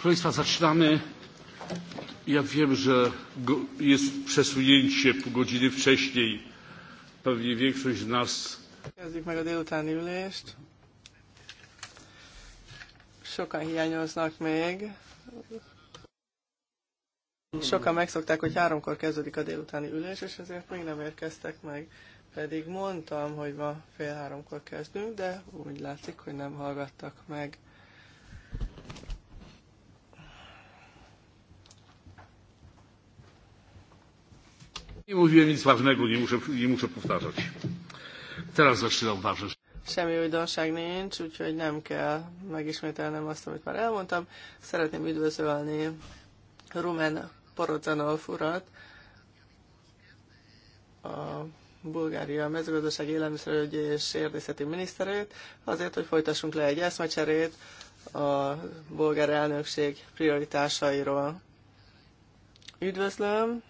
Proszę Państwa, zaczynamy. Ja wiem, że jest przesunięcie pół godziny wcześniej. Pewnie większość z nas. Kezdjük meg a délutáni ülést. Sokan hiányoznak még. Sokan megszokták, hogy háromkor kezdődik a délutáni ülés, és ezért még nem érkeztek meg. Pedig mondtam, hogy ma fél háromkor kezdünk, de úgy látszik, hogy nem hallgattak meg. Nie mówiłem nic ważnego, nie muszę, nie muszę powtarzać. Teraz zaczynam ważyć. Semmi újdonság nincs, úgyhogy nem kell megismételnem azt, amit már elmondtam. Szeretném üdvözölni Rumen Porocanov urat, a Bulgária mezőgazdaság élelmiszerügyi és érdészeti miniszterét, azért, hogy folytassunk le egy eszmecserét a bulgár elnökség prioritásairól. Üdvözlöm!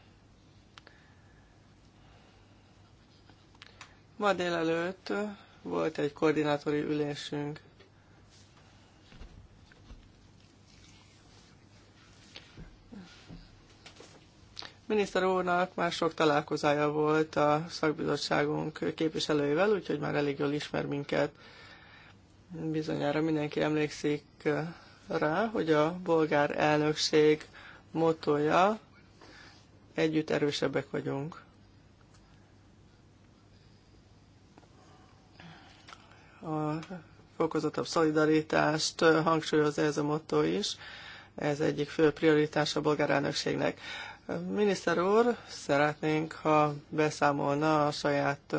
Ma délelőtt volt egy koordinátori ülésünk. Miniszter úrnak már sok találkozája volt a szakbizottságunk képviselőivel, úgyhogy már elég jól ismer minket. Bizonyára mindenki emlékszik eh, rá, hogy a bolgár elnökség motója együtt erősebbek vagyunk. a fokozottabb szolidaritást hangsúlyozza ez a motto is. Ez egyik fő prioritás a bolgár elnökségnek. Miniszter úr, szeretnénk, ha beszámolna a saját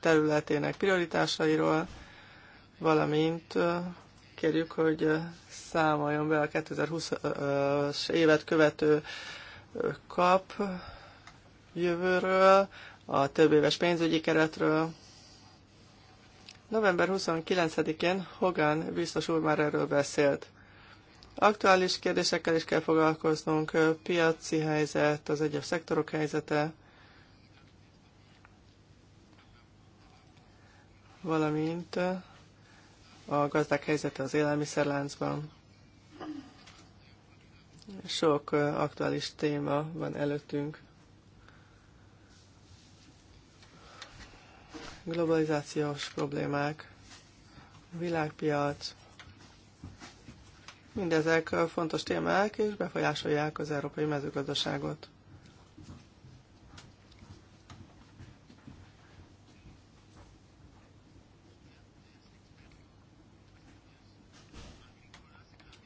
területének prioritásairól, valamint kérjük, hogy számoljon be a 2020-as évet követő kap jövőről, a több éves pénzügyi keretről, November 29-én Hogan biztos úr már erről beszélt. Aktuális kérdésekkel is kell foglalkoznunk, piaci helyzet, az egyes szektorok helyzete, valamint a gazdák helyzete az élelmiszerláncban. Sok aktuális téma van előttünk. globalizációs problémák, világpiac, mindezek fontos témák, és befolyásolják az európai mezőgazdaságot.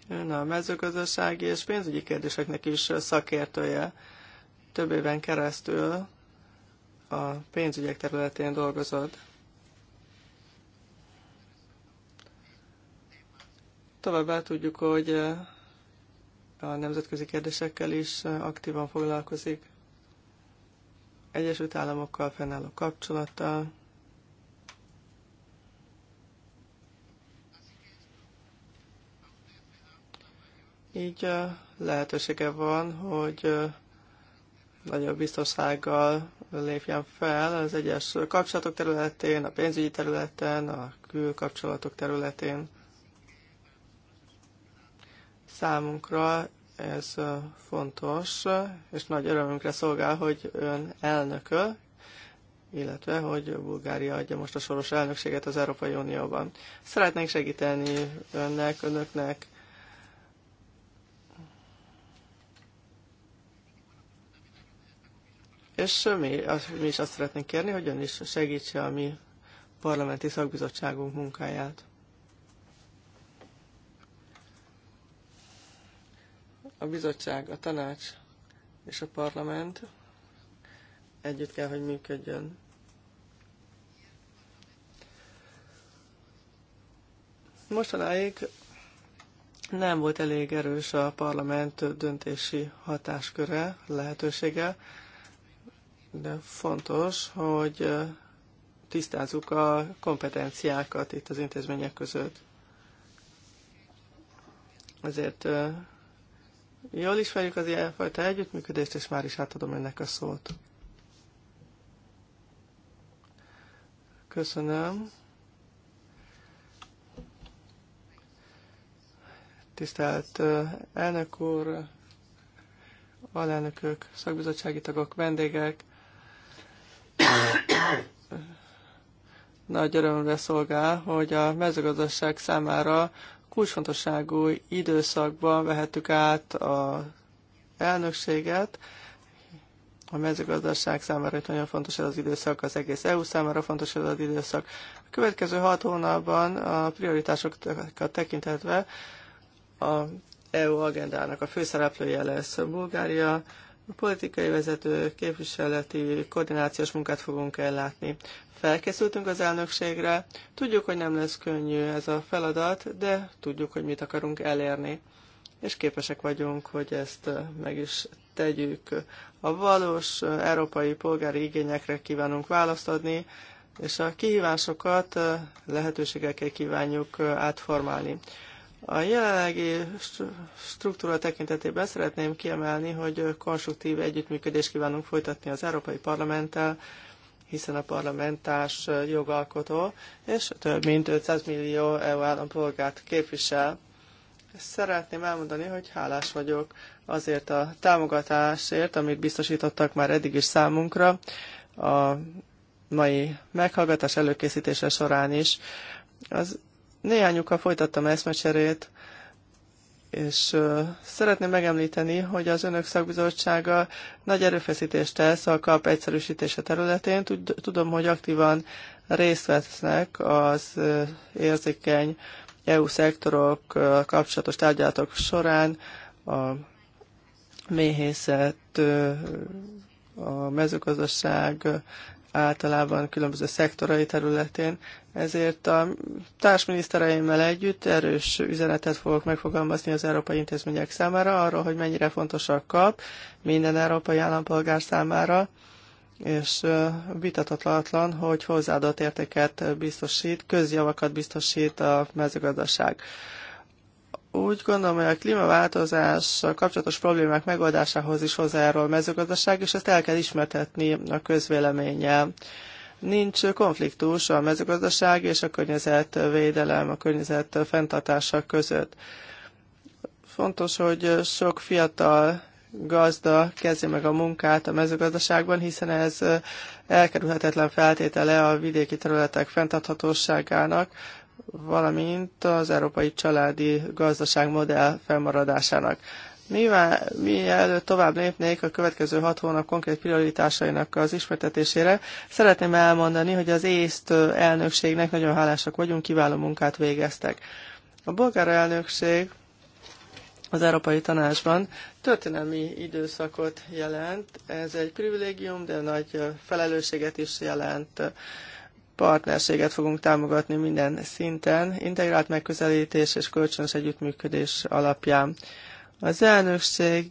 Ön a mezőgazdasági és pénzügyi kérdéseknek is szakértője. Több éven keresztül a pénzügyek területén dolgozod. Továbbá tudjuk, hogy eh, a nemzetközi kérdésekkel is eh, aktívan foglalkozik. Egyesült Államokkal fennálló kapcsolattal, így eh, lehetősége van, hogy nagyobb biztonsággal lépjen fel az egyes kapcsolatok területén, a pénzügyi területen, a külkapcsolatok területén. Számunkra ez fontos, és nagy örömünkre szolgál, hogy ön elnököl, illetve hogy Bulgária adja most a soros elnökséget az Európai Unióban. Szeretnénk segíteni önnek, önöknek És mi, az, mi is azt szeretnénk kérni, hogy ön is segítse a mi parlamenti szakbizottságunk munkáját. A bizottság, a tanács és a parlament együtt kell, hogy működjön. Mostanáig nem volt elég erős a parlament döntési hatásköre, lehetősége, de fontos, hogy tisztázzuk a kompetenciákat itt az intézmények között. Ezért jól ismerjük az ilyenfajta együttműködést, és már is átadom ennek a szót. Köszönöm. Tisztelt elnök úr, alelnökök, szakbizottsági tagok, vendégek, nagy örömre szolgál, hogy a mezőgazdaság számára kulcsfontosságú időszakban vehettük át a elnökséget. A mezőgazdaság számára hogy nagyon fontos ez az időszak, az egész EU számára fontos ez az időszak. A következő hat hónapban a prioritásokat tekintetve a EU agendának a főszereplője lesz Bulgária, politikai vezető képviseleti koordinációs munkát fogunk ellátni. Felkészültünk az elnökségre, tudjuk, hogy nem lesz könnyű ez a feladat, de tudjuk, hogy mit akarunk elérni, és képesek vagyunk, hogy ezt meg is tegyük. A valós európai polgári igényekre kívánunk választ adni, és a kihívásokat lehetőségekkel kívánjuk átformálni. A jelenlegi struktúra tekintetében szeretném kiemelni, hogy konstruktív együttműködést kívánunk folytatni az Európai Parlamenttel, hiszen a parlamentás jogalkotó, és több mint 500 millió EU állampolgárt képvisel. Szeretném elmondani, hogy hálás vagyok azért a támogatásért, amit biztosítottak már eddig is számunkra, a mai meghallgatás előkészítése során is. Az Néhányukkal folytattam eszmecserét, és szeretném megemlíteni, hogy az önök szakbizottsága nagy erőfeszítést tesz a kap egyszerűsítése területén. Tudom, hogy aktívan részt vesznek az érzékeny EU szektorok kapcsolatos tárgyalatok során a méhészet, a mezőgazdaság általában különböző szektorai területén. Ezért a társminisztereimmel együtt erős üzenetet fogok megfogalmazni az európai intézmények számára arról, hogy mennyire fontos a kap minden európai állampolgár számára, és vitatatlan, hogy hozzáadott értéket biztosít, közjavakat biztosít a mezőgazdaság úgy gondolom, hogy a klímaváltozással kapcsolatos problémák megoldásához is hozzájárul a mezőgazdaság, és ezt el kell ismertetni a közvéleménnyel. Nincs konfliktus a mezőgazdaság és a környezetvédelem, a környezet fenntartása között. Fontos, hogy sok fiatal gazda kezdje meg a munkát a mezőgazdaságban, hiszen ez elkerülhetetlen feltétele a vidéki területek fenntarthatóságának, valamint az európai családi gazdaságmodell felmaradásának. Mivel, mielőtt tovább lépnék a következő hat hónap konkrét prioritásainak az ismertetésére, szeretném elmondani, hogy az észt elnökségnek nagyon hálásak vagyunk, kiváló munkát végeztek. A bolgár elnökség az Európai Tanácsban történelmi időszakot jelent. Ez egy privilégium, de nagy felelősséget is jelent partnerséget fogunk támogatni minden szinten, integrált megközelítés és kölcsönös együttműködés alapján. Az elnökség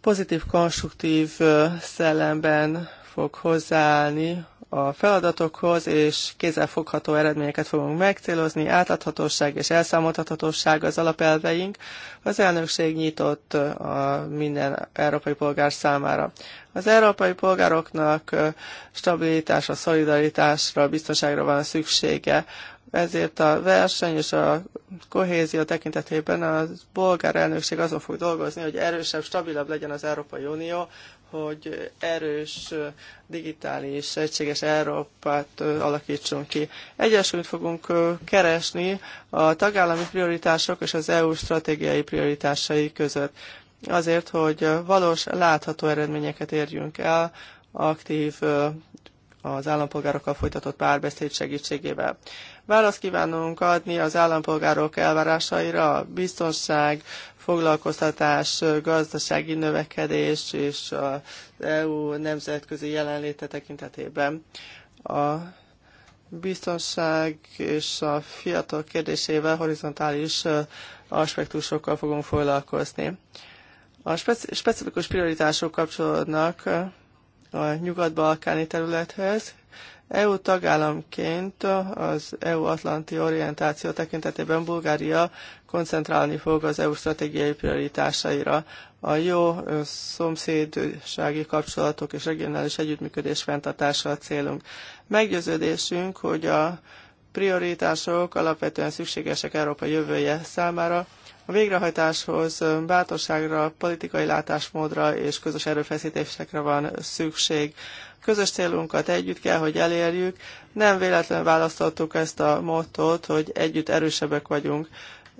pozitív, konstruktív szellemben fog hozzáállni a feladatokhoz, és kézzelfogható eredményeket fogunk megcélozni. Átláthatóság és elszámoltathatóság az alapelveink. Az elnökség nyitott a minden európai polgár számára. Az európai polgároknak stabilitásra, szolidaritásra, biztonságra van szüksége. Ezért a verseny és a kohézió tekintetében a bolgár elnökség azon fog dolgozni, hogy erősebb, stabilabb legyen az Európai Unió, hogy erős, digitális, egységes Európát alakítsunk ki. Egyesült fogunk keresni a tagállami prioritások és az EU stratégiai prioritásai között. Azért, hogy valós, látható eredményeket érjünk el, aktív az állampolgárokkal folytatott párbeszéd segítségével. Választ kívánunk adni az állampolgárok elvárásaira, biztonság, foglalkoztatás, gazdasági növekedés és az EU nemzetközi jelenléte tekintetében. A biztonság és a fiatal kérdésével horizontális aspektusokkal fogunk foglalkozni. A speci specifikus prioritások kapcsolódnak a nyugat-balkáni területhez, EU tagállamként az EU atlanti orientáció tekintetében Bulgária koncentrálni fog az EU stratégiai prioritásaira. A jó szomszédsági kapcsolatok és regionális együttműködés fenntartása a célunk. Meggyőződésünk, hogy a prioritások alapvetően szükségesek Európa jövője számára, a végrehajtáshoz bátorságra, politikai látásmódra és közös erőfeszítésekre van szükség. Közös célunkat együtt kell, hogy elérjük. Nem véletlenül választottuk ezt a mottót, hogy együtt erősebbek vagyunk.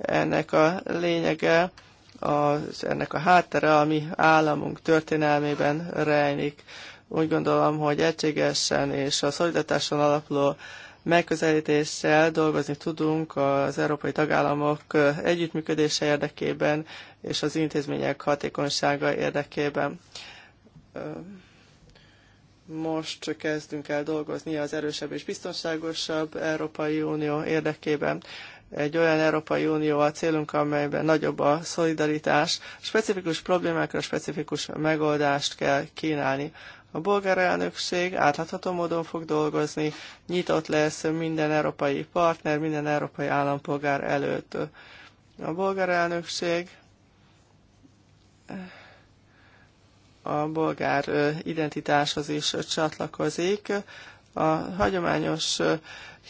Ennek a lényege, az, ennek a háttere, ami államunk történelmében rejlik. Úgy gondolom, hogy egységesen és a szolidatáson alapuló megközelítéssel dolgozni tudunk az európai tagállamok együttműködése érdekében és az intézmények hatékonysága érdekében. Most kezdünk el dolgozni az erősebb és biztonságosabb Európai Unió érdekében egy olyan Európai Unió a célunk, amelyben nagyobb a szolidaritás, specifikus problémákra specifikus megoldást kell kínálni. A bolgár elnökség átlátható módon fog dolgozni, nyitott lesz minden európai partner, minden európai állampolgár előtt. A bolgár elnökség a bolgár identitáshoz is csatlakozik. A hagyományos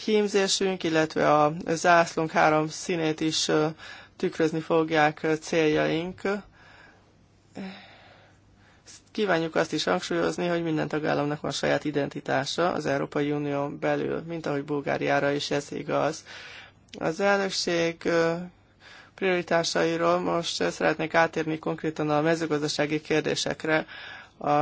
hímzésünk, illetve a zászlónk három színét is tükrözni fogják céljaink. Kívánjuk azt is hangsúlyozni, hogy minden tagállamnak van saját identitása az Európai Unión belül, mint ahogy Bulgáriára is ez igaz. Az elnökség prioritásairól most szeretnék átérni konkrétan a mezőgazdasági kérdésekre. A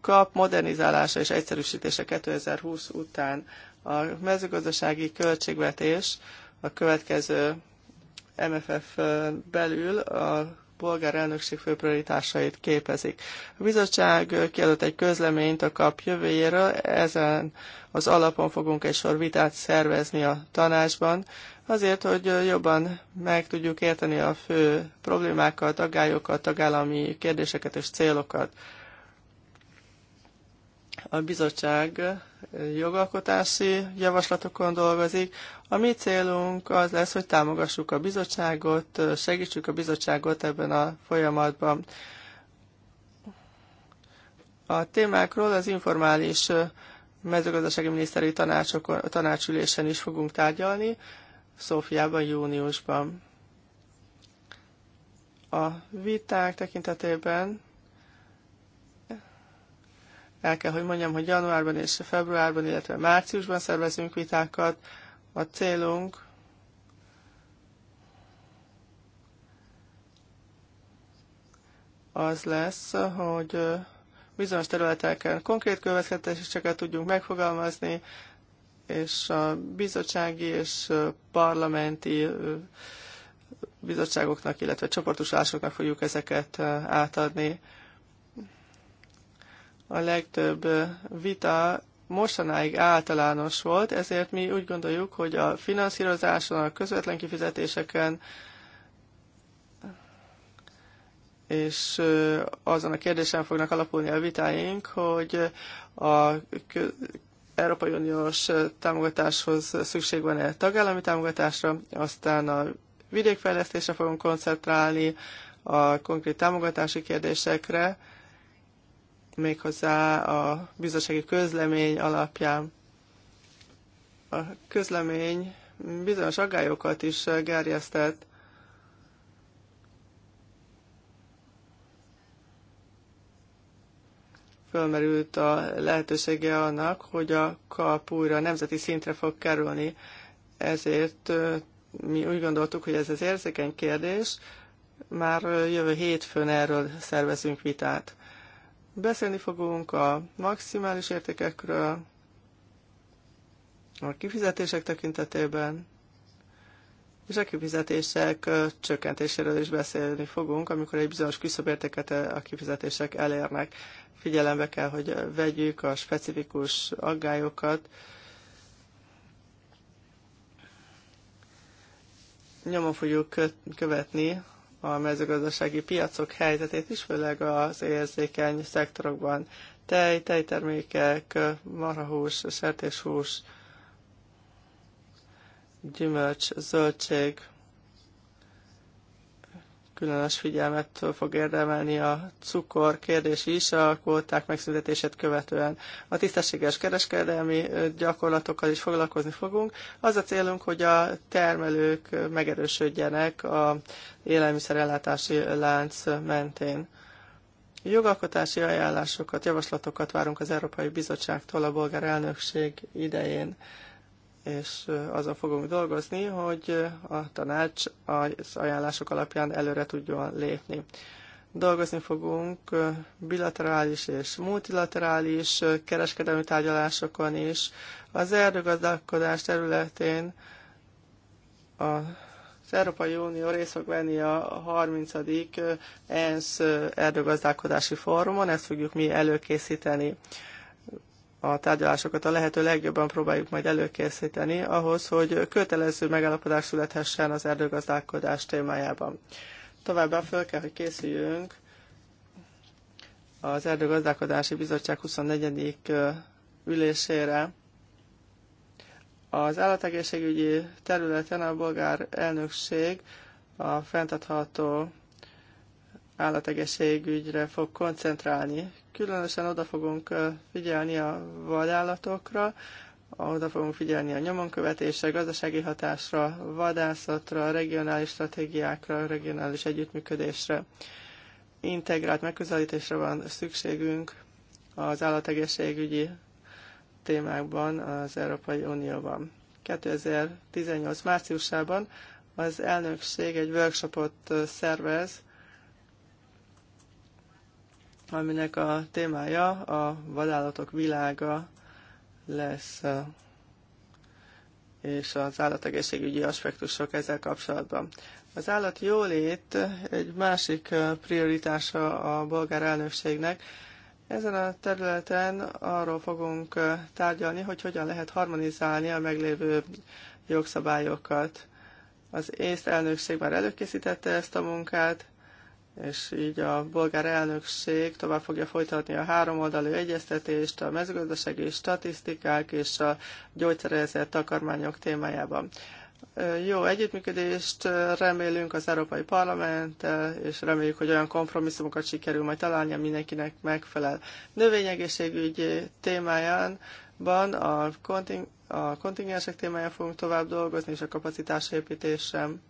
kap modernizálása és egyszerűsítése 2020 után a mezőgazdasági költségvetés a következő MFF belül a polgárelnökség fő prioritásait képezik. A bizottság kiadott egy közleményt a kap jövőjéről, ezen az alapon fogunk egy sor vitát szervezni a tanácsban, azért, hogy jobban meg tudjuk érteni a fő problémákat, aggályokat, tagállami kérdéseket és célokat. A bizottság jogalkotási javaslatokon dolgozik. A mi célunk az lesz, hogy támogassuk a bizottságot, segítsük a bizottságot ebben a folyamatban. A témákról az informális mezőgazdasági miniszteri tanácsokon, tanácsülésen is fogunk tárgyalni, Szófiában júniusban. A viták tekintetében el kell, hogy mondjam, hogy januárban és februárban, illetve márciusban szervezünk vitákat. A célunk, az lesz, hogy bizonyos területeken konkrét következtetéseket tudjunk megfogalmazni, és a bizottsági és parlamenti bizottságoknak, illetve csoportosulásoknak fogjuk ezeket átadni a legtöbb vita mostanáig általános volt, ezért mi úgy gondoljuk, hogy a finanszírozáson, a közvetlen kifizetéseken és azon a kérdésen fognak alapulni a vitáink, hogy a Európai Uniós támogatáshoz szükség van-e tagállami támogatásra, aztán a vidékfejlesztésre fogunk koncentrálni, a konkrét támogatási kérdésekre, méghozzá a bizottsági közlemény alapján. A közlemény bizonyos aggályokat is gerjesztett, fölmerült a lehetősége annak, hogy a kap újra nemzeti szintre fog kerülni. Ezért mi úgy gondoltuk, hogy ez az érzékeny kérdés, már jövő hétfőn erről szervezünk vitát. Beszélni fogunk a maximális értékekről, a kifizetések tekintetében, és a kifizetések csökkentéséről is beszélni fogunk, amikor egy bizonyos küszöbértéket a kifizetések elérnek. Figyelembe kell, hogy vegyük a specifikus aggályokat, nyomon fogjuk követni a mezőgazdasági piacok helyzetét is, főleg az érzékeny szektorokban. Tej, tejtermékek, marhahús, sertéshús, gyümölcs, zöldség, különös figyelmet fog érdemelni a cukor kérdés is a kvóták megszüntetését követően. A tisztességes kereskedelmi gyakorlatokkal is foglalkozni fogunk. Az a célunk, hogy a termelők megerősödjenek a élelmiszerellátási lánc mentén. Jogalkotási ajánlásokat, javaslatokat várunk az Európai Bizottságtól a bolgár elnökség idején és azon fogunk dolgozni, hogy a tanács az ajánlások alapján előre tudjon lépni. Dolgozni fogunk bilaterális és multilaterális kereskedelmi tárgyalásokon is. Az erdőgazdálkodás területén az Európai Unió részt fog venni a 30. ENSZ erdőgazdálkodási fórumon, ezt fogjuk mi előkészíteni a tárgyalásokat a lehető legjobban próbáljuk majd előkészíteni ahhoz, hogy kötelező megállapodás születhessen az erdőgazdálkodás témájában. Továbbá fel kell, hogy készüljünk az Erdőgazdálkodási Bizottság 24. ülésére. Az állategészségügyi területen a bolgár elnökség a fenntartható állategészségügyre fog koncentrálni különösen oda fogunk figyelni a vadállatokra, oda fogunk figyelni a nyomonkövetésre, gazdasági hatásra, vadászatra, regionális stratégiákra, regionális együttműködésre. Integrált megközelítésre van szükségünk az állategészségügyi témákban az Európai Unióban. 2018 márciusában az elnökség egy workshopot szervez aminek a témája a vadállatok világa lesz, és az állategészségügyi aspektusok ezzel kapcsolatban. Az állat jólét egy másik prioritása a bolgár elnökségnek. Ezen a területen arról fogunk tárgyalni, hogy hogyan lehet harmonizálni a meglévő jogszabályokat. Az észt elnökség már előkészítette ezt a munkát, és így a bolgár elnökség tovább fogja folytatni a háromoldalú egyeztetést a mezőgazdasági statisztikák és a gyógyszerezett takarmányok témájában. Jó együttműködést remélünk az Európai Parlamenttel, és reméljük, hogy olyan kompromisszumokat sikerül majd találni, mindenkinek megfelel. Növényegészségügyi témáján a, konting- a kontingensek témáján fogunk tovább dolgozni, és a kapacitásépítésem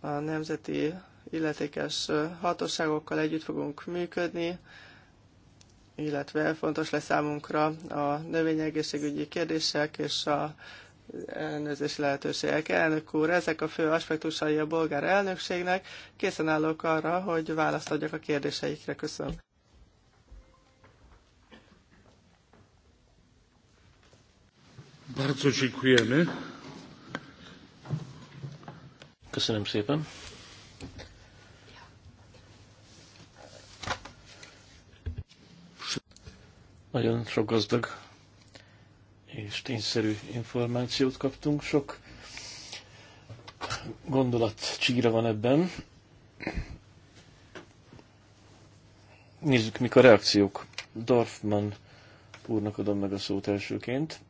a nemzeti illetékes hatóságokkal együtt fogunk működni, illetve fontos lesz számunkra a növényegészségügyi kérdések és a elnőzési lehetőségek. Elnök úr, ezek a fő aspektusai a bolgár elnökségnek. Készen állok arra, hogy választ adjak a kérdéseikre. Köszönöm. Bardzo dziękujemy. Köszönöm szépen. Nagyon sok gazdag és tényszerű információt kaptunk. Sok gondolat csíra van ebben. Nézzük, mik a reakciók. Dorfman úrnak adom meg a szót elsőként.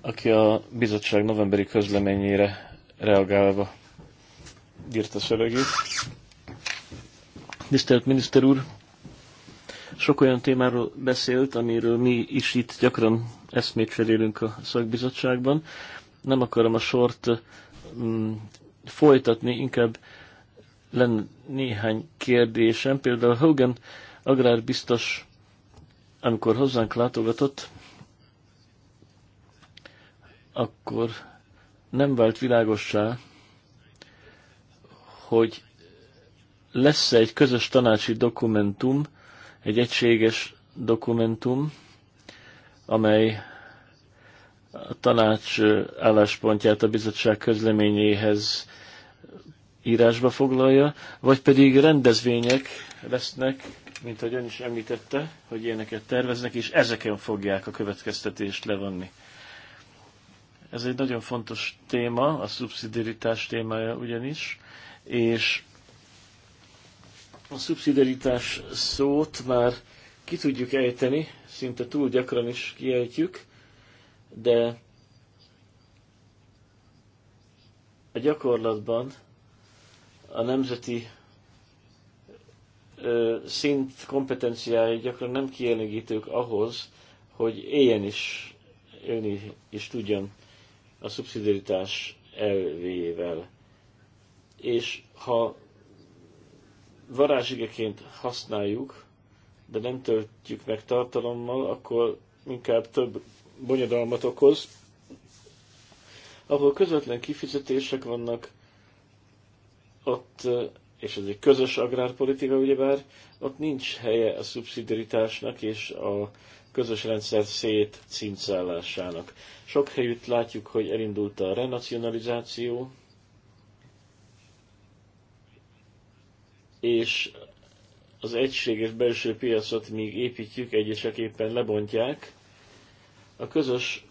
aki a bizottság novemberi közleményére reagálva írta szövegét. Tisztelt miniszter úr! Sok olyan témáról beszélt, amiről mi is itt gyakran eszmét cserélünk a szakbizottságban. Nem akarom a sort mm, folytatni, inkább lenne néhány kérdésem. Például Hogan agrárbiztos, amikor hozzánk látogatott, akkor nem vált világossá, hogy lesz egy közös tanácsi dokumentum, egy egységes dokumentum, amely a tanács álláspontját a bizottság közleményéhez írásba foglalja, vagy pedig rendezvények lesznek, mint ahogy ön is említette, hogy ilyeneket terveznek, és ezeken fogják a következtetést levonni. Ez egy nagyon fontos téma, a szubszidiaritás témája ugyanis, és a szubszidaritás szót már ki tudjuk ejteni, szinte túl gyakran is kiejtjük, de a gyakorlatban a nemzeti szint kompetenciái gyakran nem kielégítők ahhoz, hogy éljen is, élni is tudjon a szubszidiaritás elvével. És ha varázsigeként használjuk, de nem töltjük meg tartalommal, akkor inkább több bonyodalmat okoz, ahol közvetlen kifizetések vannak, ott, és ez egy közös agrárpolitika ugyebár, ott nincs helye a szubszidiaritásnak és a közös rendszer szét cincálásának. Sok helyütt látjuk, hogy elindult a renacionalizáció, és az egységes belső piacot még építjük, egyesek éppen lebontják. A közös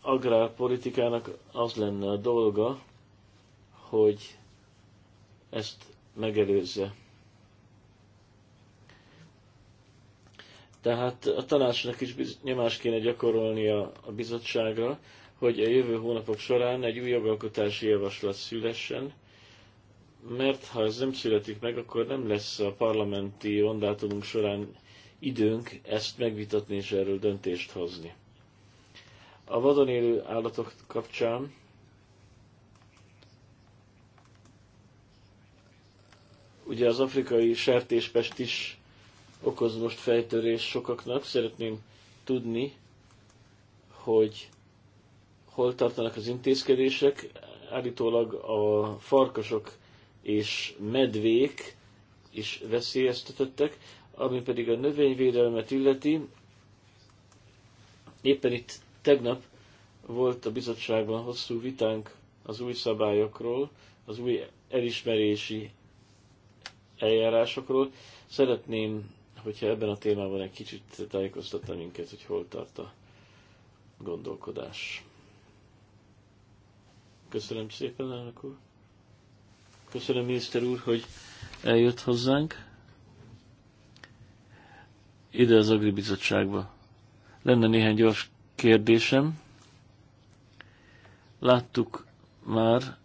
agrárpolitikának az lenne a dolga, hogy ezt megelőzze. Tehát a tanácsnak is nyomást kéne a, a bizottságra, hogy a jövő hónapok során egy új jogalkotási javaslat szülessen, mert ha ez nem születik meg, akkor nem lesz a parlamenti mandátumunk során időnk ezt megvitatni és erről döntést hozni. A vadon élő állatok kapcsán ugye az afrikai sertéspest is okoz most fejtörés sokaknak. Szeretném tudni, hogy hol tartanak az intézkedések. Állítólag a farkasok és medvék is veszélyeztetettek, ami pedig a növényvédelmet illeti. Éppen itt tegnap volt a bizottságban hosszú vitánk az új szabályokról, az új elismerési eljárásokról. Szeretném, hogyha ebben a témában egy kicsit tájékoztatna minket, hogy hol tart a gondolkodás. Köszönöm szépen, elnök úr! Köszönöm, miniszter úr, hogy eljött hozzánk. Ide az Agri Bizottságba. Lenne néhány gyors kérdésem. Láttuk már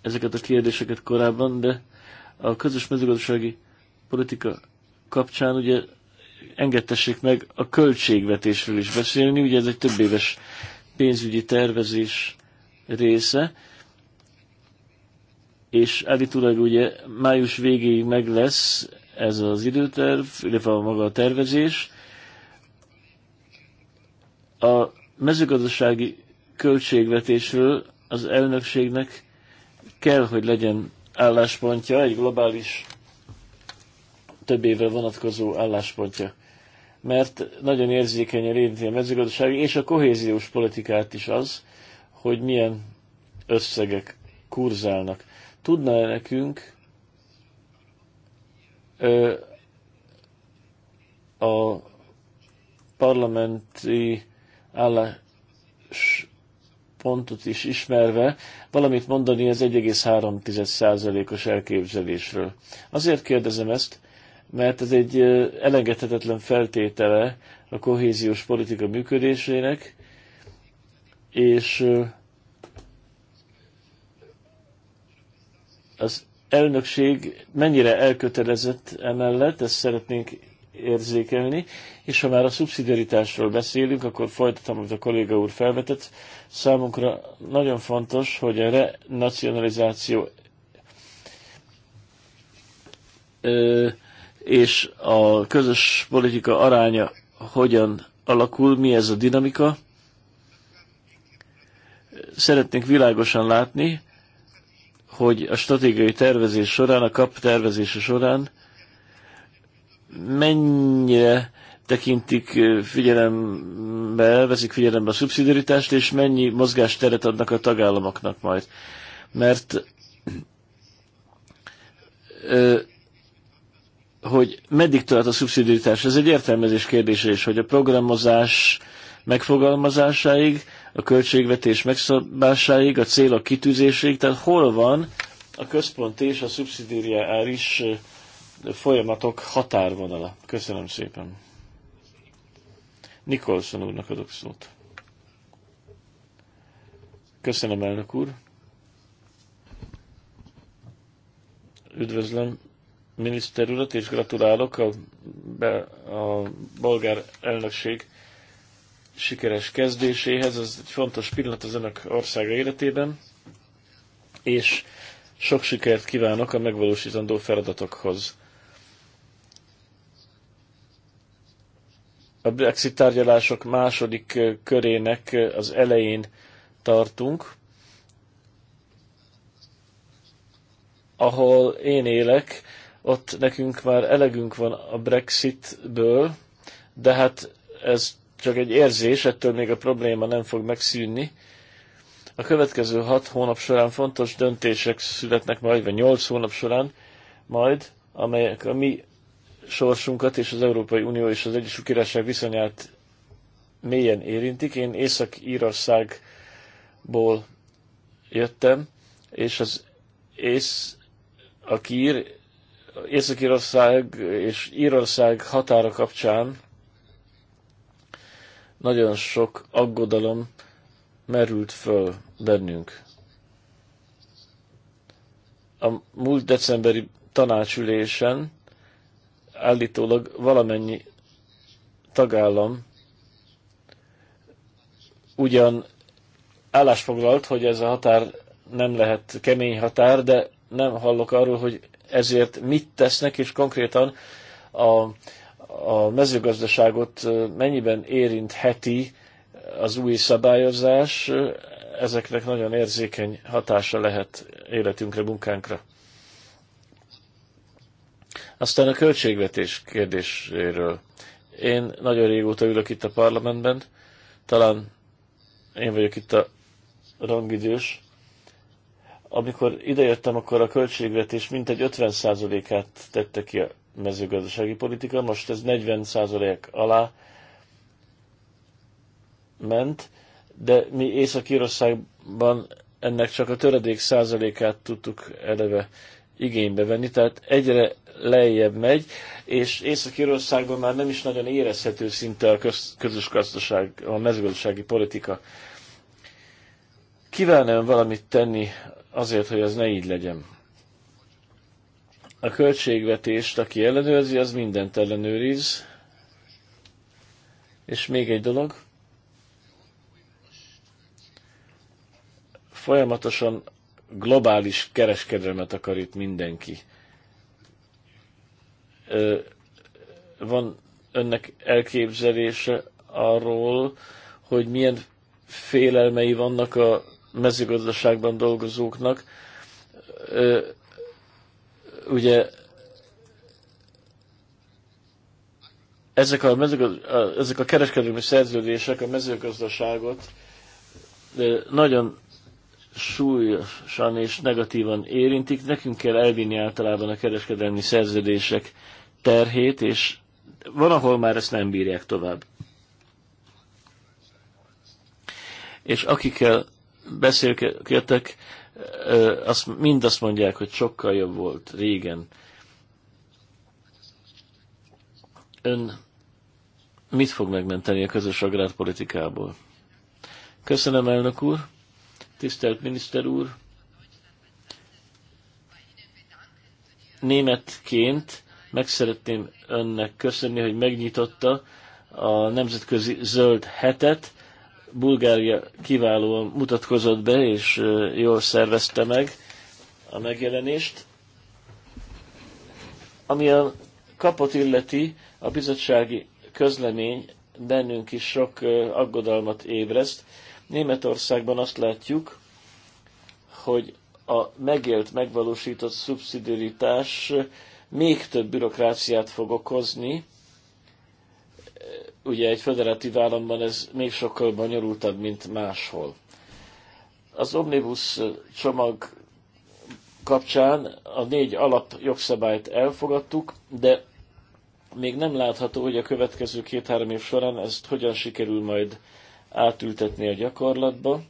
ezeket a kérdéseket korábban, de a közös mezőgazdasági politika kapcsán ugye engedtessék meg a költségvetésről is beszélni, ugye ez egy több éves pénzügyi tervezés része, és állítólag ugye május végéig meg lesz ez az időterv, illetve a maga a tervezés. A mezőgazdasági költségvetésről az elnökségnek kell, hogy legyen álláspontja, egy globális több évre vonatkozó álláspontja. Mert nagyon érzékenyen érinti a mezőgazdasági és a kohéziós politikát is az, hogy milyen összegek kurzálnak tudna-e nekünk ö, a parlamenti álláspontot is ismerve valamit mondani az 1,3%-os elképzelésről. Azért kérdezem ezt, mert ez egy elengedhetetlen feltétele a kohéziós politika működésének, és az elnökség mennyire elkötelezett emellett, ezt szeretnénk érzékelni, és ha már a szubszidiaritásról beszélünk, akkor folytatom, amit a kolléga úr felvetett. Számunkra nagyon fontos, hogy a renacionalizáció és a közös politika aránya hogyan alakul, mi ez a dinamika. Szeretnénk világosan látni, hogy a stratégiai tervezés során, a kap tervezése során mennyire tekintik figyelembe, veszik figyelembe a szubszidiaritást, és mennyi mozgásteret adnak a tagállamoknak majd. Mert hogy meddig tart a szubszidiaritás, ez egy értelmezés kérdése is, hogy a programozás megfogalmazásáig, a költségvetés megszabásáig, a cél a kitűzéséig, tehát hol van a központ és a szubszidiáris folyamatok határvonala. Köszönöm szépen. Nikolson úrnak adok szót. Köszönöm, elnök úr. Üdvözlöm miniszter urat, és gratulálok a, be, a bolgár elnökség sikeres kezdéséhez, ez egy fontos pillanat az önök országa életében, és sok sikert kívánok a megvalósítandó feladatokhoz. A Brexit tárgyalások második körének az elején tartunk, ahol én élek, ott nekünk már elegünk van a Brexitből, de hát ez csak egy érzés, ettől még a probléma nem fog megszűnni. A következő hat hónap során fontos döntések születnek majd, vagy nyolc hónap során majd, amelyek a mi sorsunkat és az Európai Unió és az Egyesült Királyság viszonyát mélyen érintik. Én Észak-Írországból jöttem, és az ész, a kír, Észak-Írország és Írország határa kapcsán nagyon sok aggodalom merült föl bennünk. A múlt decemberi tanácsülésen állítólag valamennyi tagállam ugyan állásfoglalt, hogy ez a határ nem lehet kemény határ, de nem hallok arról, hogy ezért mit tesznek, és konkrétan a a mezőgazdaságot mennyiben érintheti az új szabályozás, ezeknek nagyon érzékeny hatása lehet életünkre, munkánkra. Aztán a költségvetés kérdéséről. Én nagyon régóta ülök itt a parlamentben, talán én vagyok itt a rangidős. Amikor idejöttem, akkor a költségvetés mintegy 50%-át tette ki a mezőgazdasági politika, most ez 40% alá ment, de mi Észak-Írországban ennek csak a töredék százalékát tudtuk eleve igénybe venni, tehát egyre lejjebb megy, és Észak-Írországban már nem is nagyon érezhető szinte a köz, közös gazdaság, a mezőgazdasági politika. Kívánom valamit tenni azért, hogy ez ne így legyen a költségvetést, aki ellenőrzi, az mindent ellenőriz. És még egy dolog. Folyamatosan globális kereskedelmet akar itt mindenki. Van önnek elképzelése arról, hogy milyen félelmei vannak a mezőgazdaságban dolgozóknak, ugye ezek a, mezőgazd- ezek a kereskedelmi szerződések a mezőgazdaságot nagyon súlyosan és negatívan érintik. Nekünk kell elvinni általában a kereskedelmi szerződések terhét, és van, ahol már ezt nem bírják tovább. És akikkel beszélgetek, azt, mind azt mondják, hogy sokkal jobb volt régen. Ön mit fog megmenteni a közös agrárpolitikából? Köszönöm, elnök úr, tisztelt miniszter úr. Németként meg szeretném önnek köszönni, hogy megnyitotta a Nemzetközi Zöld Hetet, Bulgária kiválóan mutatkozott be, és jól szervezte meg a megjelenést. Ami a kapot illeti, a bizottsági közlemény bennünk is sok aggodalmat ébreszt. Németországban azt látjuk, hogy a megélt, megvalósított szubszidiaritás még több bürokráciát fog okozni, ugye egy föderatív államban ez még sokkal bonyolultabb, mint máshol. Az omnibus csomag kapcsán a négy alap jogszabályt elfogadtuk, de még nem látható, hogy a következő két-három év során ezt hogyan sikerül majd átültetni a gyakorlatba.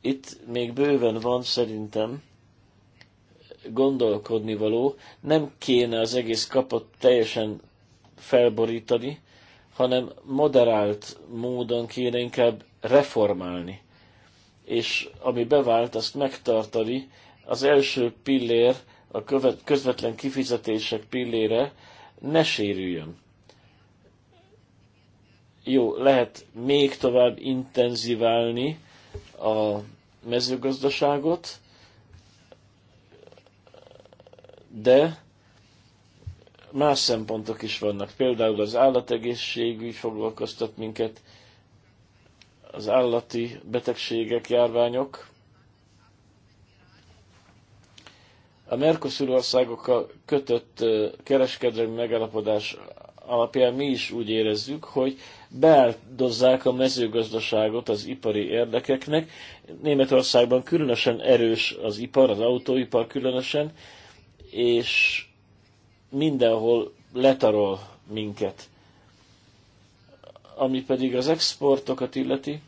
Itt még bőven van szerintem gondolkodni való. Nem kéne az egész kapott teljesen felborítani, hanem moderált módon kéne inkább reformálni. És ami bevált, azt megtartani. Az első pillér, a követ, közvetlen kifizetések pillére ne sérüljön. Jó, lehet még tovább intenziválni a mezőgazdaságot, de más szempontok is vannak. Például az állategészségügy foglalkoztat minket, az állati betegségek, járványok. A Mercosur országokkal kötött kereskedelmi megállapodás alapján mi is úgy érezzük, hogy beáldozzák a mezőgazdaságot az ipari érdekeknek. Németországban különösen erős az ipar, az autóipar különösen, és mindenhol letarol minket. Ami pedig az exportokat illeti,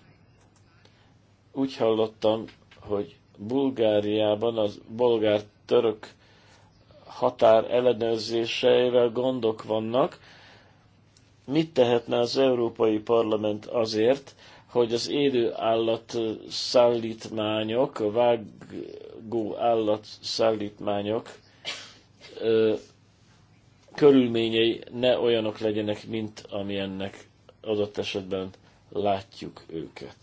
úgy hallottam, hogy Bulgáriában az bolgár-török határ ellenőrzéseivel gondok vannak. Mit tehetne az Európai Parlament azért, hogy az élő állat szállítmányok, a vágó állat szállítmányok körülményei ne olyanok legyenek, mint amilyennek adott esetben látjuk őket.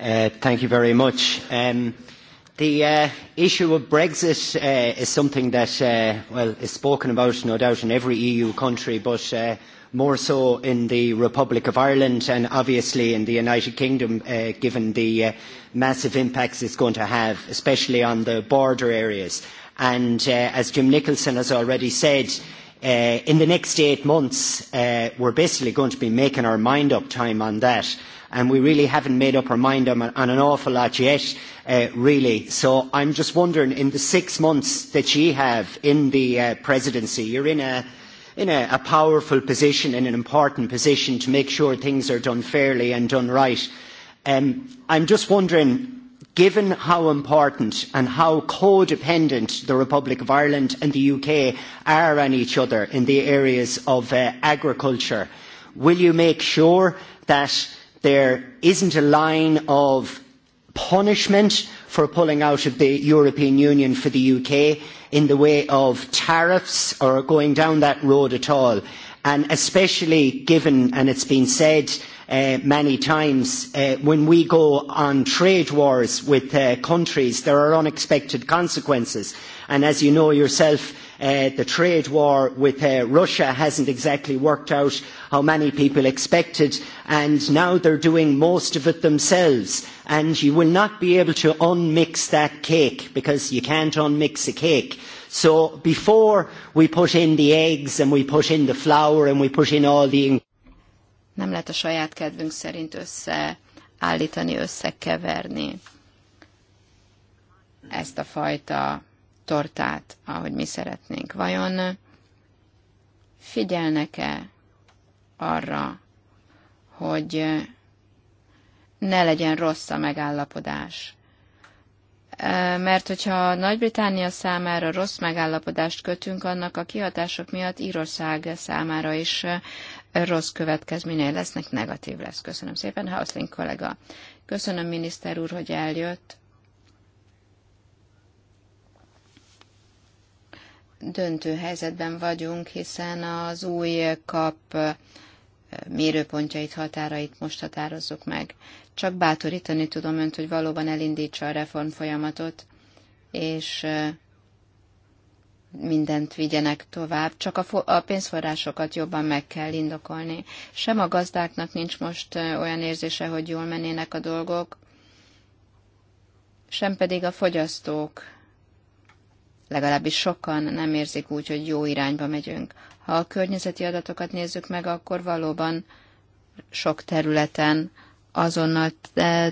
Uh, thank you very much. Um, the uh, issue of Brexit uh, is something that, uh, well, is spoken about, no doubt, in every EU country, but uh, more so in the Republic of Ireland and obviously in the United Kingdom, uh, given the uh, massive impacts it's going to have, especially on the border areas. And uh, as Jim Nicholson has already said, uh, in the next eight months, uh, we're basically going to be making our mind up time on that. And we really haven't made up our mind on, on an awful lot yet, uh, really. So I'm just wondering, in the six months that you have in the uh, presidency, you're in a in a, a powerful position, in an important position to make sure things are done fairly and done right. Um, I'm just wondering, given how important and how codependent the Republic of Ireland and the UK are on each other in the areas of uh, agriculture, will you make sure that there isn't a line of punishment for pulling out of the European Union for the UK in the way of tariffs or going down that road at all. And especially given, and it's been said uh, many times, uh, when we go on trade wars with uh, countries, there are unexpected consequences. And as you know yourself, Uh, the trade war with uh, Russia hasn't exactly worked out how many people expected, and now they're doing most of it themselves. And you will not be able to unmix that cake because you can't unmix a cake. So before we put in the eggs and we put in the flour and we put in all the nem lehet a saját kedvünk szerint összeállítani, összekeverni ezt a fajta tortát, ahogy mi szeretnénk. Vajon figyelnek-e arra, hogy ne legyen rossz a megállapodás? Mert hogyha nagy británia számára rossz megállapodást kötünk, annak a kihatások miatt Írország számára is rossz következménye lesznek, negatív lesz. Köszönöm szépen, Hauslink kollega. Köszönöm, miniszter úr, hogy eljött döntő helyzetben vagyunk, hiszen az új kap mérőpontjait, határait most határozzuk meg. Csak bátorítani tudom önt, hogy valóban elindítsa a reform folyamatot, és mindent vigyenek tovább, csak a, a pénzforrásokat jobban meg kell indokolni. Sem a gazdáknak nincs most olyan érzése, hogy jól mennének a dolgok, sem pedig a fogyasztók legalábbis sokan nem érzik úgy, hogy jó irányba megyünk. Ha a környezeti adatokat nézzük meg, akkor valóban sok területen azonnal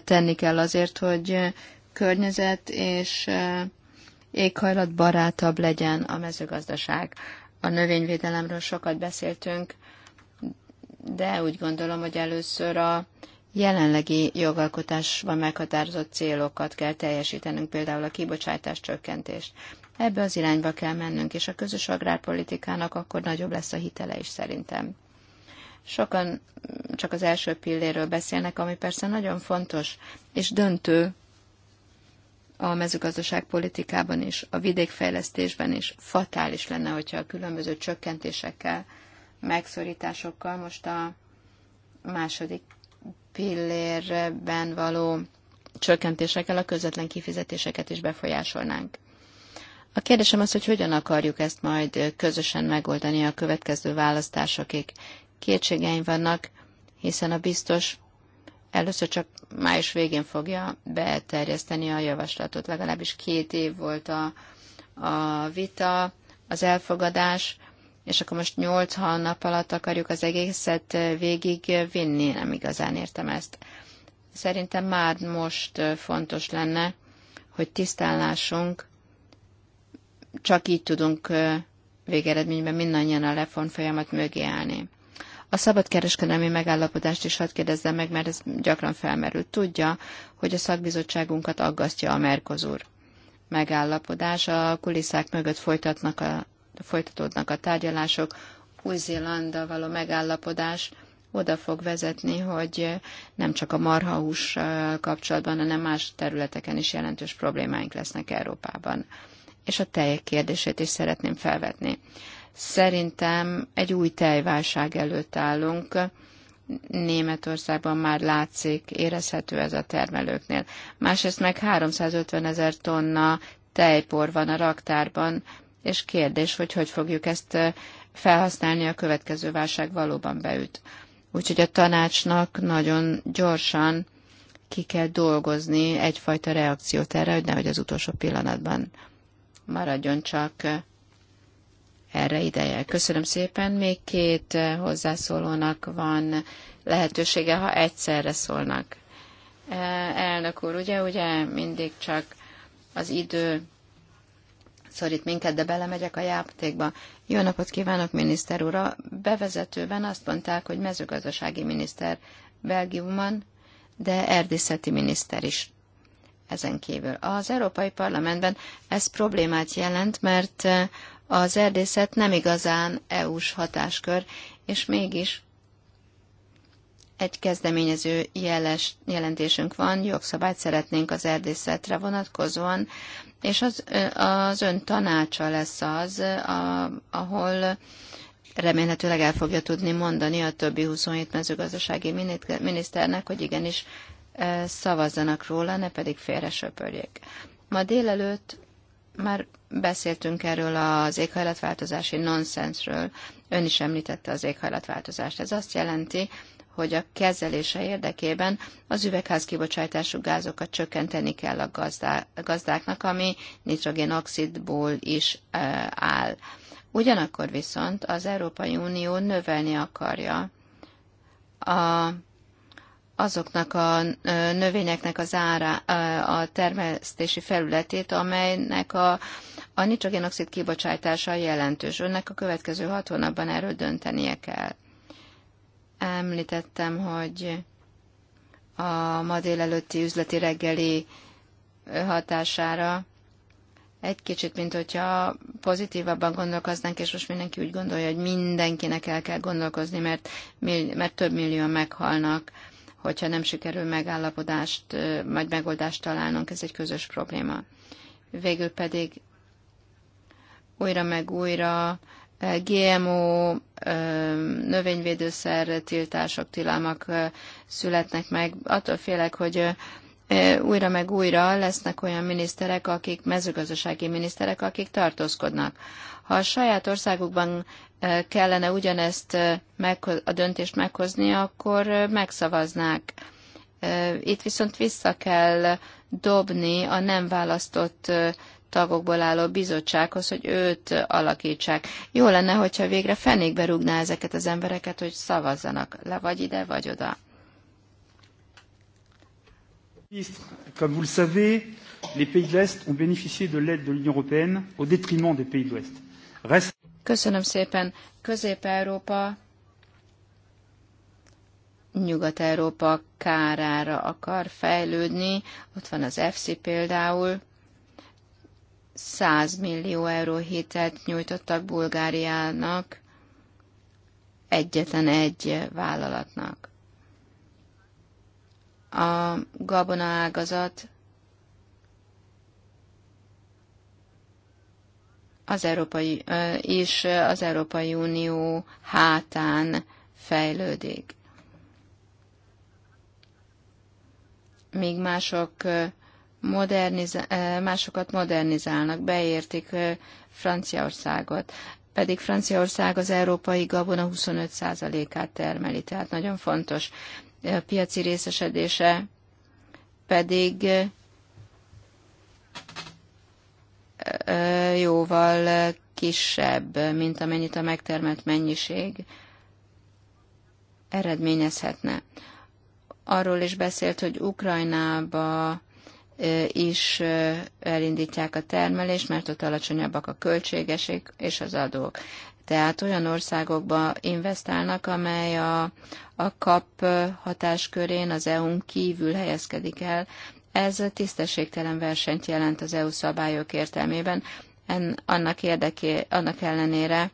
tenni kell azért, hogy környezet és e, éghajlat barátabb legyen a mezőgazdaság. A növényvédelemről sokat beszéltünk, de úgy gondolom, hogy először a jelenlegi jogalkotásban meghatározott célokat kell teljesítenünk, például a kibocsátás csökkentést. Ebbe az irányba kell mennünk, és a közös agrárpolitikának akkor nagyobb lesz a hitele is szerintem. Sokan csak az első pilléről beszélnek, ami persze nagyon fontos és döntő a mezőgazdaság politikában is, a vidékfejlesztésben is fatális lenne, hogyha a különböző csökkentésekkel, megszorításokkal most a második pillérben való csökkentésekkel a közvetlen kifizetéseket is befolyásolnánk. A kérdésem az, hogy hogyan akarjuk ezt majd közösen megoldani a következő választásokig. Kétségeim vannak, hiszen a biztos először csak május végén fogja beterjeszteni a javaslatot. Legalábbis két év volt a, a vita, az elfogadás, és akkor most 8 nap alatt akarjuk az egészet végig vinni, nem igazán értem ezt. Szerintem már most fontos lenne, hogy tisztállásunk csak így tudunk végeredményben mindannyian a lefon folyamat mögé állni. A szabadkereskedelmi megállapodást is hadd kérdezzem meg, mert ez gyakran felmerült. Tudja, hogy a szakbizottságunkat aggasztja a Merkozur megállapodás. A kulisszák mögött folytatnak a, folytatódnak a tárgyalások. Új-Zélanda való megállapodás oda fog vezetni, hogy nem csak a marhahús kapcsolatban, hanem más területeken is jelentős problémáink lesznek Európában és a tejek kérdését is szeretném felvetni. Szerintem egy új tejválság előtt állunk. Németországban már látszik, érezhető ez a termelőknél. Másrészt meg 350 ezer tonna tejpor van a raktárban, és kérdés, hogy hogy fogjuk ezt felhasználni, a következő válság valóban beüt. Úgyhogy a tanácsnak nagyon gyorsan ki kell dolgozni egyfajta reakciót erre, hogy nehogy az utolsó pillanatban maradjon csak erre ideje. Köszönöm szépen. Még két hozzászólónak van lehetősége, ha egyszerre szólnak. E, elnök úr, ugye, ugye mindig csak az idő szorít minket, de belemegyek a játékba. Jó napot kívánok, miniszter úr! A bevezetőben azt mondták, hogy mezőgazdasági miniszter Belgiumban, de erdészeti miniszter is ezen kívül. Az Európai Parlamentben ez problémát jelent, mert eh, az erdészet nem igazán EU-s hatáskör, és mégis egy kezdeményező jeles, jelentésünk van, jogszabályt szeretnénk az erdészetre vonatkozóan, és az, eh, az ön tanácsa lesz az, eh, a, ahol remélhetőleg el fogja tudni mondani a többi 27 mezőgazdasági miniszternek, hogy igenis szavazzanak róla, ne pedig félre söpörjék. Ma délelőtt már beszéltünk erről az éghajlatváltozási nonsensről, ön is említette az éghajlatváltozást. Ez azt jelenti, hogy a kezelése érdekében az üvegházkibocsátású gázokat csökkenteni kell a gazdá, gazdáknak, ami nitrogénoxidból is e, áll. Ugyanakkor viszont az Európai Unió növelni akarja a azoknak a növényeknek az ára, a termesztési felületét, amelynek a, a nitrogénoxid kibocsátása jelentős. Önnek a következő hat hónapban erről döntenie kell. Említettem, hogy a ma délelőtti üzleti reggeli hatására egy kicsit, mint hogyha pozitívabban gondolkoznánk, és most mindenki úgy gondolja, hogy mindenkinek el kell gondolkozni, mert, mert több millióan meghalnak hogyha nem sikerül megállapodást, majd megoldást találnunk, ez egy közös probléma. Végül pedig újra meg újra GMO növényvédőszer tiltások, tilalmak születnek meg. Attól félek, hogy újra meg újra lesznek olyan miniszterek, akik, mezőgazdasági miniszterek, akik tartózkodnak. Ha a saját országukban kellene ugyanezt a döntést meghozni, akkor megszavaznák. Itt viszont vissza kell dobni a nem választott tagokból álló bizottsághoz, hogy őt alakítsák. Jó lenne, hogyha végre fenékbe rúgná ezeket az embereket, hogy szavazzanak le vagy ide, vagy oda. Comme vous le savez, les pays de l'Est ont bénéficié de l'aide de l'Union européenne au détriment des pays de l'Ouest. Köszönöm szépen. Közép-Európa Nyugat-Európa kárára akar fejlődni. Ott van az FC például. 100 millió euró hitelt nyújtottak Bulgáriának, egyetlen egy vállalatnak. A gabona ágazat az Európai, és az Európai Unió hátán fejlődik. Míg mások modernizál, másokat modernizálnak, beértik Franciaországot, pedig Franciaország az európai gabona 25%-át termeli, tehát nagyon fontos. A piaci részesedése pedig jóval kisebb, mint amennyit a megtermelt mennyiség eredményezhetne. Arról is beszélt, hogy Ukrajnába is elindítják a termelést, mert ott alacsonyabbak a költségesek és az adók. Tehát olyan országokba investálnak, amely a, a kap hatáskörén az EU-n kívül helyezkedik el, ez tisztességtelen versenyt jelent az EU szabályok értelmében, en, annak, érdeké, annak ellenére,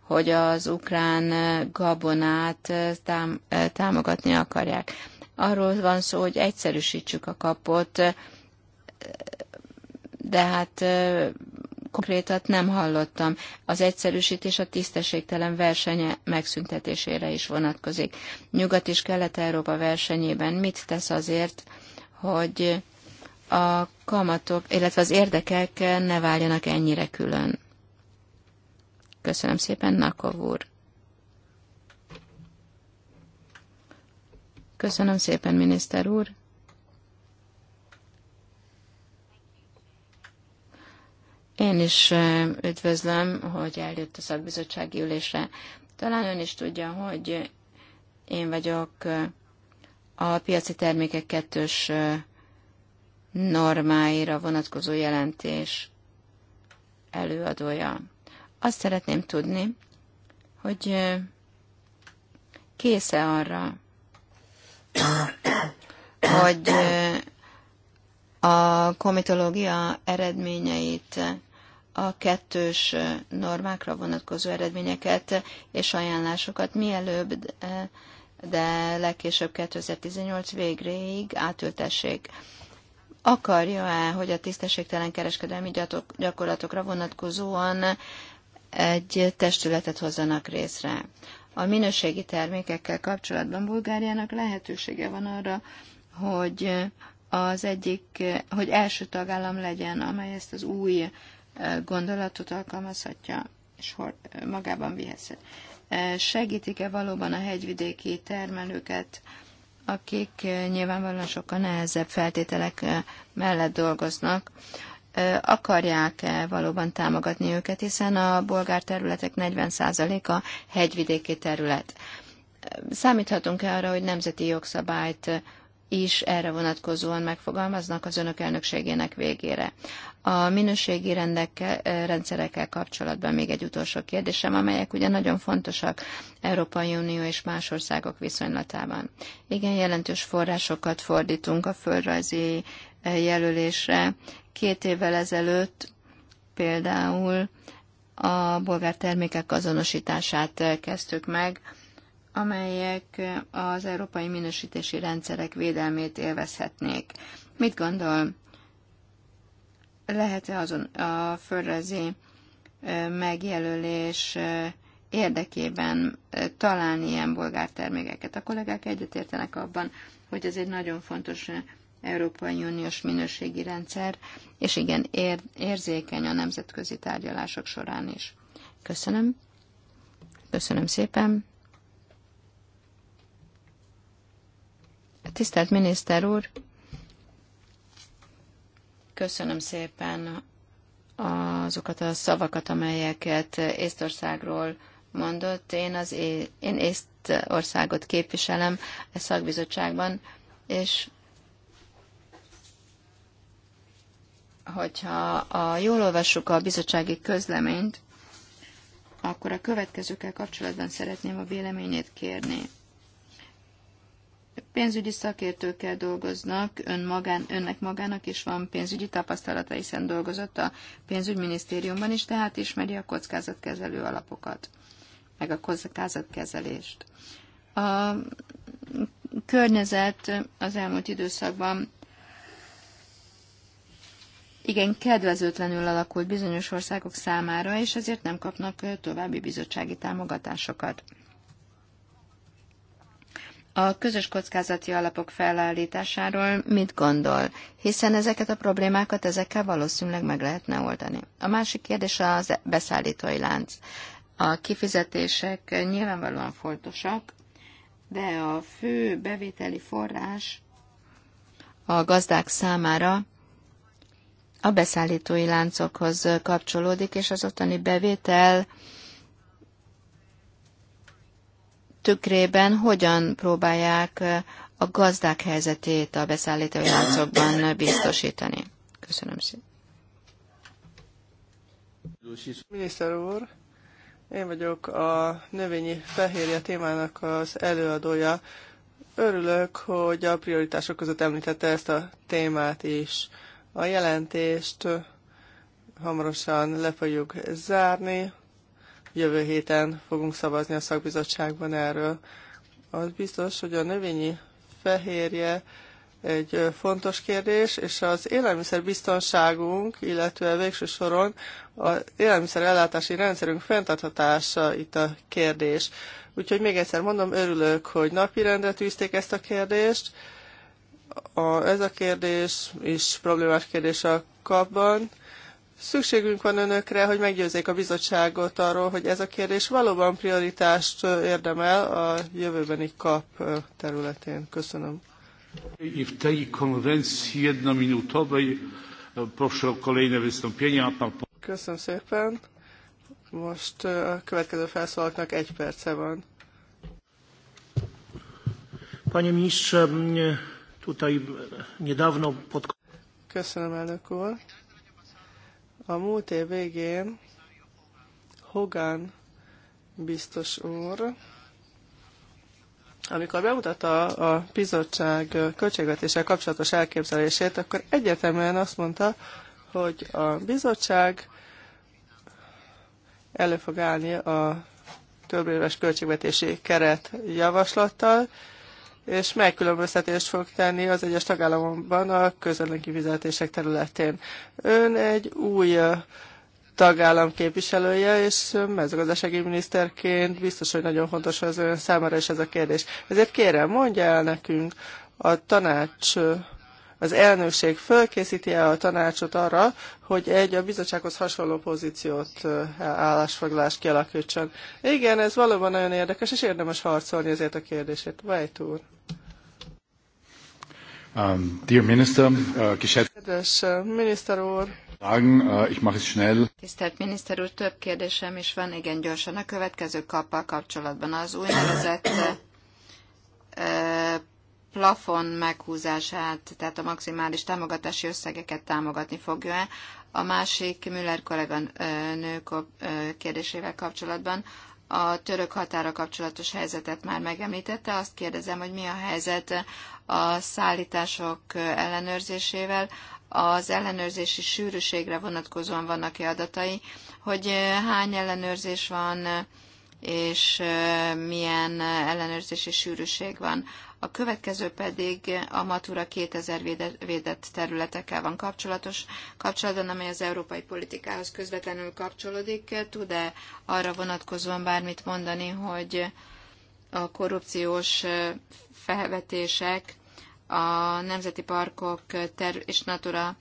hogy az ukrán gabonát eh, tám, eh, támogatni akarják. Arról van szó, hogy egyszerűsítsük a kapot, eh, de hát konkrétat nem hallottam. Az egyszerűsítés a tisztességtelen versenye megszüntetésére is vonatkozik. Nyugat és Kelet-Európa versenyében mit tesz azért, hogy a kamatok, illetve az érdekek ne váljanak ennyire külön. Köszönöm szépen, Nakov úr. Köszönöm szépen, miniszter úr. Én is üdvözlöm, hogy eljött a szakbizottsági ülésre. Talán ön is tudja, hogy én vagyok a piaci termékek kettős normáira vonatkozó jelentés előadója. Azt szeretném tudni, hogy késze arra, hogy a komitológia eredményeit, a kettős normákra vonatkozó eredményeket és ajánlásokat mielőbb de legkésőbb 2018 végréig átültessék. Akarja-e, hogy a tisztességtelen kereskedelmi gyakorlatokra vonatkozóan egy testületet hozzanak részre? A minőségi termékekkel kapcsolatban Bulgáriának lehetősége van arra, hogy az egyik, hogy első tagállam legyen, amely ezt az új gondolatot alkalmazhatja és magában vihetsz segítik-e valóban a hegyvidéki termelőket, akik eh, nyilvánvalóan sokkal nehezebb feltételek eh, mellett dolgoznak, eh, akarják-e valóban támogatni őket, hiszen a bolgár területek 40%-a hegyvidéki terület. Számíthatunk-e arra, hogy nemzeti jogszabályt is erre vonatkozóan megfogalmaznak az önök elnökségének végére. A minőségi rendekkel, eh, rendszerekkel kapcsolatban még egy utolsó kérdésem, amelyek ugye nagyon fontosak Európai Unió és más országok viszonylatában. Igen, jelentős forrásokat fordítunk a földrajzi eh, jelölésre. Két évvel ezelőtt például a bolgár termékek azonosítását eh, kezdtük meg, amelyek az európai minősítési rendszerek védelmét élvezhetnék. Mit gondol, lehet-e azon a földrajzi megjelölés érdekében találni ilyen bolgár termékeket. A kollégák egyetértenek abban, hogy ez egy nagyon fontos Európai Uniós minőségi rendszer, és igen, ér, érzékeny a nemzetközi tárgyalások során is. Köszönöm. Köszönöm szépen. Tisztelt miniszter úr! Köszönöm szépen azokat a szavakat, amelyeket Észtországról mondott. Én, az é- én Észtországot képviselem a e szakbizottságban, és hogyha a, jól olvassuk a bizottsági közleményt, akkor a következőkkel kapcsolatban szeretném a véleményét kérni. Pénzügyi szakértőkkel dolgoznak, ön magán, önnek magának is van pénzügyi tapasztalata, hiszen dolgozott a pénzügyminisztériumban is, tehát ismeri a kockázatkezelő alapokat, meg a kockázatkezelést. A környezet az elmúlt időszakban igen kedvezőtlenül alakult bizonyos országok számára, és ezért nem kapnak további bizottsági támogatásokat a közös kockázati alapok felállításáról mit gondol, hiszen ezeket a problémákat ezekkel valószínűleg meg lehetne oldani. A másik kérdés az beszállítói lánc. A kifizetések nyilvánvalóan fontosak, de a fő bevételi forrás a gazdák számára a beszállítói láncokhoz kapcsolódik, és az ottani bevétel tükrében hogyan próbálják a gazdák helyzetét a beszállítói láncokban biztosítani. Köszönöm szépen. Miniszter úr, én vagyok a növényi fehérje témának az előadója. Örülök, hogy a prioritások között említette ezt a témát is. A jelentést hamarosan le fogjuk zárni, Jövő héten fogunk szavazni a szakbizottságban erről. Az biztos, hogy a növényi fehérje egy fontos kérdés, és az élelmiszerbiztonságunk, illetve végső soron az ellátási rendszerünk fenntarthatása itt a kérdés. Úgyhogy még egyszer mondom, örülök, hogy napirendre tűzték ezt a kérdést. A, ez a kérdés is problémás kérdés a kapban. Szükségünk van önökre, hogy meggyőzzék a bizottságot arról, hogy ez a kérdés valóban prioritást érdemel a jövőbeni kap területén. Köszönöm. I w tej konwencji jednominutowej e, proszę o kolejne wystąpienia. Köszönöm szépen. Most a következő felszólalknak egy perce van. Panie ministrze, tutaj e, niedawno pod... Köszönöm, elnök úr. A múlt év végén Hogan biztos úr, amikor bemutatta a bizottság költségvetéssel kapcsolatos elképzelését, akkor egyetemen azt mondta, hogy a bizottság elő fog állni a többéves költségvetési keret javaslattal, és megkülönböztetést fog tenni az egyes tagállamokban a közvetlen kifizetések területén. Ön egy új tagállam képviselője, és mezőgazdasági miniszterként biztos, hogy nagyon fontos az ön számára is ez a kérdés. Ezért kérem, mondja el nekünk, a tanács az elnökség fölkészíti el a tanácsot arra, hogy egy a bizottsághoz hasonló pozíciót, állásfoglalást kialakítson. Igen, ez valóban nagyon érdekes, és érdemes harcolni ezért a kérdését. Vajt úr! Um, dear Minister, uh, Kedves miniszter úr! Uh, Tisztelt miniszter úr, több kérdésem is van, igen gyorsan. A következő kappal kapcsolatban az úgynevezett plafon meghúzását, tehát a maximális támogatási összegeket támogatni fogja-e. A másik Müller nők kérdésével kapcsolatban a török határa kapcsolatos helyzetet már megemlítette. Azt kérdezem, hogy mi a helyzet a szállítások ellenőrzésével, az ellenőrzési sűrűségre vonatkozóan vannak-e adatai, hogy hány ellenőrzés van, és milyen ellenőrzési sűrűség van. A következő pedig a Matura 2000 védett területekkel van kapcsolatos. Kapcsolatban, amely az európai politikához közvetlenül kapcsolódik, tud-e arra vonatkozóan bármit mondani, hogy a korrupciós felvetések a nemzeti parkok és Natura,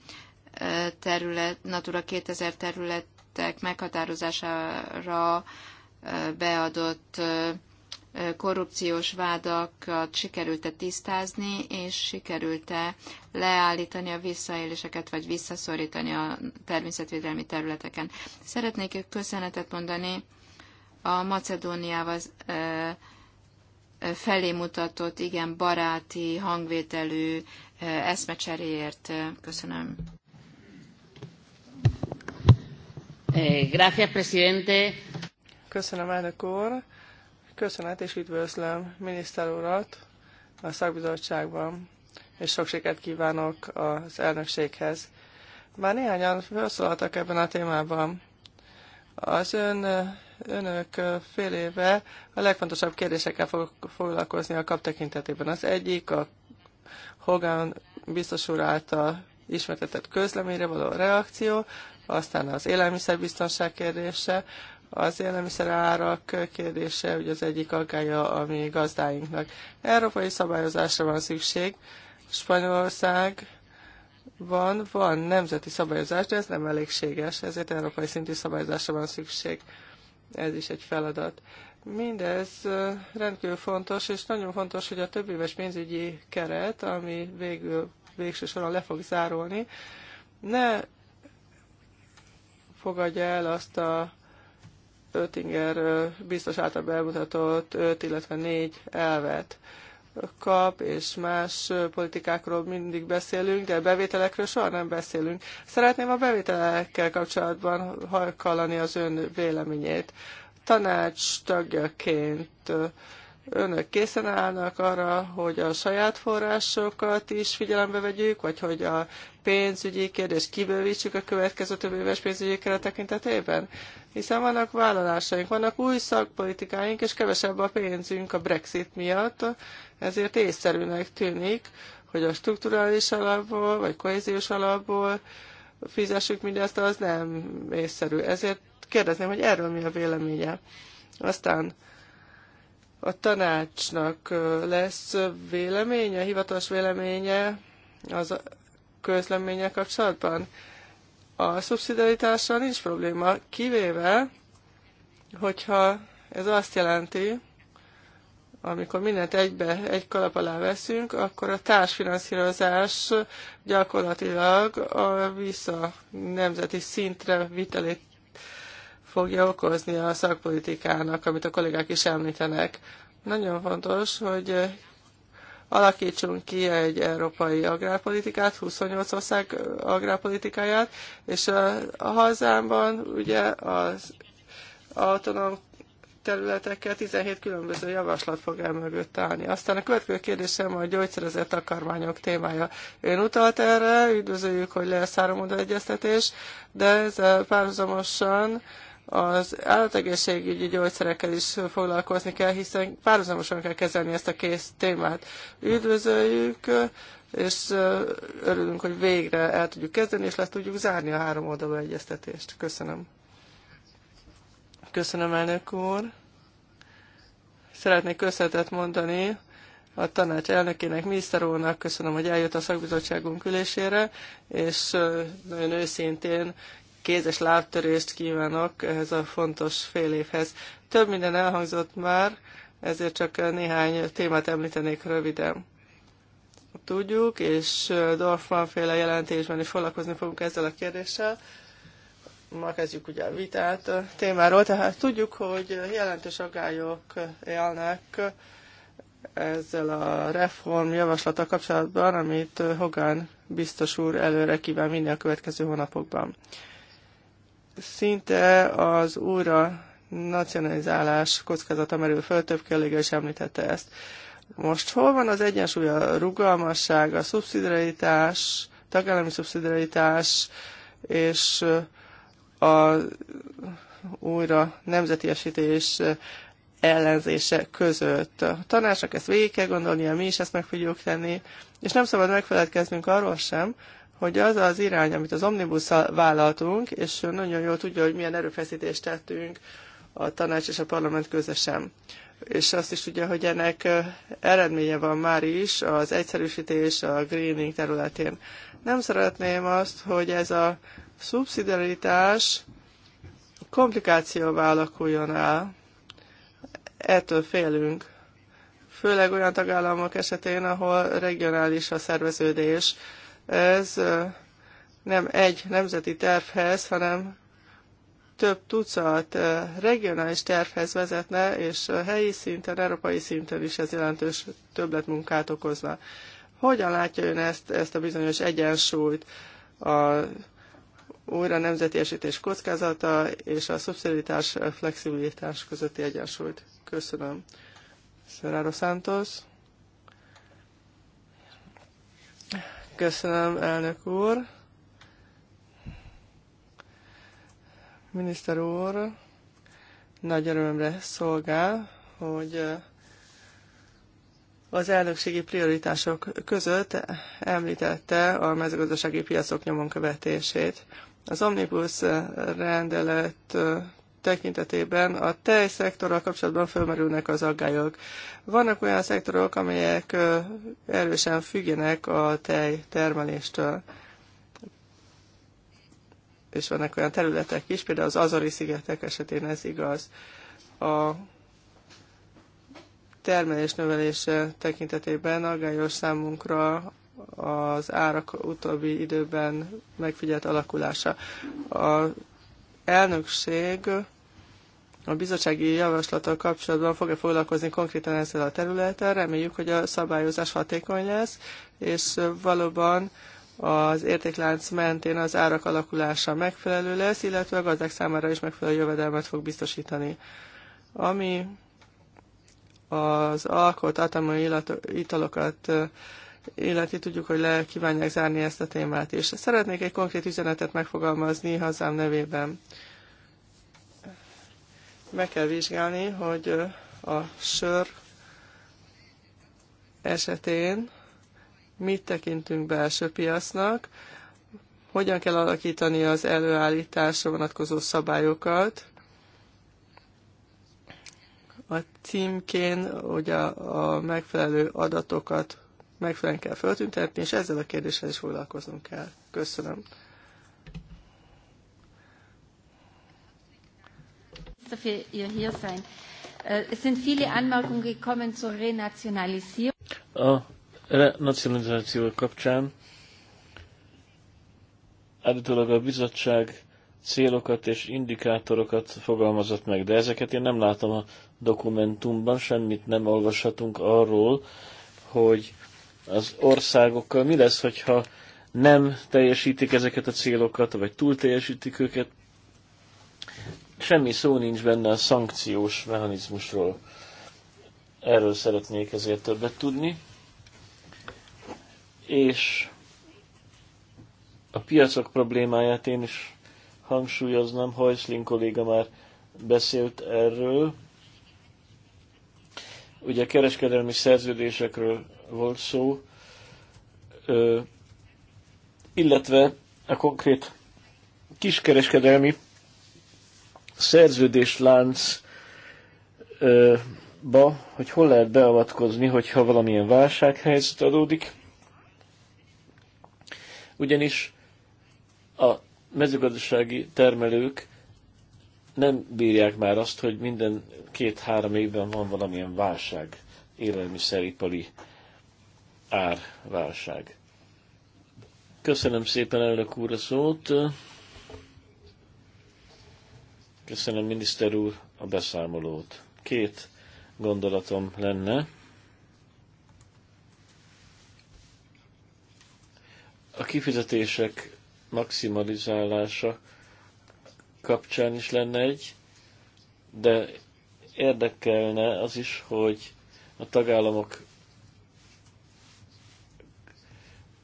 terület, Natura 2000 területek meghatározására beadott korrupciós vádakat sikerült-e tisztázni, és sikerült-e leállítani a visszaéléseket, vagy visszaszorítani a természetvédelmi területeken. Szeretnék köszönetet mondani a Macedóniával felé mutatott, igen baráti, hangvételű eszmecseréért. Köszönöm. Eh, gracias, presidente. Köszönöm, elnök úr. Köszönet és üdvözlöm miniszter urat a szakbizottságban, és sok sikert kívánok az elnökséghez. Már néhányan felszólaltak ebben a témában. Az ön, önök fél éve a legfontosabb kérdésekkel fog foglalkozni a kap tekintetében. Az egyik a Hogan biztos úr által ismertetett közleményre való reakció, aztán az élelmiszerbiztonság kérdése, az élelmiszer árak kérdése ugye az egyik aggája a mi gazdáinknak. Európai szabályozásra van szükség. Spanyolország van, van nemzeti szabályozás, de ez nem elégséges, ezért európai szintű szabályozásra van szükség. Ez is egy feladat. Mindez rendkívül fontos, és nagyon fontos, hogy a több éves pénzügyi keret, ami végül végső soron le fog zárulni, ne fogadja el azt a Öttinger biztos által bemutatott 5, illetve 4 elvet kap és más politikákról mindig beszélünk, de bevételekről soha nem beszélünk. Szeretném a bevételekkel kapcsolatban hallani az ön véleményét. Tanács tagjaként önök készen állnak arra, hogy a saját forrásokat is figyelembe vegyük, vagy hogy a pénzügyi kérdést kibővítsük a következő több éves pénzügyi keret tekintetében? Hiszen vannak vállalásaink, vannak új szakpolitikáink, és kevesebb a pénzünk a Brexit miatt, ezért észszerűnek tűnik, hogy a strukturális alapból, vagy kohéziós alapból fizessük mindezt, az nem észszerű. Ezért kérdezném, hogy erről mi a véleménye. Aztán a tanácsnak lesz véleménye, hivatalos véleménye az közleménye kapcsolatban. A szubszidiaritással nincs probléma, kivéve, hogyha ez azt jelenti, amikor mindent egybe, egy kalap alá veszünk, akkor a társfinanszírozás gyakorlatilag a vissza nemzeti szintre vitelét fogja okozni a szakpolitikának, amit a kollégák is említenek. Nagyon fontos, hogy eh, alakítsunk ki egy európai agrárpolitikát, 28 ország eh, agrárpolitikáját, és a, eh, a hazámban ugye az autonóm területekkel 17 különböző javaslat fog el mögött állni. Aztán a következő kérdésem a gyógyszerezett akarmányok témája. Én utalt erre, üdvözöljük, hogy lesz három egyeztetés, de ez párhuzamosan az állategészségügyi gyógyszerekkel is foglalkozni kell, hiszen párhuzamosan kell kezelni ezt a kész témát. Üdvözöljük, és örülünk, hogy végre el tudjuk kezdeni, és le tudjuk zárni a három oldalú egyeztetést. Köszönöm. Köszönöm, elnök úr. Szeretnék köszönetet mondani a tanács elnökének, miniszter úrnak, köszönöm, hogy eljött a szakbizottságunk ülésére, és nagyon őszintén kéz és lábtörést kívánok ehhez a fontos fél évhez. Több minden elhangzott már, ezért csak néhány témát említenék röviden. Tudjuk, és Dorfman féle jelentésben is foglalkozni fogunk ezzel a kérdéssel. Ma kezdjük ugye a vitát a témáról, tehát tudjuk, hogy jelentős aggályok élnek ezzel a reform javaslata kapcsolatban, amit Hogan biztos úr előre kíván vinni a következő hónapokban szinte az újra nacionalizálás kockázata merül föl, több is említette ezt. Most hol van az egyensúly, a rugalmasság, a szubszidiaritás, tagállami szubszidiaritás és a újra nemzetiesítés ellenzése között. A tanácsnak ezt végig kell gondolnia, mi is ezt meg fogjuk tenni, és nem szabad megfeledkeznünk arról sem, hogy az az irány, amit az omnibusszal vállaltunk, és nagyon jól tudja, hogy milyen erőfeszítést tettünk a tanács és a parlament közösen. És azt is tudja, hogy ennek eredménye van már is az egyszerűsítés a greening területén. Nem szeretném azt, hogy ez a szubszidiaritás komplikációvá alakuljon el. Ettől félünk. Főleg olyan tagállamok esetén, ahol regionális a szerveződés, ez nem egy nemzeti tervhez, hanem több tucat regionális tervhez vezetne, és helyi szinten, európai szinten is ez jelentős többletmunkát okozna. Hogyan látja ön ezt, ezt a bizonyos egyensúlyt a újra nemzetiesítés kockázata és a szubszidiaritás flexibilitás közötti egyensúlyt? Köszönöm. Szeráro Santos. Köszönöm, elnök úr. Miniszter úr, nagy örömre szolgál, hogy az elnökségi prioritások között említette a mezőgazdasági piacok nyomon követését. Az Omnibus rendelet tekintetében a tejszektorral kapcsolatban fölmerülnek az aggályok. Vannak olyan szektorok, amelyek erősen függenek a tej termeléstől, és vannak olyan területek is, például az Azori szigetek esetén ez igaz. A termelés növelése tekintetében aggályos számunkra az árak utóbbi időben megfigyelt alakulása. A elnökség a bizottsági javaslattal kapcsolatban fog-e foglalkozni konkrétan ezzel a területtel. Reméljük, hogy a szabályozás hatékony lesz, és valóban az értéklánc mentén az árak alakulása megfelelő lesz, illetve a gazdák számára is megfelelő jövedelmet fog biztosítani. Ami az alkot, atomai italokat illetve tudjuk, hogy le kívánják zárni ezt a témát és Szeretnék egy konkrét üzenetet megfogalmazni hazám nevében. Meg kell vizsgálni, hogy a sör esetén mit tekintünk belső piacnak, hogyan kell alakítani az előállításra vonatkozó szabályokat, a címkén ugye a megfelelő adatokat megfelelően kell feltüntetni, és ezzel a kérdéssel is foglalkoznunk kell. Köszönöm. Uh, a renacionalizáció kapcsán állítólag a bizottság célokat és indikátorokat fogalmazott meg, de ezeket én nem látom a dokumentumban, semmit nem olvashatunk arról, hogy az országokkal. Mi lesz, hogyha nem teljesítik ezeket a célokat, vagy túl teljesítik őket? Semmi szó nincs benne a szankciós mechanizmusról. Erről szeretnék ezért többet tudni. És a piacok problémáját én is hangsúlyoznám, Hajszlin kolléga már beszélt erről. Ugye a kereskedelmi szerződésekről volt szó, illetve a konkrét kiskereskedelmi szerződéslánc-ba, hogy hol lehet beavatkozni, hogyha valamilyen válsághelyzet adódik. Ugyanis a mezőgazdasági termelők nem bírják már azt, hogy minden két-három évben van valamilyen válság élelmiszeripari árválság. Köszönöm szépen, elnök úr, a szót. Köszönöm, miniszter úr, a beszámolót. Két gondolatom lenne. A kifizetések maximalizálása kapcsán is lenne egy, de érdekelne az is, hogy a tagállamok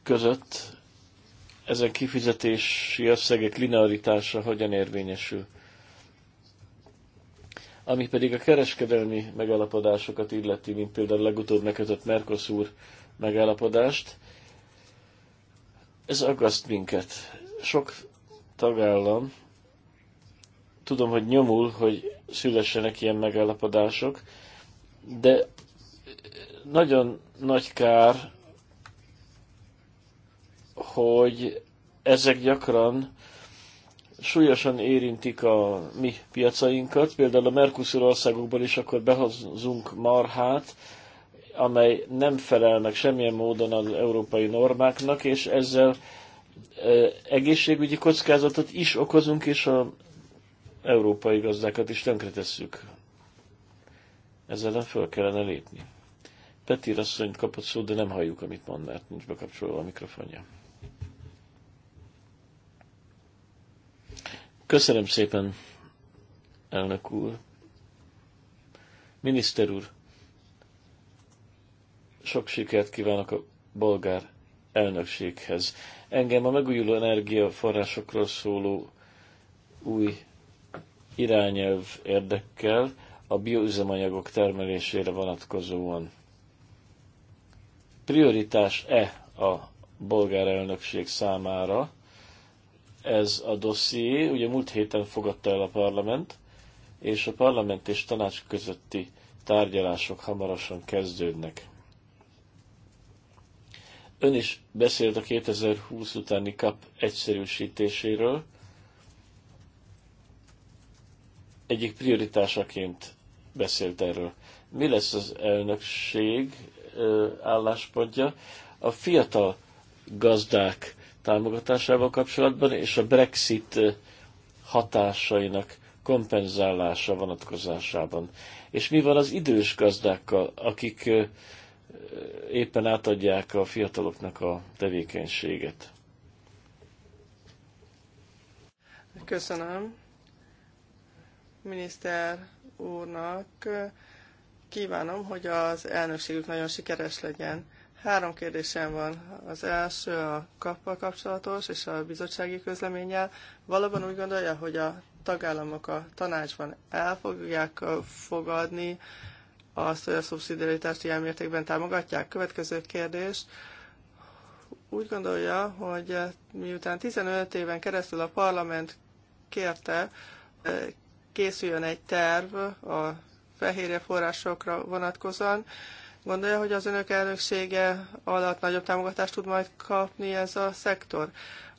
között ezen kifizetési összegek linearitása hogyan érvényesül. Ami pedig a kereskedelmi megállapodásokat illeti, mint például legutóbb megkötött Mercosur megállapodást, ez aggaszt minket. Sok tagállam, tudom, hogy nyomul, hogy szülessenek ilyen megállapodások, de nagyon nagy kár, hogy ezek gyakran súlyosan érintik a mi piacainkat. Például a Mercosur országokból is akkor behozunk marhát, amely nem felel meg semmilyen módon az európai normáknak, és ezzel egészségügyi kockázatot is okozunk, és a európai gazdákat is tönkretesszük. Ezzel ellen föl kellene lépni. Petir asszonyt kapott szó, de nem halljuk, amit mond, mert nincs bekapcsolva a mikrofonja. Köszönöm szépen, elnök úr. Miniszter úr, sok sikert kívánok a bolgár elnökséghez. Engem a megújuló energiaforrásokról szóló új irányelv érdekkel a bioüzemanyagok termelésére vonatkozóan. Prioritás-e a bolgár elnökség számára, ez a dosszié. Ugye múlt héten fogadta el a parlament, és a parlament és tanács közötti tárgyalások hamarosan kezdődnek. Ön is beszélt a 2020 utáni kap egyszerűsítéséről. Egyik prioritásaként beszélt erről. Mi lesz az elnökség álláspontja? A fiatal gazdák támogatásával kapcsolatban, és a Brexit hatásainak kompenzálása vonatkozásában. És mi van az idős gazdákkal, akik éppen átadják a fiataloknak a tevékenységet? Köszönöm miniszter úrnak kívánom, hogy az elnökségük nagyon sikeres legyen. Három kérdésem van. Az első a kappal kapcsolatos és a bizottsági közleménnyel. Valóban úgy gondolja, hogy a tagállamok a tanácsban el fogják fogadni azt, hogy a szubszidiaritást ilyen mértékben támogatják? Következő kérdés. Úgy gondolja, hogy miután 15 éven keresztül a parlament kérte, készüljön egy terv a fehérje forrásokra vonatkozóan, Gondolja, hogy az önök elnöksége alatt nagyobb támogatást tud majd kapni ez a szektor?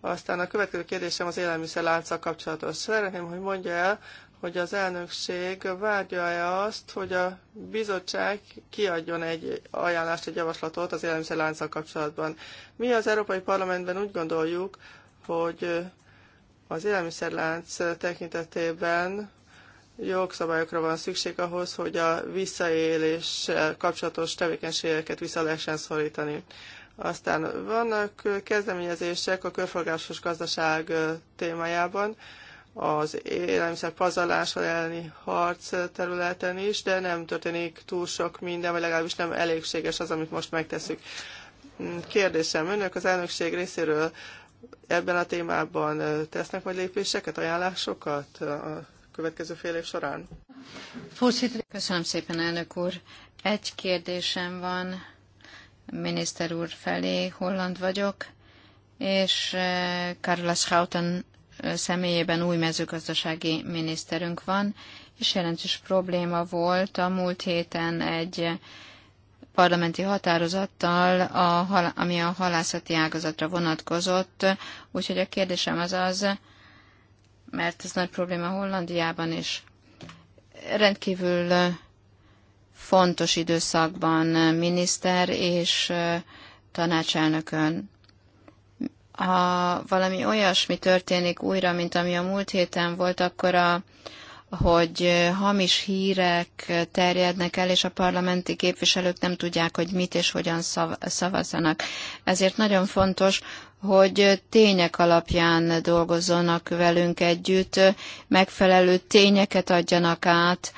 Aztán a következő kérdésem az élelmiszer lánccal kapcsolatos. Szeretném, hogy mondja el, hogy az elnökség várja-e azt, hogy a bizottság kiadjon egy ajánlást, egy javaslatot az élelmiszerlánccal kapcsolatban. Mi az Európai Parlamentben úgy gondoljuk, hogy az élelmiszerlánc tekintetében jogszabályokra van szükség ahhoz, hogy a visszaéléssel kapcsolatos tevékenységeket vissza lehessen szorítani. Aztán vannak kezdeményezések a körforgásos gazdaság témájában, az élelmiszer pazarlással elleni harc területen is, de nem történik túl sok minden, vagy legalábbis nem elégséges az, amit most megteszünk. Mm, kérdésem, önök az elnökség részéről ebben a témában tesznek majd lépéseket, ajánlásokat következő fél év során? Köszönöm szépen, elnök úr. Egy kérdésem van miniszter úr felé, holland vagyok, és eh, Carlos Schouten eh, személyében új mezőgazdasági miniszterünk van, és jelentős probléma volt a múlt héten egy parlamenti határozattal, a, ami a halászati ágazatra vonatkozott. Úgyhogy a kérdésem az az, mert ez nagy probléma Hollandiában is. Rendkívül fontos időszakban miniszter és tanácselnökön. Ha valami olyasmi történik újra, mint ami a múlt héten volt, akkor a, hogy hamis hírek terjednek el, és a parlamenti képviselők nem tudják, hogy mit és hogyan szavazzanak. Ezért nagyon fontos, hogy tények alapján dolgozzanak velünk együtt, megfelelő tényeket adjanak át,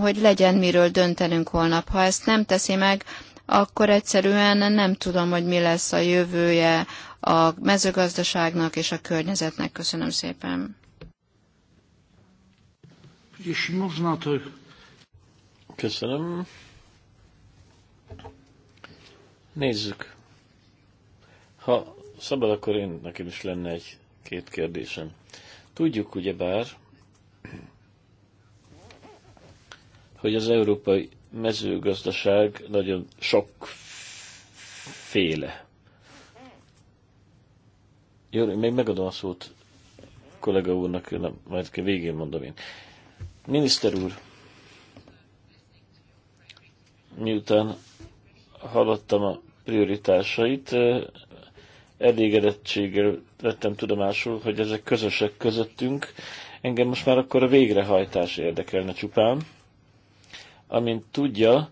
hogy legyen miről döntenünk holnap. Ha ezt nem teszi meg, akkor egyszerűen nem tudom, hogy mi lesz a jövője a mezőgazdaságnak és a környezetnek. Köszönöm szépen. Jeśli można, to... Köszönöm. Nézzük. Ha szabad, akkor én nekem is lenne egy-két kérdésem. Tudjuk ugyebár, hogy az európai mezőgazdaság nagyon sokféle. Jó, még megadom a szót kollega úrnak, nem, majd végén mondom én. Miniszter úr, miután hallottam a prioritásait, eh, elégedettséggel vettem tudomásul, hogy ezek közösek közöttünk. Engem most már akkor a végrehajtás érdekelne csupán. Amint tudja,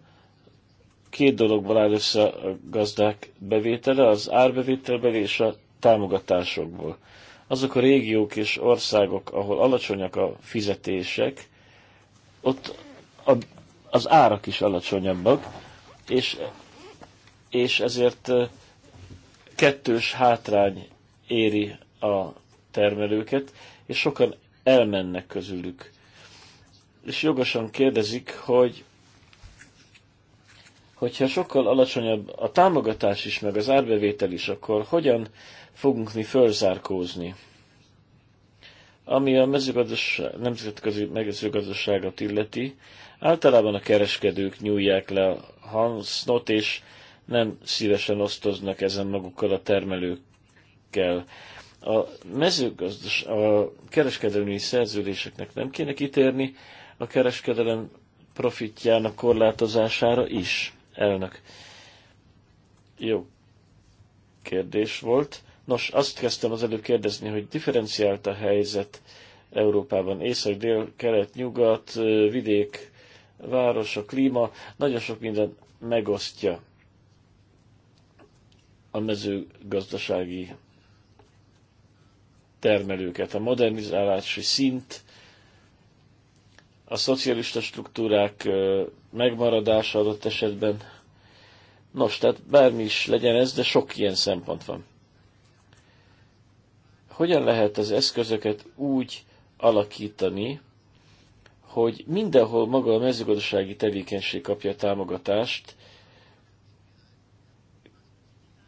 két dologból áll össze a gazdák bevétele, az árbevételbeli és a támogatásokból. Azok a régiók és országok, ahol alacsonyak a fizetések, ott a, az árak is alacsonyabbak, és, és ezért kettős hátrány éri a termelőket, és sokan elmennek közülük. És jogosan kérdezik, hogy hogyha sokkal alacsonyabb a támogatás is, meg az árbevétel is, akkor hogyan fogunk mi fölzárkózni? Ami a mezőgazdaság, nemzetközi mezőgazdaságot illeti, általában a kereskedők nyúlják le a hansznot, és nem szívesen osztoznak ezen magukkal a termelőkkel. A mezőgazdas, a kereskedelmi szerződéseknek nem kéne kitérni, a kereskedelem profitjának korlátozására is, elnök. Jó kérdés volt. Nos, azt kezdtem az előbb kérdezni, hogy differenciált a helyzet Európában, észak, dél, kelet, nyugat, vidék, város, a klíma, nagyon sok minden megosztja a mezőgazdasági termelőket, a modernizálási szint, a szocialista struktúrák megmaradása adott esetben. Nos, tehát bármi is legyen ez, de sok ilyen szempont van hogyan lehet az eszközöket úgy alakítani, hogy mindenhol maga a mezőgazdasági tevékenység kapja támogatást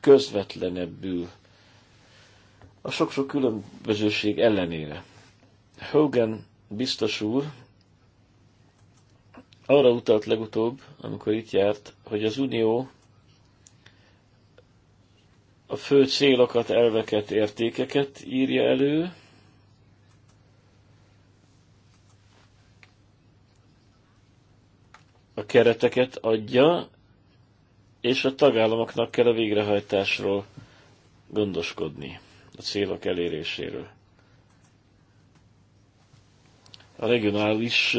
közvetlenebbül a sok-sok különbözőség ellenére. Hogan biztos úr arra utalt legutóbb, amikor itt járt, hogy az Unió a fő célokat, elveket, értékeket írja elő, a kereteket adja, és a tagállamoknak kell a végrehajtásról gondoskodni, a célok eléréséről. A regionális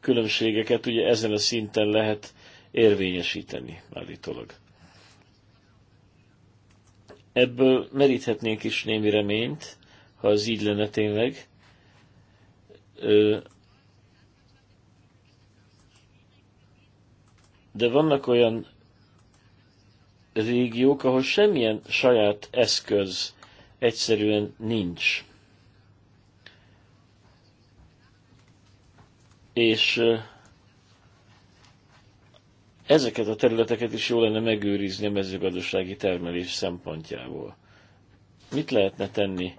különbségeket ugye ezen a szinten lehet érvényesíteni állítólag. Ebből meríthetnénk is némi reményt, ha az így lenne tényleg. De vannak olyan régiók, ahol semmilyen saját eszköz egyszerűen nincs. És ezeket a területeket is jó lenne megőrizni a mezőgazdasági termelés szempontjából. Mit lehetne tenni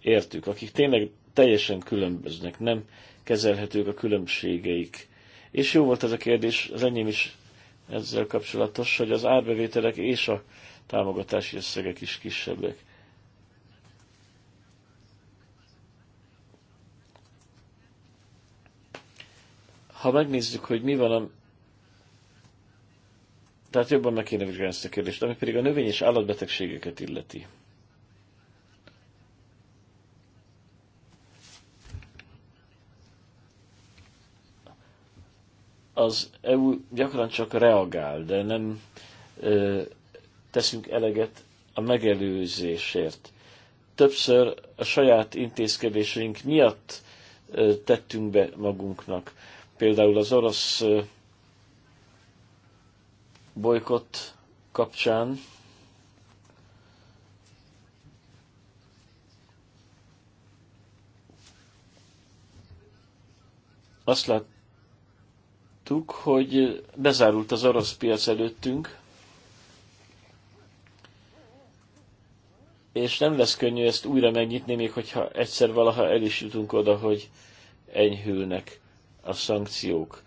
értük, akik tényleg teljesen különböznek, nem kezelhetők a különbségeik. És jó volt ez a kérdés, az enyém is ezzel kapcsolatos, hogy az árbevételek és a támogatási összegek is kisebbek. Ha megnézzük, hogy mi van a tehát jobban meg kéne vizsgálni ezt a kérdést, ami pedig a növény és állatbetegségeket illeti. Az EU gyakran csak reagál, de nem ö, teszünk eleget a megelőzésért. Többször a saját intézkedéseink miatt ö, tettünk be magunknak. Például az orosz ö, bolykott kapcsán. Azt láttuk, hogy bezárult az orosz piac előttünk, és nem lesz könnyű ezt újra megnyitni, még hogyha egyszer valaha el is jutunk oda, hogy enyhülnek a szankciók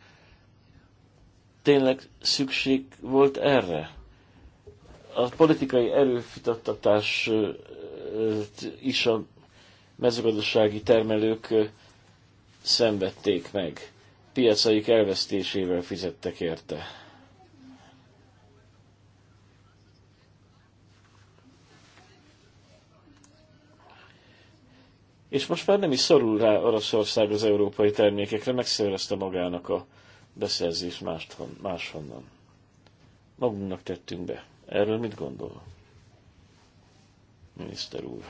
tényleg szükség volt erre? A politikai erőfitattatás is a mezőgazdasági termelők szenvedték meg. Piacaik elvesztésével fizettek érte. És most már nem is szorul rá Oroszország az európai termékekre, megszerezte magának a beszerzés máshonnan. Magunknak tettünk be. Erről mit gondol? Miniszter úr.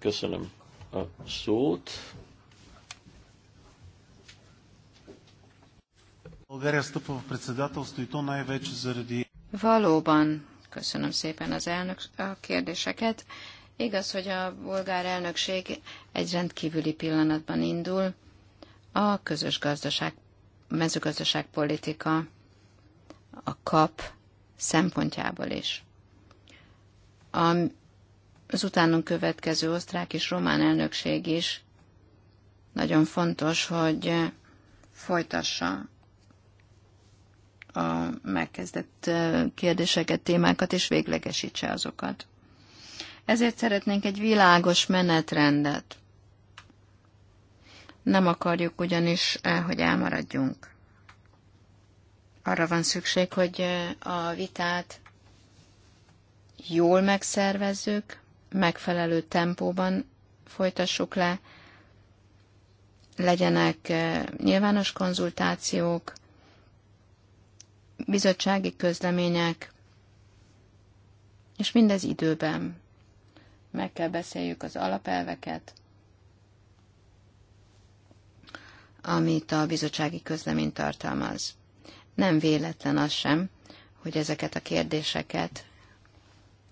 Köszönöm a szót. Valóban Köszönöm szépen az elnök a kérdéseket. Igaz, hogy a bolgár elnökség egy rendkívüli pillanatban indul. A közös gazdaság, mezőgazdaságpolitika, a kap szempontjából is. A, az utánunk következő osztrák és román elnökség is nagyon fontos, hogy folytassa a megkezdett kérdéseket, témákat, és véglegesítse azokat. Ezért szeretnénk egy világos menetrendet. Nem akarjuk ugyanis, hogy elmaradjunk. Arra van szükség, hogy a vitát jól megszervezzük, megfelelő tempóban folytassuk le, legyenek nyilvános konzultációk, bizottsági közlemények, és mindez időben. Meg kell beszéljük az alapelveket, amit a bizottsági közlemény tartalmaz. Nem véletlen az sem, hogy ezeket a kérdéseket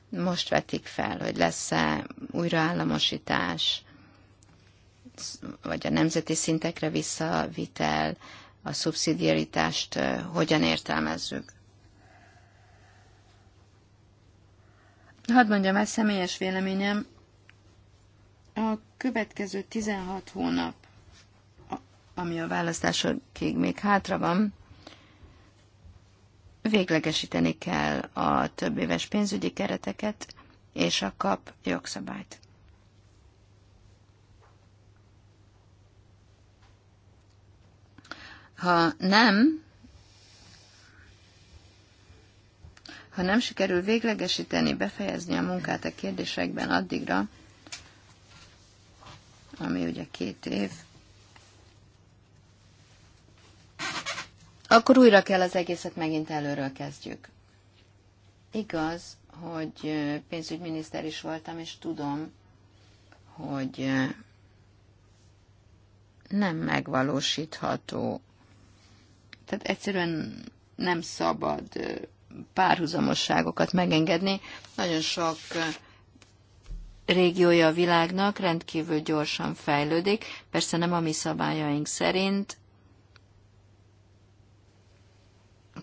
most vetik fel, hogy lesz-e újraállamosítás, vagy a nemzeti szintekre visszavitel, a szubszidiaritást hogyan értelmezzük. Hadd mondjam el személyes véleményem, a következő 16 hónap, ami a választásokig még hátra van, véglegesíteni kell a több éves pénzügyi kereteket és a kap jogszabályt. Ha nem, ha nem sikerül véglegesíteni, befejezni a munkát a kérdésekben addigra, ami ugye két év, akkor újra kell az egészet megint előről kezdjük. Igaz, hogy pénzügyminiszter is voltam, és tudom, hogy nem megvalósítható tehát egyszerűen nem szabad párhuzamosságokat megengedni. Nagyon sok régiója a világnak rendkívül gyorsan fejlődik, persze nem a mi szabályaink szerint,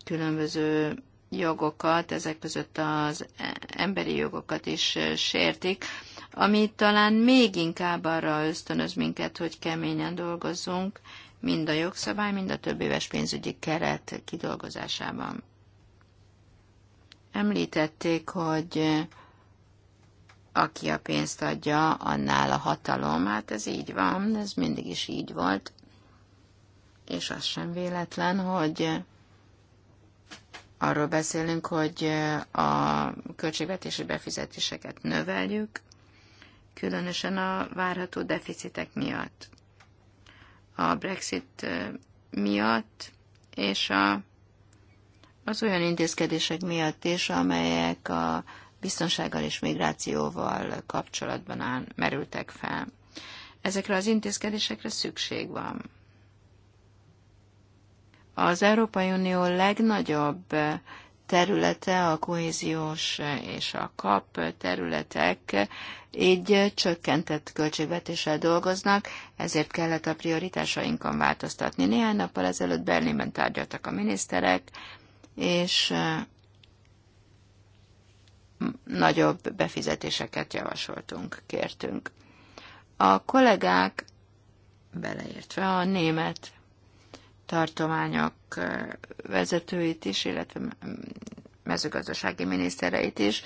különböző jogokat, ezek között az emberi jogokat is sértik, ami talán még inkább arra ösztönöz minket, hogy keményen dolgozzunk, mind a jogszabály, mind a több éves pénzügyi keret kidolgozásában. Említették, hogy aki a pénzt adja, annál a hatalom. Hát ez így van, ez mindig is így volt. És az sem véletlen, hogy arról beszélünk, hogy a költségvetési befizetéseket növeljük, különösen a várható deficitek miatt a Brexit miatt, és a, az olyan intézkedések miatt is, amelyek a biztonsággal és migrációval kapcsolatban áll, merültek fel. Ezekre az intézkedésekre szükség van. Az Európai Unió legnagyobb területe, a kohéziós és a kap területek így csökkentett költségvetéssel dolgoznak, ezért kellett a prioritásainkon változtatni. Néhány nappal ezelőtt Berlinben tárgyaltak a miniszterek, és nagyobb befizetéseket javasoltunk, kértünk. A kollégák, beleértve a német tartományok vezetőit is, illetve mezőgazdasági minisztereit is,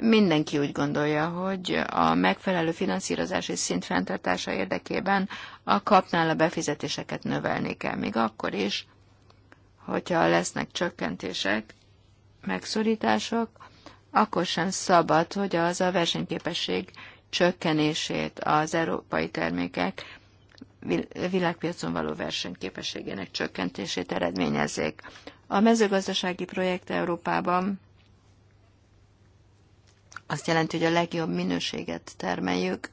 mindenki úgy gondolja, hogy a megfelelő finanszírozási szint fenntartása érdekében a kapnál a befizetéseket növelni kell, még akkor is, hogyha lesznek csökkentések, megszorítások, akkor sem szabad, hogy az a versenyképesség csökkenését az európai termékek világpiacon való versenyképességének csökkentését eredményezzék. A mezőgazdasági projekt Európában azt jelenti, hogy a legjobb minőséget termeljük,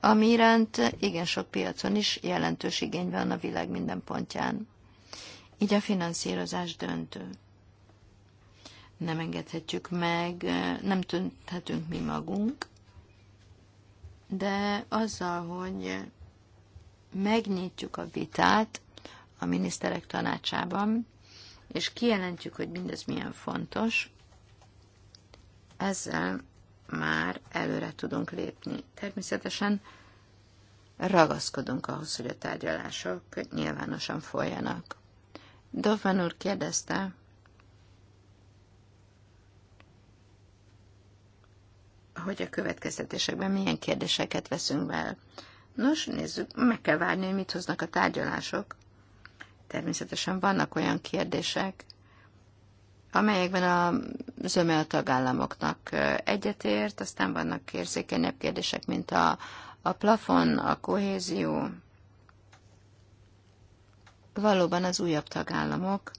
ami iránt igen sok piacon is jelentős igény van a világ minden pontján. Így a finanszírozás döntő. Nem engedhetjük meg, nem tűnhetünk mi magunk, de azzal, hogy megnyitjuk a vitát a miniszterek tanácsában, és kijelentjük, hogy mindez milyen fontos, ezzel már előre tudunk lépni. Természetesen ragaszkodunk ahhoz, hogy a tárgyalások nyilvánosan folyjanak. Dovan úr kérdezte, hogy a következtetésekben milyen kérdéseket veszünk be. Nos, nézzük, meg kell várni, hogy mit hoznak a tárgyalások. Természetesen vannak olyan kérdések, amelyekben a zöme a tagállamoknak egyetért, aztán vannak érzékenyebb kérdések, mint a, a plafon, a kohézió. Valóban az újabb tagállamok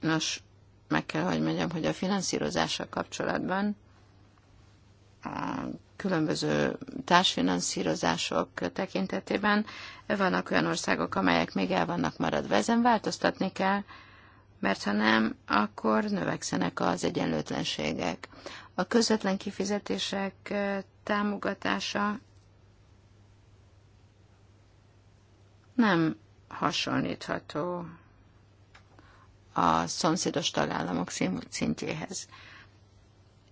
Nos, meg kell, hogy mondjam, hogy a finanszírozással kapcsolatban a különböző társfinanszírozások tekintetében vannak olyan országok, amelyek még el vannak maradva. Ezen változtatni kell, mert ha nem, akkor növekszenek az egyenlőtlenségek. A közvetlen kifizetések eh, támogatása nem hasonlítható a szomszédos tagállamok szintjéhez.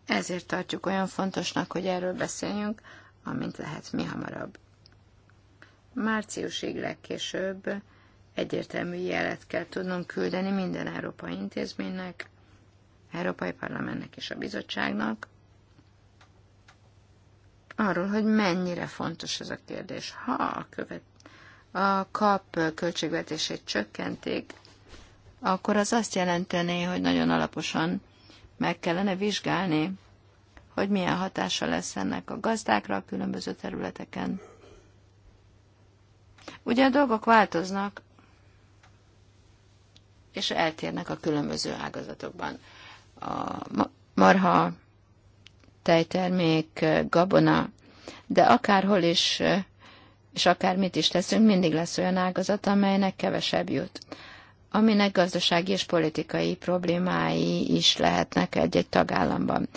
Ezért tartjuk olyan fontosnak, hogy erről beszéljünk, amint lehet mi hamarabb. Márciusig legkésőbb egyértelmű jelet kell tudnunk küldeni minden európai intézménynek, Európai Parlamentnek és a bizottságnak, arról, hogy mennyire fontos ez a kérdés. Ha a, követ, a kap költségvetését csökkentik, akkor az azt jelenteni, hogy nagyon alaposan meg kellene vizsgálni, hogy milyen hatása lesz ennek a gazdákra a különböző területeken. Ugye a dolgok változnak, és eltérnek a különböző ágazatokban. A marha, tejtermék, gabona, de akárhol is, és akármit is teszünk, mindig lesz olyan ágazat, amelynek kevesebb jut aminek gazdasági és politikai problémái is lehetnek egy-egy tagállamban.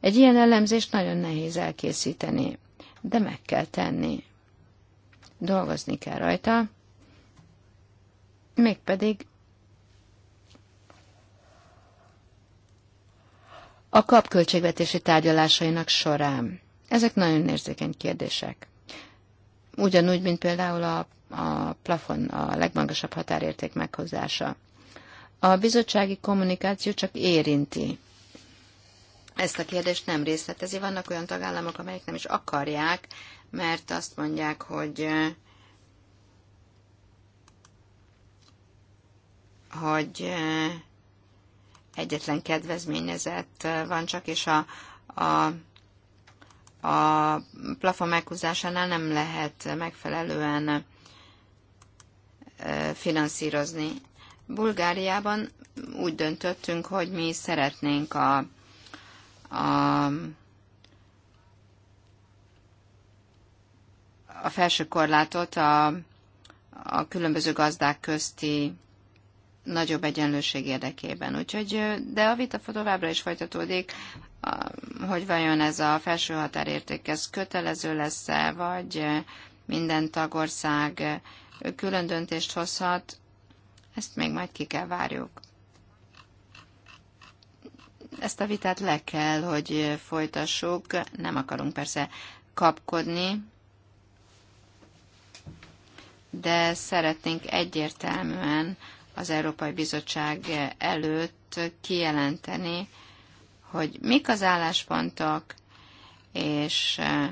Egy ilyen elemzést nagyon nehéz elkészíteni, de meg kell tenni. Dolgozni kell rajta, mégpedig a kapköltségvetési tárgyalásainak során. Ezek nagyon érzékeny kérdések ugyanúgy, mint például a, a plafon, a legmagasabb határérték meghozása. A bizottsági kommunikáció csak érinti. Ezt a kérdést nem részletezi. Vannak olyan tagállamok, amelyek nem is akarják, mert azt mondják, hogy hogy eh, egyetlen kedvezményezett eh, van csak, és a, a a plafon meghúzásánál nem lehet megfelelően finanszírozni. Bulgáriában úgy döntöttünk, hogy mi szeretnénk a, a, a felső korlátot a, a különböző gazdák közti nagyobb egyenlőség érdekében. Úgyhogy, de a vita továbbra is folytatódik, hogy vajon ez a felső határérték ez kötelező lesz-e, vagy minden tagország külön döntést hozhat, ezt még majd ki kell várjuk. Ezt a vitát le kell, hogy folytassuk. Nem akarunk persze kapkodni, de szeretnénk egyértelműen az Európai Bizottság előtt kijelenteni, hogy mik az álláspontok, és eh,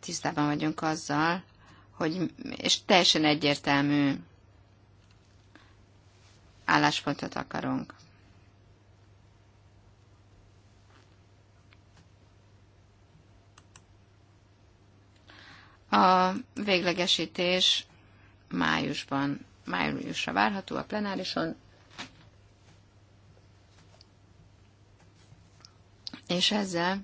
tisztában vagyunk azzal, hogy, és teljesen egyértelmű álláspontot akarunk. A véglegesítés májusban, májusra várható a plenárison, és ezzel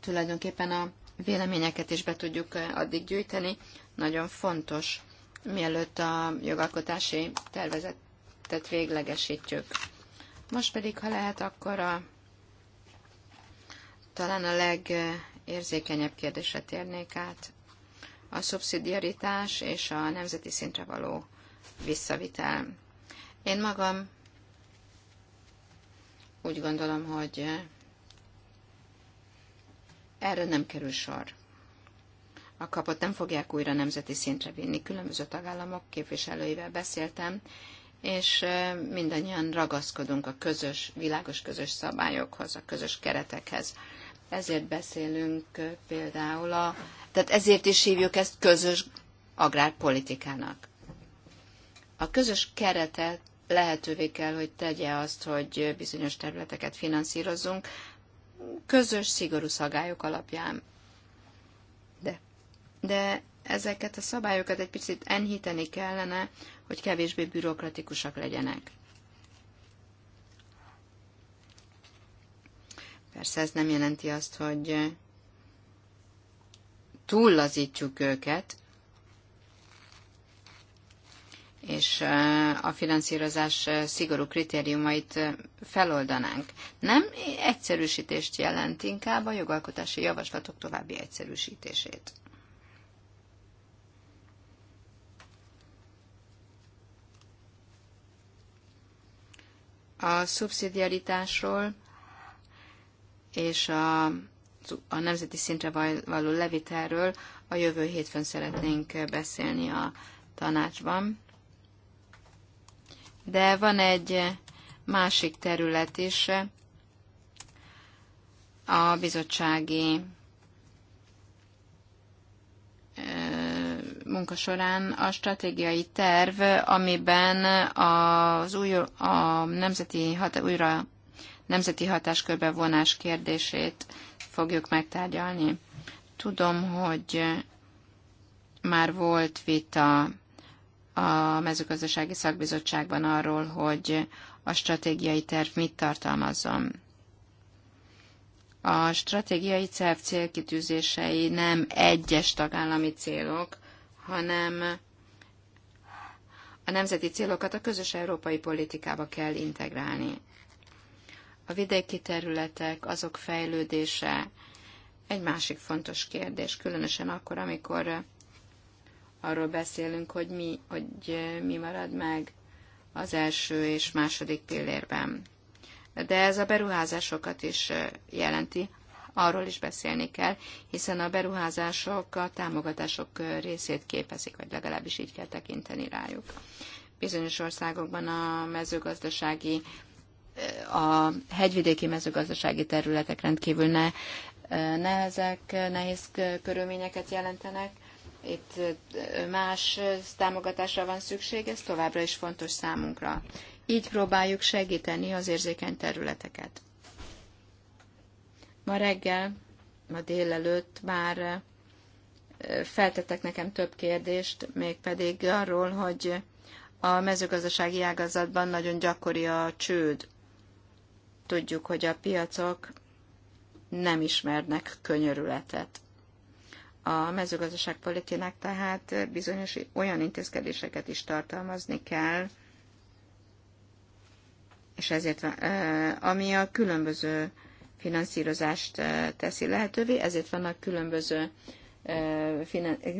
tulajdonképpen a véleményeket is be tudjuk addig gyűjteni. Nagyon fontos, mielőtt a jogalkotási tervezetet véglegesítjük. Most pedig, ha lehet, akkor a, talán a legérzékenyebb kérdésre térnék át a szubszidiaritás és a nemzeti szintre való visszavitel. Én magam úgy gondolom, hogy erre nem kerül sor. A kapot nem fogják újra nemzeti szintre vinni. Különböző tagállamok képviselőivel beszéltem, és mindannyian ragaszkodunk a közös, világos közös szabályokhoz, a közös keretekhez. Ezért beszélünk például a tehát ezért is hívjuk ezt közös agrárpolitikának. A közös keretet lehetővé kell, hogy tegye azt, hogy bizonyos területeket finanszírozzunk, közös, szigorú szagályok alapján. De, de ezeket a szabályokat egy picit enyhíteni kellene, hogy kevésbé bürokratikusak legyenek. Persze ez nem jelenti azt, hogy túllazítjuk őket, és eh, a finanszírozás eh, szigorú kritériumait eh, feloldanánk. Nem egyszerűsítést jelent, inkább a jogalkotási javaslatok további egyszerűsítését. A szubszidiaritásról és a a nemzeti szintre való levitelről a jövő hétfőn szeretnénk beszélni a tanácsban. De van egy másik terület is, a bizottsági munka során a stratégiai terv, amiben az új, a nemzeti, hat, újra nemzeti hatáskörbe vonás kérdését fogjuk megtárgyalni. Tudom, hogy már volt vita a mezőgazdasági szakbizottságban arról, hogy a stratégiai terv mit tartalmazzon. A stratégiai terv célkitűzései nem egyes tagállami célok, hanem a nemzeti célokat a közös európai politikába kell integrálni. A vidéki területek, azok fejlődése egy másik fontos kérdés, különösen akkor, amikor arról beszélünk, hogy mi, hogy eh, mi marad meg az első és második pillérben. De ez a beruházásokat is eh, jelenti, arról is beszélni kell, hiszen a beruházások a támogatások eh, részét képezik, vagy legalábbis így kell tekinteni rájuk. Bizonyos országokban a mezőgazdasági a hegyvidéki mezőgazdasági területek rendkívül ne, nehezek, nehéz körülményeket jelentenek. Itt más támogatásra van szükség, ez továbbra is fontos számunkra. Így próbáljuk segíteni az érzékeny területeket. Ma reggel, ma délelőtt már feltettek nekem több kérdést, mégpedig arról, hogy a mezőgazdasági ágazatban nagyon gyakori a csőd. Tudjuk, hogy a piacok nem ismernek könyörületet. A mezőgazdaságpolitikának tehát bizonyos olyan intézkedéseket is tartalmazni kell, és ezért, ami a különböző finanszírozást teszi lehetővé, ezért vannak különböző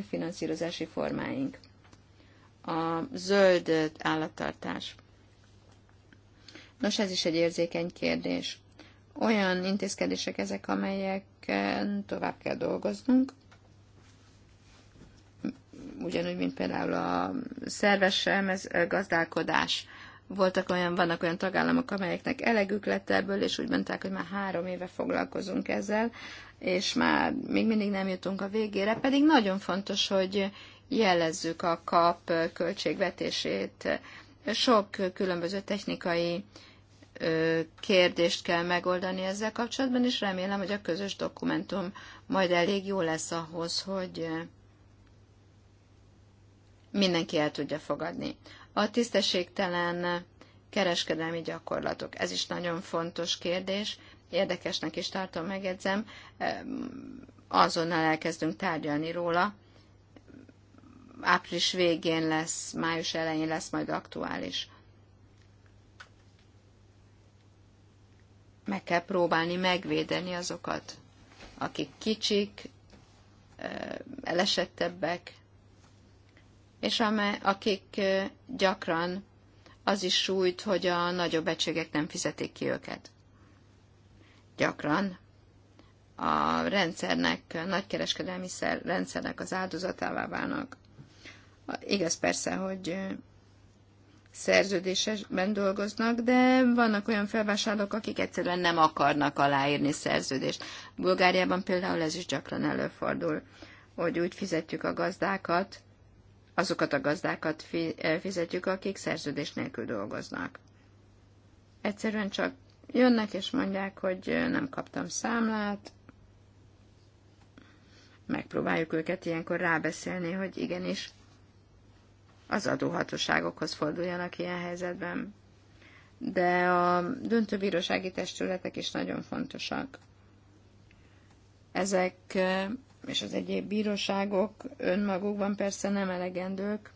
finanszírozási formáink. A zöld állattartás Nos, ez is egy érzékeny kérdés. Olyan intézkedések ezek, amelyeken tovább kell dolgoznunk, ugyanúgy, mint például a szerves gazdálkodás. Voltak olyan, vannak olyan tagállamok, amelyeknek elegük lett ebből, és úgy mondták, hogy már három éve foglalkozunk ezzel, és már még mindig nem jutunk a végére, pedig nagyon fontos, hogy jelezzük a kap költségvetését. Sok különböző technikai kérdést kell megoldani ezzel kapcsolatban, és remélem, hogy a közös dokumentum majd elég jó lesz ahhoz, hogy mindenki el tudja fogadni. A tisztességtelen kereskedelmi gyakorlatok. Ez is nagyon fontos kérdés. Érdekesnek is tartom, megjegyzem. Azonnal elkezdünk tárgyalni róla. Április végén lesz, május elején lesz majd aktuális meg kell próbálni megvédeni azokat, akik kicsik, elesettebbek, és amely, akik gyakran az is sújt, hogy a nagyobb egységek nem fizetik ki őket. Gyakran a rendszernek, a nagykereskedelmi rendszernek az áldozatává válnak. Igaz persze, hogy szerződésben dolgoznak, de vannak olyan felvásárlók, akik egyszerűen nem akarnak aláírni szerződést. Bulgáriában például ez is gyakran előfordul, hogy úgy fizetjük a gazdákat, azokat a gazdákat eh, fizetjük, akik szerződés nélkül dolgoznak. Egyszerűen csak jönnek és mondják, hogy eh, nem kaptam számlát, megpróbáljuk őket ilyenkor rábeszélni, hogy igenis az adóhatóságokhoz forduljanak ilyen helyzetben. De a döntőbírósági testületek is nagyon fontosak. Ezek és az egyéb bíróságok önmagukban persze nem elegendők,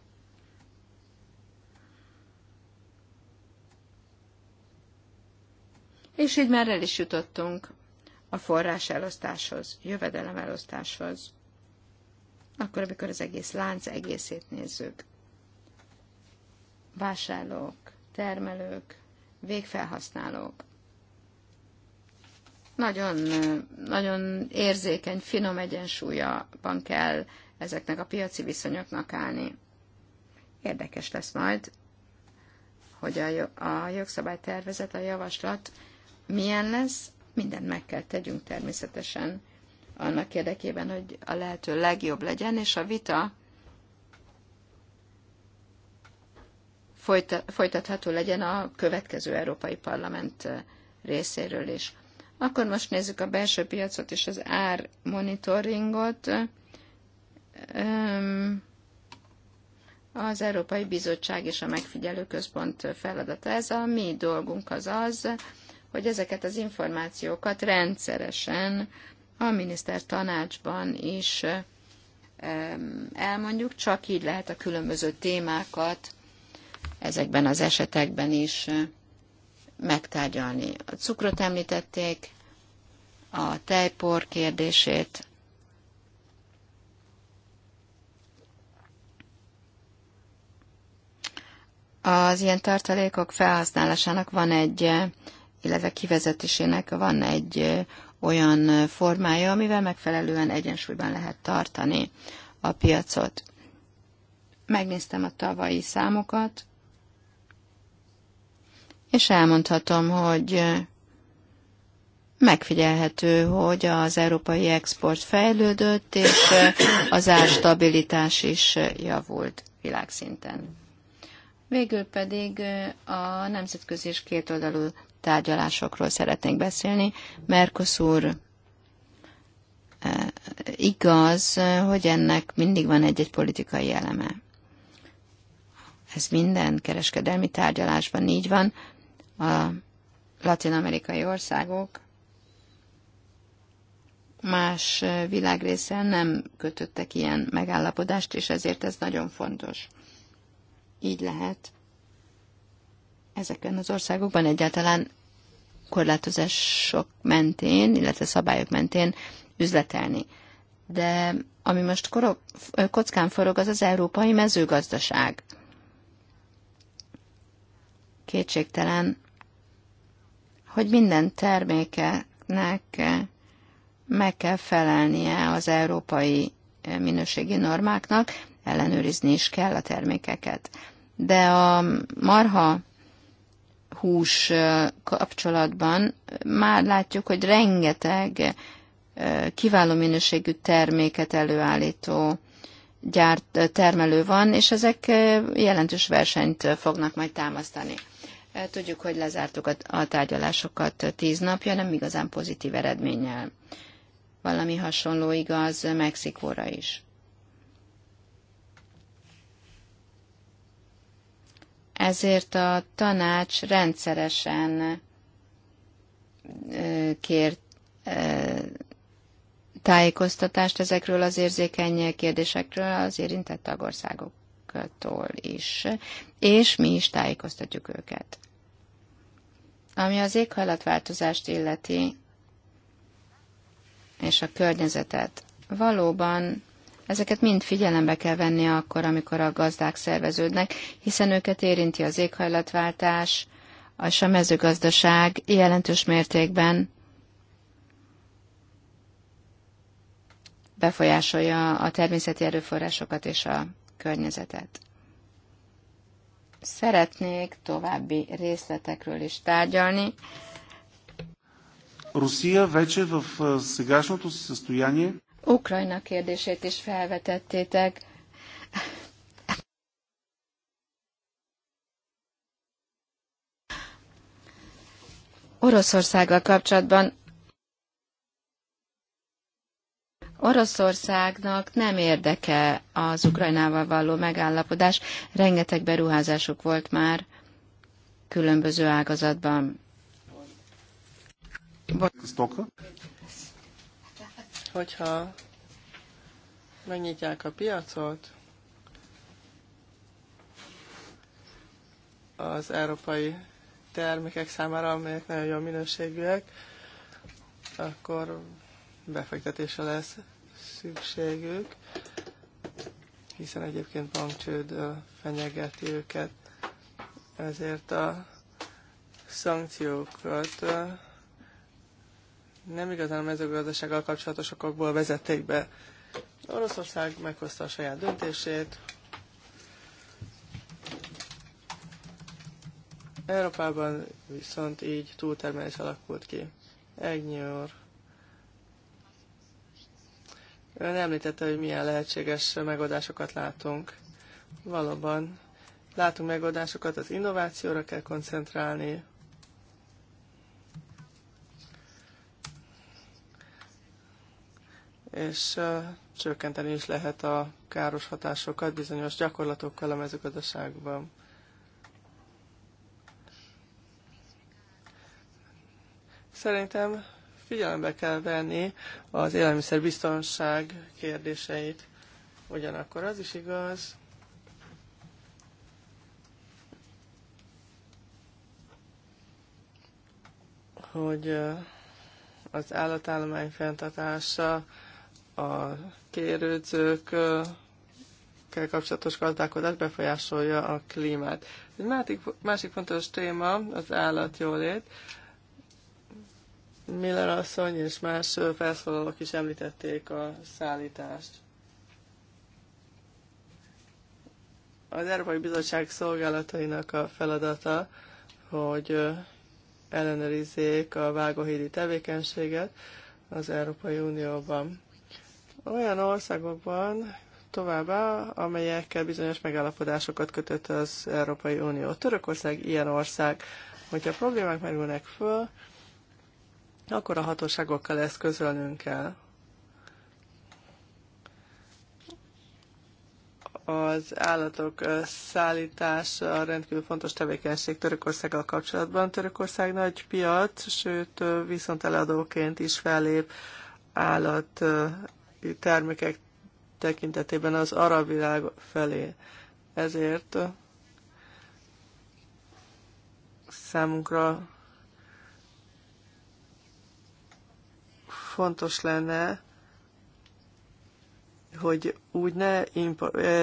És így már el is jutottunk a forrás elosztáshoz, jövedelem elosztáshoz. Akkor, amikor az egész lánc egészét nézzük vásárlók, termelők, végfelhasználók. Nagyon, nagyon érzékeny, finom egyensúlyaban kell ezeknek a piaci viszonyoknak állni. Érdekes lesz majd, hogy a, a jogszabálytervezet, a javaslat milyen lesz, mindent meg kell tegyünk természetesen annak érdekében, hogy a lehető legjobb legyen, és a vita folytatható legyen a következő Európai Parlament részéről is. Akkor most nézzük a belső piacot és az ár monitoringot. Az Európai Bizottság és a Megfigyelő Központ feladata ez. A mi dolgunk az az, hogy ezeket az információkat rendszeresen a miniszter tanácsban is elmondjuk, csak így lehet a különböző témákat ezekben az esetekben is megtárgyalni. A cukrot említették, a tejpor kérdését, Az ilyen tartalékok felhasználásának van egy, illetve kivezetésének van egy olyan formája, amivel megfelelően egyensúlyban lehet tartani a piacot. Megnéztem a tavalyi számokat, és elmondhatom, hogy megfigyelhető, hogy az európai export fejlődött, és az árstabilitás is javult világszinten. Végül pedig a nemzetközi és kétoldalú tárgyalásokról szeretnék beszélni. Mercosur igaz, hogy ennek mindig van egy-egy politikai eleme. Ez minden kereskedelmi tárgyalásban így van, a latin-amerikai országok más világrészen nem kötöttek ilyen megállapodást, és ezért ez nagyon fontos. Így lehet ezeken az országokban egyáltalán korlátozások mentén, illetve szabályok mentén üzletelni. De ami most korog, kockán forog, az az európai mezőgazdaság. Kétségtelen, hogy minden termékeknek meg kell felelnie az európai eh, minőségi normáknak, ellenőrizni is kell a termékeket. De a marha hús eh, kapcsolatban eh, már látjuk, hogy rengeteg kiváló minőségű terméket előállító gyárt termelő van, és ezek jelentős versenyt fognak majd támasztani. Tudjuk, hogy lezártuk a tárgyalásokat tíz napja, nem igazán pozitív eredménnyel. Valami hasonló igaz Mexikóra is. Ezért a tanács rendszeresen kért tájékoztatást ezekről az érzékeny kérdésekről az érintett tagországoktól is, és mi is tájékoztatjuk őket. Ami az éghajlatváltozást illeti, és a környezetet. Valóban ezeket mind figyelembe kell venni akkor, amikor a gazdák szerveződnek, hiszen őket érinti az éghajlatváltás, és a mezőgazdaság jelentős mértékben befolyásolja a természeti erőforrásokat és a környezetet szeretnék további részletekről is tárgyalni. Rusia вече в сегашното си състояние. Ukrajna kérdését is felvetettétek. Oroszországgal kapcsolatban Oroszországnak nem érdeke az Ukrajnával való megállapodás. Rengeteg beruházásuk volt már különböző ágazatban. Hogyha megnyitják a piacot, az európai termékek számára, amelyek nagyon jó minőségűek, akkor befektetésre lesz szükségük, hiszen egyébként bankcsőd fenyegeti őket. Ezért a szankciókat nem igazán a mezőgazdasággal kapcsolatos okokból vezették be. Oroszország meghozta a saját döntését. Európában viszont így túltermelés alakult ki. York. Ön említette, hogy milyen lehetséges megoldásokat látunk. Valóban látunk megoldásokat, az innovációra kell koncentrálni. És csökkenteni is lehet a káros hatásokat bizonyos gyakorlatokkal a mezőgazdaságban. Szerintem figyelembe kell venni az élelmiszerbiztonság kérdéseit. Ugyanakkor az is igaz, hogy az állatállomány fenntartása, a kérődzőkkel kapcsolatos gazdálkodás befolyásolja a klímát. Egy másik, másik fontos téma az állatjólét. Miller asszony és más felszólalók is említették a szállítást. Az Európai Bizottság szolgálatainak a feladata, hogy ellenőrizzék a vágóhídi tevékenységet az Európai Unióban. Olyan országokban továbbá, amelyekkel bizonyos megállapodásokat kötött az Európai Unió. Törökország ilyen ország. Hogyha problémák merülnek föl, akkor a hatóságokkal ezt közölnünk kell. Az állatok szállítása rendkívül fontos tevékenység Törökországgal kapcsolatban. Törökország nagy piac, sőt viszont eladóként is fellép állat termékek tekintetében az arab világ felé. Ezért számunkra fontos lenne, hogy úgy ne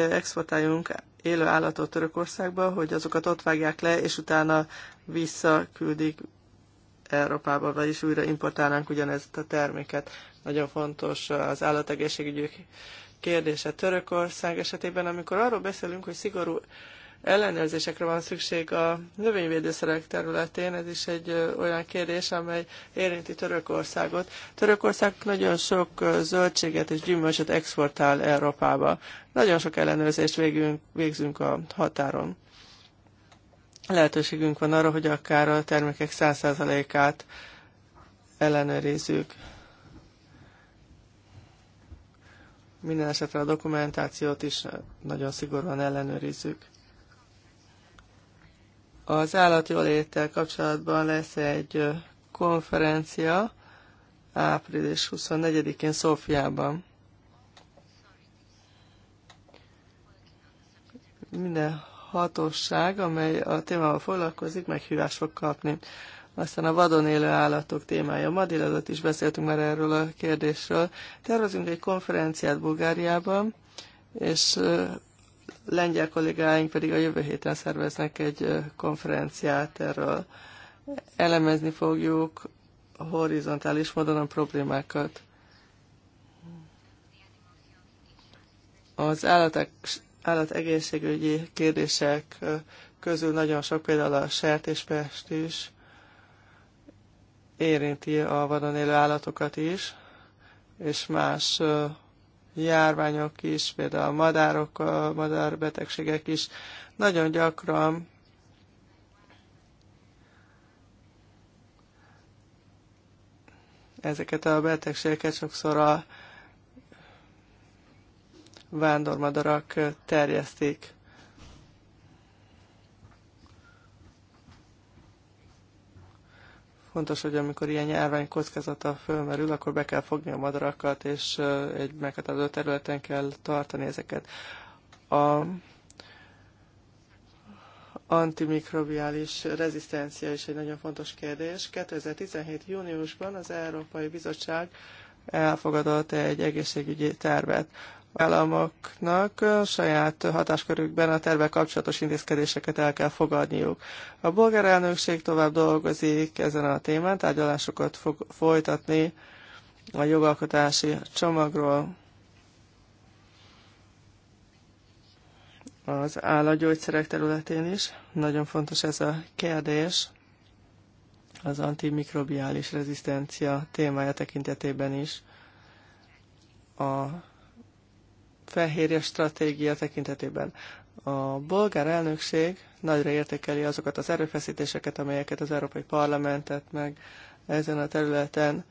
exportáljunk élő állatot Törökországba, hogy azokat ott vágják le, és utána visszaküldik Európába, vagyis újra importálnánk ugyanezt a terméket. Nagyon fontos az állategészségügyi kérdése Törökország esetében, amikor arról beszélünk, hogy szigorú ellenőrzésekre van szükség a növényvédőszerek területén. Ez is egy olyan kérdés, amely érinti Törökországot. Törökország nagyon sok zöldséget és gyümölcsöt exportál Európába. Nagyon sok ellenőrzést végünk, végzünk a határon. Lehetőségünk van arra, hogy akár a termékek 100%-át ellenőrizzük. Minden esetre a dokumentációt is nagyon szigorúan ellenőrizzük. Az állatjóléttel kapcsolatban lesz egy konferencia április 24-én Szófiában. Minden hatóság, amely a témával foglalkozik, meghívást fog kapni. Aztán a vadon élő állatok témája. Ma délelőtt is beszéltünk már erről a kérdésről. Tervezünk egy konferenciát Bulgáriában, és lengyel kollégáink pedig a jövő héten szerveznek egy konferenciát erről. Elemezni fogjuk horizontális módon a problémákat. Az állatek, egészségügyi kérdések közül nagyon sok, például a sertéspest is érinti a vadon élő állatokat is, és más járványok is, például a madárok, a madárbetegségek is. Nagyon gyakran ezeket a betegségeket sokszor a vándormadarak terjesztik. Fontos, hogy amikor ilyen járvány kockázata fölmerül, akkor be kell fogni a madarakat, és egy meghatározó területen kell tartani ezeket. A antimikrobiális rezisztencia is egy nagyon fontos kérdés. 2017. júniusban az Európai Bizottság elfogadott egy egészségügyi tervet államoknak saját hatáskörükben a terve kapcsolatos intézkedéseket el kell fogadniuk. A bolgár elnökség tovább dolgozik ezen a témán, tárgyalásokat fog folytatni a jogalkotási csomagról. az állatgyógyszerek területén is. Nagyon fontos ez a kérdés az antimikrobiális rezisztencia témája tekintetében is. A fehérje stratégia tekintetében. A bolgár elnökség nagyra értékeli azokat az erőfeszítéseket, amelyeket az Európai Parlamentet meg ezen a területen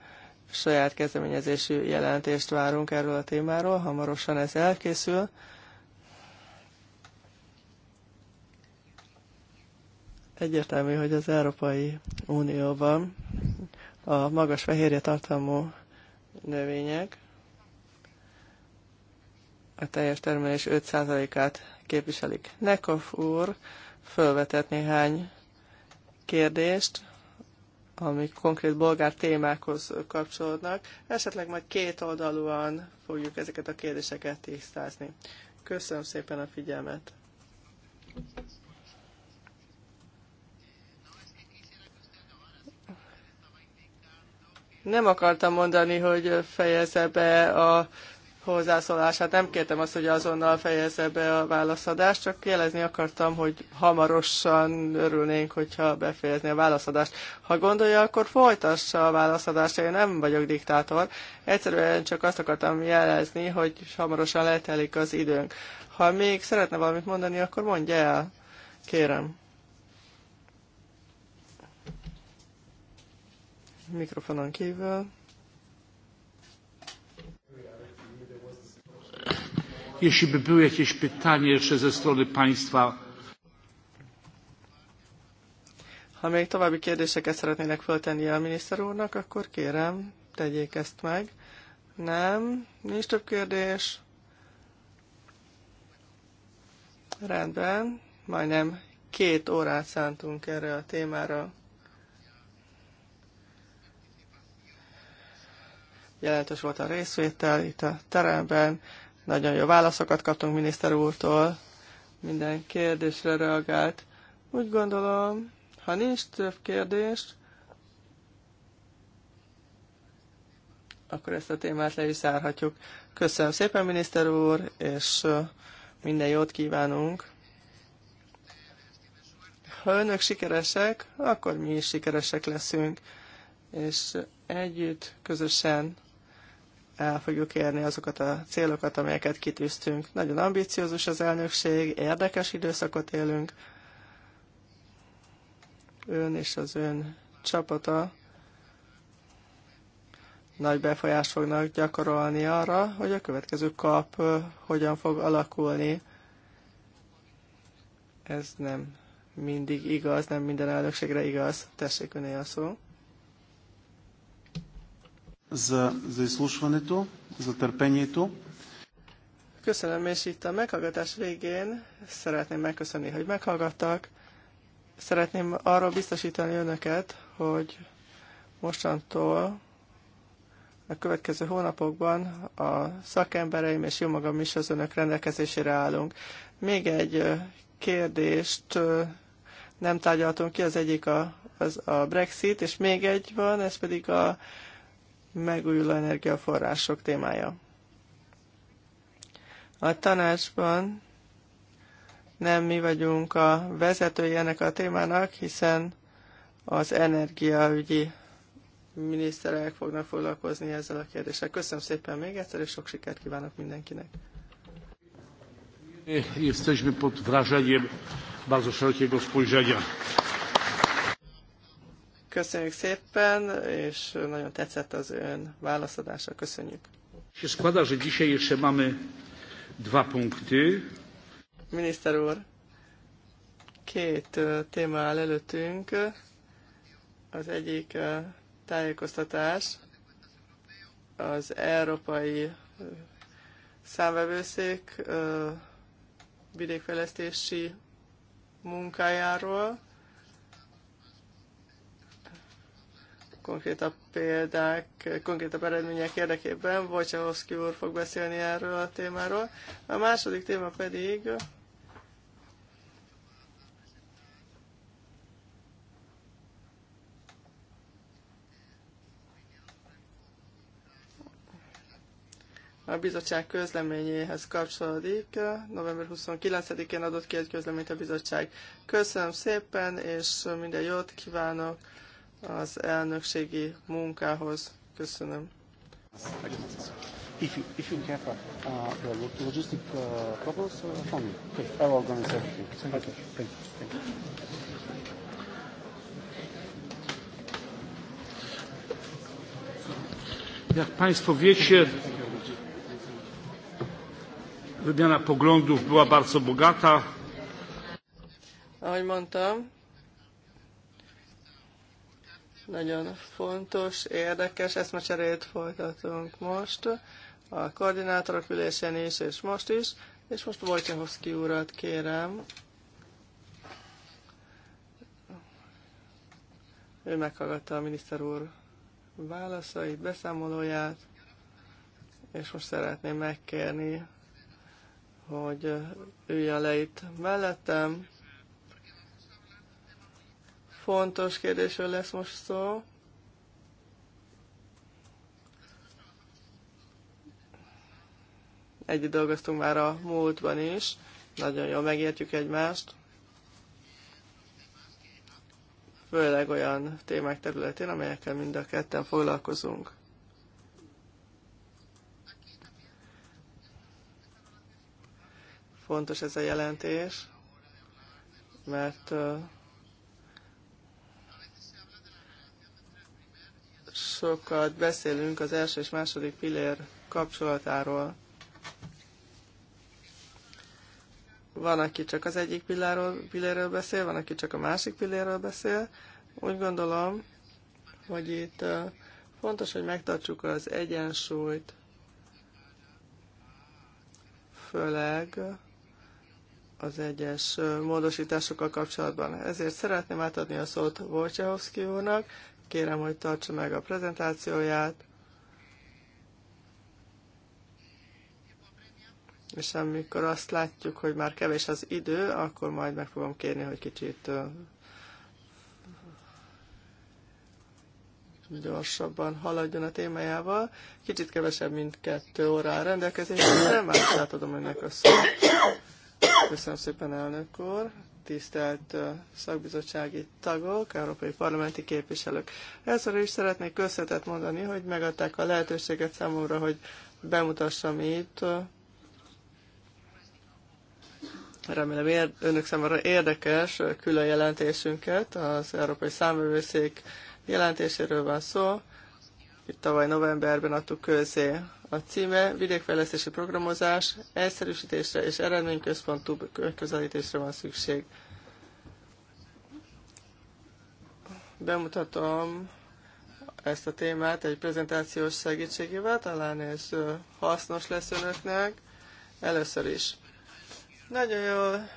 saját kezdeményezésű jelentést várunk erről a témáról. Hamarosan ez elkészül. Egyértelmű, hogy az Európai Unióban a magas fehérje tartalmú növények a teljes termelés 5%-át képviselik. Nekov úr felvetett néhány kérdést, amik konkrét bolgár témákhoz kapcsolódnak. Esetleg majd két oldalúan fogjuk ezeket a kérdéseket tisztázni. Köszönöm szépen a figyelmet! Nem akartam mondani, hogy fejezze be a hozzászólását. Nem kértem azt, hogy azonnal fejezze be a válaszadást, csak jelezni akartam, hogy hamarosan örülnénk, hogyha befejezni a válaszadást. Ha gondolja, akkor folytassa a válaszadást, én nem vagyok diktátor. Egyszerűen csak azt akartam jelezni, hogy hamarosan letelik az időnk. Ha még szeretne valamit mondani, akkor mondja el. Kérem. Mikrofonon kívül. jeśli by były jakieś pytanie jeszcze ze strony państwa. Ha még további kérdéseket szeretnének föltenni a miniszter úrnak, akkor kérem, tegyék ezt meg. Nem, nincs több kérdés. Rendben, majdnem két órát szántunk erre a témára. Jelentős volt a részvétel itt a teremben. Nagyon jó válaszokat kaptunk miniszter úrtól, minden kérdésre reagált. Úgy gondolom, ha nincs több kérdés, akkor ezt a témát le is zárhatjuk. Köszönöm szépen, miniszter úr, és minden jót kívánunk. Ha önök sikeresek, akkor mi is sikeresek leszünk, és együtt, közösen el fogjuk érni azokat a célokat, amelyeket kitűztünk. Nagyon ambiciózus az elnökség, érdekes időszakot élünk. Ön és az ön csapata nagy befolyást fognak gyakorolni arra, hogy a következő kap hogyan fog alakulni. Ez nem mindig igaz, nem minden elnökségre igaz. Tessék öné a szó за, за изслушването, за търпението. Köszönöm, és itt a meghallgatás végén szeretném megköszönni, hogy meghallgattak. Szeretném arról biztosítani önöket, hogy mostantól a következő hónapokban a szakembereim és jó magam is az önök rendelkezésére állunk. Még egy kérdést nem tárgyaltunk ki, az egyik a, az a Brexit, és még egy van, ez pedig a megújuló energiaforrások témája. A tanácsban nem mi vagyunk a vezetői ennek a témának, hiszen az energiaügyi miniszterek fognak foglalkozni ezzel a kérdéssel. Köszönöm szépen még egyszer, és sok sikert kívánok mindenkinek. Jesteśmy pod wrażeniem bardzo szerokiego spojrzenia. Köszönjük szépen, és nagyon tetszett az ön válaszadása. Köszönjük. Się składa, że dzisiaj jeszcze mamy dwa punkty. Miniszter úr, két téma áll előttünk. Az egyik tájékoztatás, az Európai Számvevőszék vidékfejlesztési munkájáról, konkrétabb példák, konkrétabb eredmények érdekében. Wojciechowski úr fog beszélni erről a témáról. A második téma pedig a bizottság közleményéhez kapcsolódik. November 29-én adott ki egy közleményt a bizottság. Köszönöm szépen, és minden jót kívánok! az elnökségi munkához. Köszönöm. If you, if you have uh, the logistic uh, problems, uh, for me. Okay, I will organize everything. Thank okay. Thank you. Thank you. Jak Państwo wiecie, wymiana poglądów była bardzo bogata. Ahogy mondtam, nagyon fontos, érdekes cserét folytatunk most, a koordinátorok ülésén is, és most is, és most Wojciechowski urat kérem. Ő meghallgatta a miniszter úr válaszait, beszámolóját, és most szeretném megkérni, hogy üljön le itt mellettem, fontos kérdésről lesz most szó. Együtt dolgoztunk már a múltban is, nagyon jól megértjük egymást. Főleg olyan témák területén, amelyekkel mind a ketten foglalkozunk. Fontos ez a jelentés, mert sokat beszélünk az első és második pillér kapcsolatáról. Van, aki csak az egyik pilláról, pilléről beszél, van, aki csak a másik pilléről beszél. Úgy gondolom, hogy itt fontos, hogy megtartsuk az egyensúlyt, főleg az egyes módosításokkal kapcsolatban. Ezért szeretném átadni a szót Wojciechowski úrnak, kérem, hogy tartsa meg a prezentációját. És amikor azt látjuk, hogy már kevés az idő, akkor majd meg fogom kérni, hogy kicsit gyorsabban haladjon a témájával. Kicsit kevesebb, mint kettő órára rendelkezésre, már átadom önnek a szót. Köszönöm szépen, elnök úr tisztelt szakbizottsági tagok, európai parlamenti képviselők. Először is szeretnék köszönetet mondani, hogy megadták a lehetőséget számomra, hogy bemutassam itt. Remélem önök számára érdekes külön jelentésünket, az Európai Számövőszék jelentéséről van szó tavaly novemberben adtuk közé. A címe vidékfejlesztési programozás, egyszerűsítésre és eredményközpontú közelítésre van szükség. Bemutatom ezt a témát egy prezentációs segítségével, talán ez hasznos lesz önöknek. Először is. Nagyon jól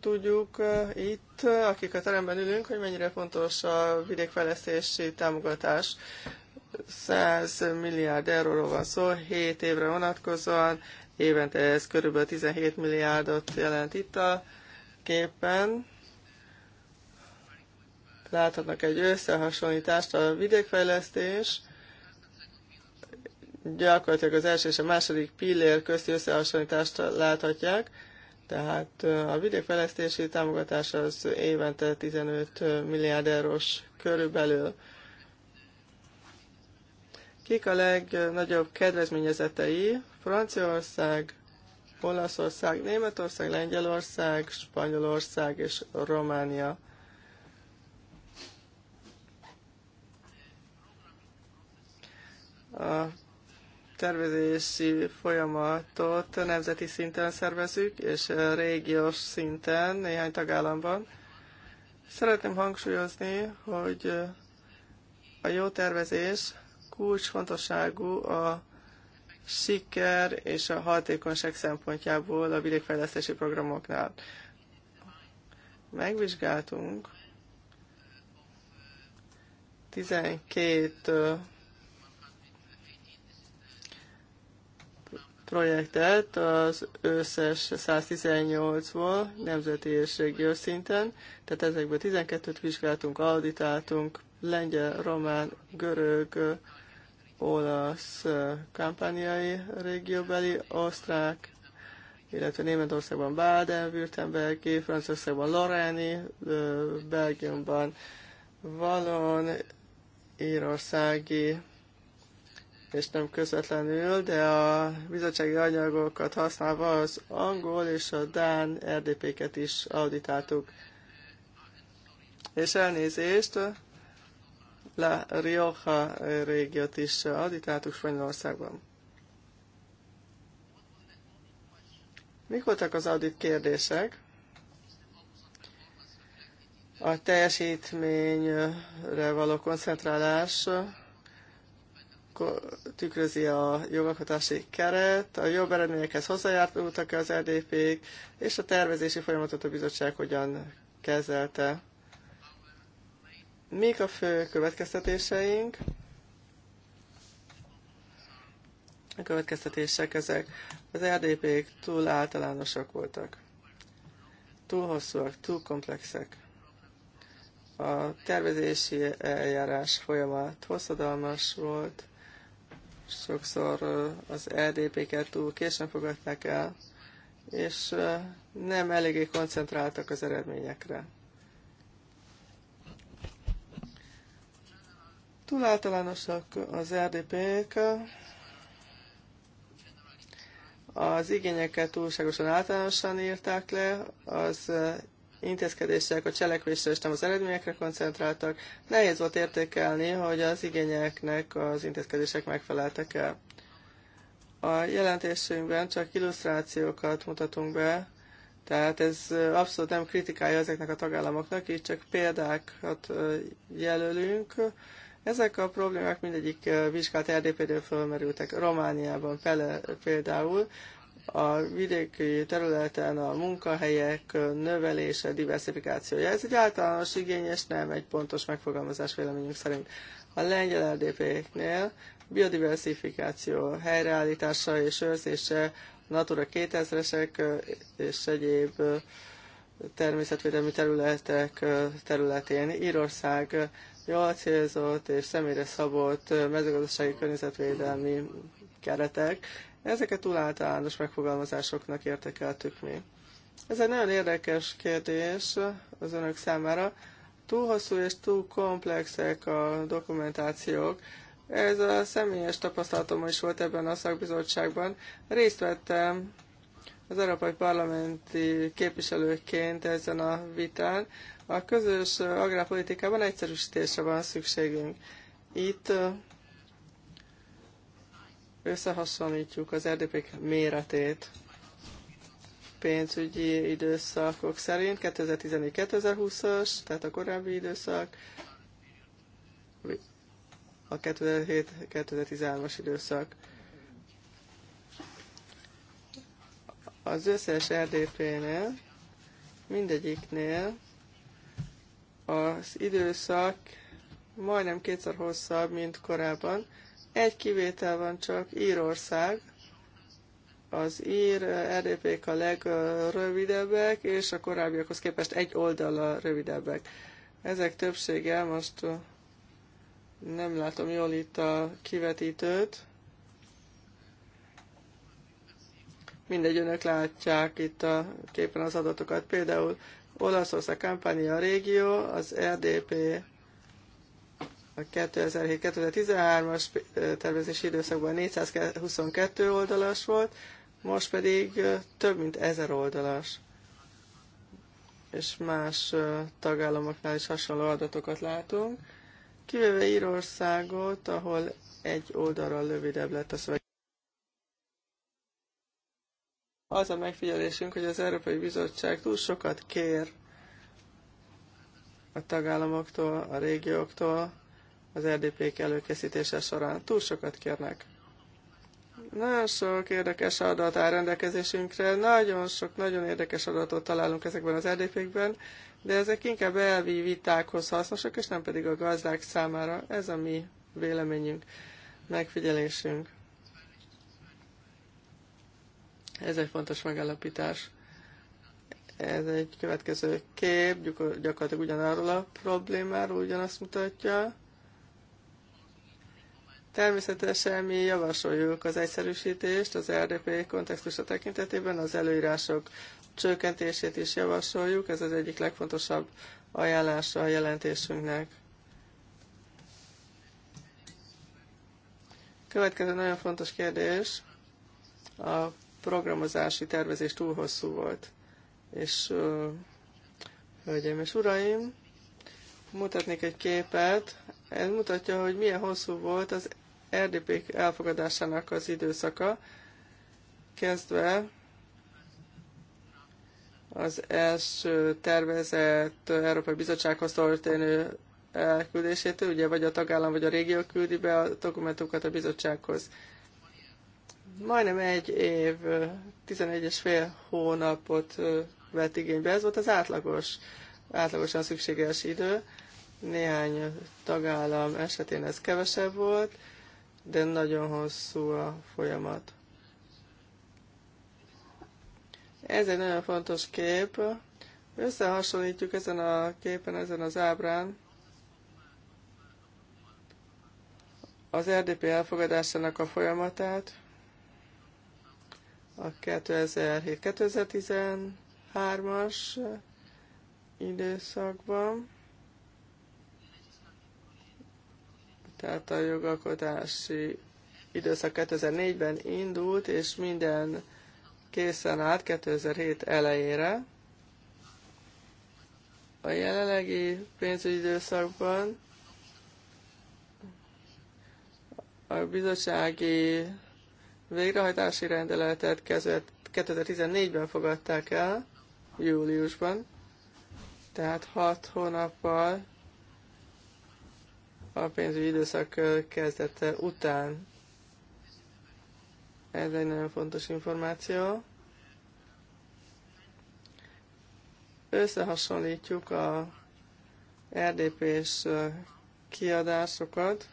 tudjuk itt, akik a teremben ülünk, hogy mennyire fontos a vidékfejlesztési támogatás. 100 milliárd euróról van szó, 7 évre vonatkozóan, évente ez körülbelül 17 milliárdot jelent itt a képen. Láthatnak egy összehasonlítást a vidékfejlesztés, gyakorlatilag az első és a második pillér közti összehasonlítást láthatják, tehát a vidékfejlesztési támogatás az évente 15 milliárd eurós körülbelül Kik a legnagyobb kedvezményezetei? Franciaország, Olaszország, Németország, Lengyelország, Spanyolország és Románia. A tervezési folyamatot nemzeti szinten szervezük, és régiós szinten néhány tagállamban. Szeretném hangsúlyozni, hogy a jó tervezés kulcsfontosságú a siker és a hatékonyság szempontjából a vidékfejlesztési programoknál. Megvizsgáltunk 12 projektet az összes 118-ból nemzeti és régiós szinten, tehát ezekből 12-t vizsgáltunk, auditáltunk, lengyel, román, görög, olasz kampányai régióbeli, osztrák, illetve Németországban Baden-Württembergi, Franciaországban Loráni, Belgiumban Valon, írországi, és nem közvetlenül, de a bizottsági anyagokat használva az angol és a dán RDP-ket is auditáltuk. És elnézést, La Rioja eh, régiót is eh, auditáltuk Spanyolországban. Mik voltak az audit kérdések? A teljesítményre való koncentrálás tükrözi a jogalkotási keret, a jobb eredményekhez hozzájárultak az RDP-k, és a tervezési folyamatot a bizottság hogyan kezelte. Mik a fő következtetéseink? A következtetések ezek. Az RDP-k túl általánosak voltak. Túl hosszúak, túl komplexek. A tervezési eljárás folyamat hosszadalmas volt. Sokszor uh, az RDP-ket túl későn fogadták el, és uh, nem eléggé koncentráltak az eredményekre. Túl általánosak az RDP-k, az igényeket túlságosan általánosan írták le, az intézkedések a cselekvésre és nem az eredményekre koncentráltak. Nehéz volt értékelni, hogy az igényeknek az intézkedések megfeleltek el. A jelentésünkben csak illusztrációkat mutatunk be, tehát ez abszolút nem kritikálja ezeknek a tagállamoknak, így csak példákat jelölünk ezek a problémák mindegyik eh, vizsgált RDP-nél felmerültek. Romániában például a vidéki területen a munkahelyek eh, növelése, diversifikációja. Ez egy általános igény, és nem egy pontos megfogalmazás véleményünk szerint. A lengyel RDP-nél biodiversifikáció helyreállítása és őrzése, Natura 2000-esek eh, és egyéb természetvédelmi területek területén Írország jól célzott és személyre szabott mezőgazdasági környezetvédelmi keretek. Ezeket túl általános megfogalmazásoknak értekeltük mi. Ez egy nagyon érdekes kérdés az önök számára. Túl hosszú és túl komplexek a dokumentációk. Ez a személyes tapasztalatom is volt ebben a szakbizottságban. Részt vettem az Európai Parlamenti képviselőként ezen a vitán, a közös agrárpolitikában egyszerűsítésre van szükségünk. Itt összehasonlítjuk az erdőpék méretét pénzügyi időszakok szerint 2014-2020-as, tehát a korábbi időszak, a 2007-2013-as időszak. Az összes RDP-nél, mindegyiknél az időszak majdnem kétszer hosszabb, mint korábban. Egy kivétel van csak Írország, az ír eh, RDP-k a legrövidebbek, és a korábbiakhoz képest egy oldala rövidebbek. Ezek többsége, most eh, nem látom jól itt a kivetítőt. Mindegy, önök látják itt a képen az adatokat. Például Olaszország, kampánya a régió, az RDP a 2007-2013-as tervezési időszakban 422 oldalas volt, most pedig több mint 1000 oldalas. És más tagállamoknál is hasonló adatokat látunk, kivéve Írországot, ahol egy oldalra lövidebb lett a szöveg. Az a megfigyelésünk, hogy az Európai Bizottság túl sokat kér a tagállamoktól, a régióktól, az RDP-k előkészítése során. Túl sokat kérnek. Nagyon sok érdekes adat áll rendelkezésünkre, nagyon sok, nagyon érdekes adatot találunk ezekben az RDP-kben, de ezek inkább elvi vitákhoz hasznosak, és nem pedig a gazdák számára. Ez a mi véleményünk, megfigyelésünk. Ez egy fontos megállapítás. Ez egy következő kép, gyakorlatilag ugyanarról a problémáról ugyanazt mutatja. Természetesen mi javasoljuk az egyszerűsítést az RDP kontextusa tekintetében, az előírások csökkentését is javasoljuk, ez az egyik legfontosabb ajánlása a jelentésünknek. Következő nagyon fontos kérdés a programozási tervezés túl hosszú volt. És uh, hölgyeim és uraim, mutatnék egy képet. Ez mutatja, hogy milyen hosszú volt az RDP elfogadásának az időszaka, kezdve az első tervezett Európai Bizottsághoz történő elküldésétől, ugye vagy a tagállam, vagy a régió küldi be a dokumentumokat a bizottsághoz majdnem egy év, 11 és fél hónapot vett igénybe. Ez volt az átlagos, átlagosan szükséges idő. Néhány tagállam esetén ez kevesebb volt, de nagyon hosszú a folyamat. Ez egy nagyon fontos kép. Összehasonlítjuk ezen a képen, ezen az ábrán az RDP elfogadásának a folyamatát, a 2007-2013-as időszakban, tehát a jogalkotási időszak 2004-ben indult, és minden készen állt 2007 elejére. A jelenlegi pénzügyi időszakban a bizottsági végrehajtási rendeletet 2014-ben fogadták el, júliusban, tehát hat hónappal a pénzügyi időszak kezdete után. Ez egy nagyon fontos információ. Összehasonlítjuk a RDP-s kiadásokat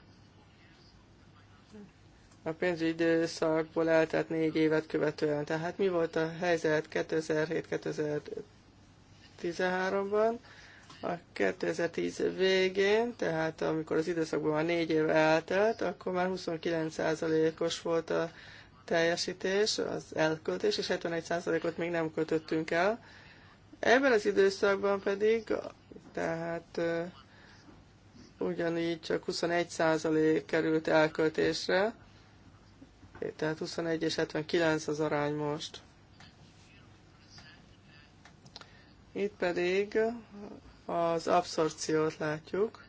a pénzügyi időszakból eltelt négy évet követően. Tehát mi volt a helyzet 2007-2013-ban? A 2010 végén, tehát amikor az időszakban már négy év eltelt, akkor már 29%-os volt a teljesítés, az elköltés, és 71%-ot még nem költöttünk el. Ebben az időszakban pedig, tehát ugyanígy csak 21% került elköltésre, tehát 21 és 79 az arány most. Itt pedig az abszorciót látjuk